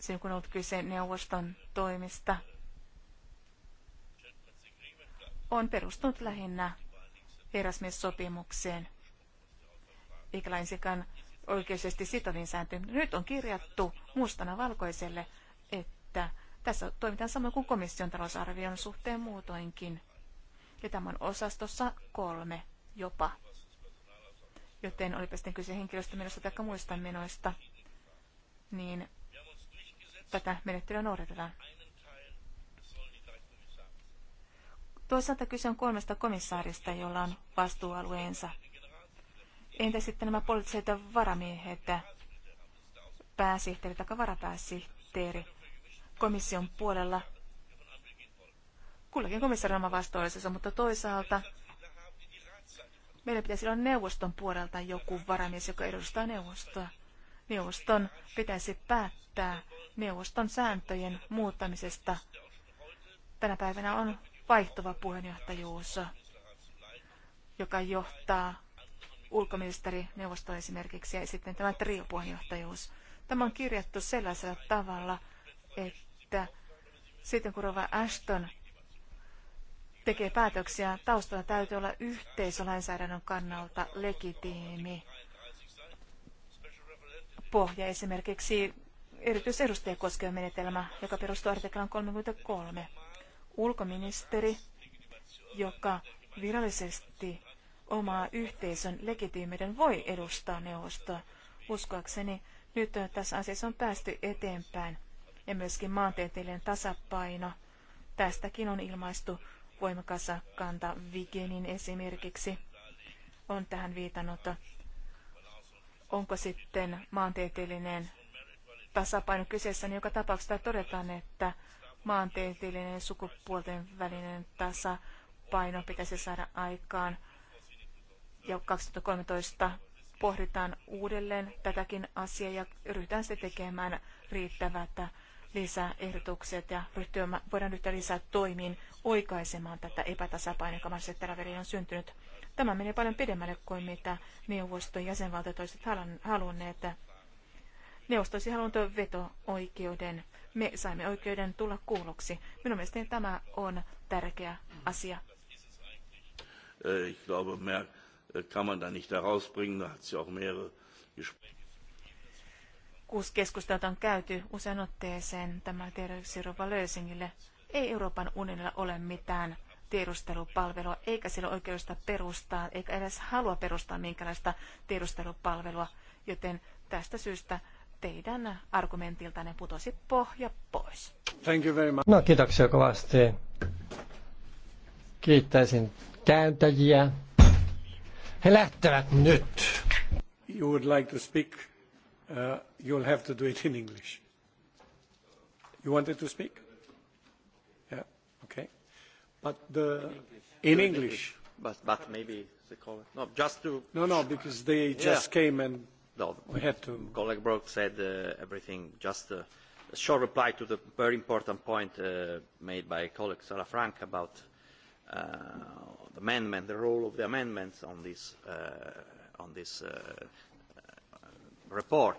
silloin kun on ollut kyse neuvoston toimista, on perustunut lähinnä Erasmus-sopimukseen, eikä lainsikaan oikeisesti sitoviin sääntöihin. Nyt on kirjattu mustana valkoiselle, että tässä toimitaan samoin kuin komission talousarvion suhteen muutoinkin ja tämä on osastossa kolme jopa. Joten olipa sitten kyse henkilöstömenoista tai muista menoista, niin tätä menettelyä noudatetaan. Toisaalta kyse on kolmesta komissaarista, jolla on vastuualueensa. Entä sitten nämä poliittiset varamiehet, pääsihteeri tai varapääsihteeri? Komission puolella kullakin komissaari oma vastuullisessa, mutta toisaalta meillä pitäisi olla neuvoston puolelta joku varamies, joka edustaa neuvostoa. Neuvoston pitäisi päättää neuvoston sääntöjen muuttamisesta. Tänä päivänä on vaihtuva puheenjohtajuus, joka johtaa neuvosto esimerkiksi ja sitten tämä triopuheenjohtajuus. Tämä on kirjattu sellaisella tavalla, että sitten kun Rova Ashton tekee päätöksiä, taustalla täytyy olla yhteisölainsäädännön kannalta legitiimi pohja, esimerkiksi erityisedustajia koskeva menetelmä, joka perustuu artiklaan 33. Ulkoministeri, joka virallisesti omaa yhteisön legitiimiden voi edustaa neuvostoa. Uskoakseni nyt tässä asiassa on päästy eteenpäin ja myöskin maantieteellinen tasapaino. Tästäkin on ilmaistu voimakas kanta Vigenin esimerkiksi on tähän viitannut. Onko sitten maantieteellinen tasapaino kyseessä, niin joka tapauksessa todetaan, että maantieteellinen sukupuolten välinen tasapaino pitäisi saada aikaan. Ja 2013 pohditaan uudelleen tätäkin asiaa ja ryhdytään se tekemään riittävää lisäehdotukset ja ryhtyä, voidaan ryhtyä lisää toimiin oikaisemaan tätä epätasapainoa, joka mahdollisesti tällä välillä on syntynyt. Tämä menee paljon pidemmälle kuin mitä neuvoston jäsenvaltiot olisivat halunneet. Neuvosto olisi halunnut veto-oikeuden. Me saimme oikeuden tulla kuulluksi. Minun mielestäni tämä on tärkeä asia. Äh, ich glaube, mehr äh, kann man da nicht herausbringen. Da hat sie auch mehrere Gespräche kuusi keskustelua on käyty usein otteeseen tämä tiedoksi Löysingille. Ei Euroopan unionilla ole mitään tiedustelupalvelua, eikä sillä oikeusta perustaa, eikä edes halua perustaa minkälaista tiedustelupalvelua, joten tästä syystä teidän argumentiltanne putosi pohja pois. Thank you very much. No kiitoksia kovasti. Kiittäisin kääntäjiä. He lähtevät nyt. You would like to speak Uh, you'll have to do it in English. You wanted to speak? Yeah, okay. But the in English. In English. But but maybe the colleague. No, just to. No, no, because they just came and no, we had to. Colleague Brock said uh, everything. Just uh, a short reply to the very important point uh, made by colleague Salafranca about uh, the amendment, the role of the amendments on this uh, on this. Uh, report.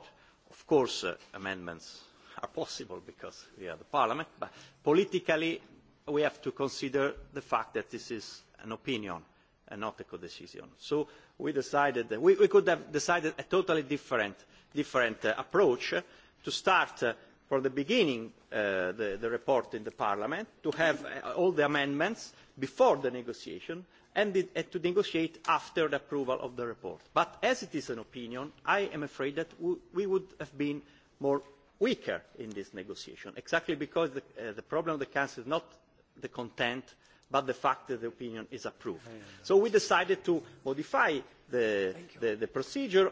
Of course, uh, amendments are possible because we are the parliament, but politically we have to consider the fact that this is an opinion and not a co-decision. So we decided that we, we could have decided a totally different, different uh, approach uh, to start uh, from the beginning uh, the, the report in the Parliament, to have uh, all the amendments before the negotiation, and uh, to negotiate after the approval of the report. But as it is an opinion, I am afraid that we would have been more weaker in this negotiation, exactly because the, uh, the problem of the Council is not the content, but the fact that the opinion is approved. So we decided to modify the, the, the procedure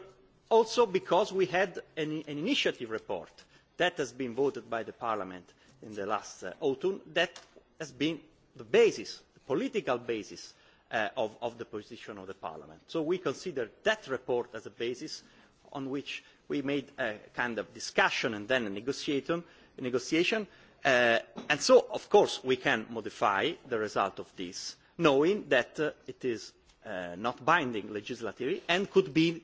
also because we had an, an initiative report that has been voted by the Parliament in the last uh, autumn that has been the basis, the political basis Uh, of, the position of the parliament. so we consider that report as a basis on which we made a kind of discussion and then a negotiation, uh, and so of course we can modify the result of this knowing that uh, it is not binding legislatively and could be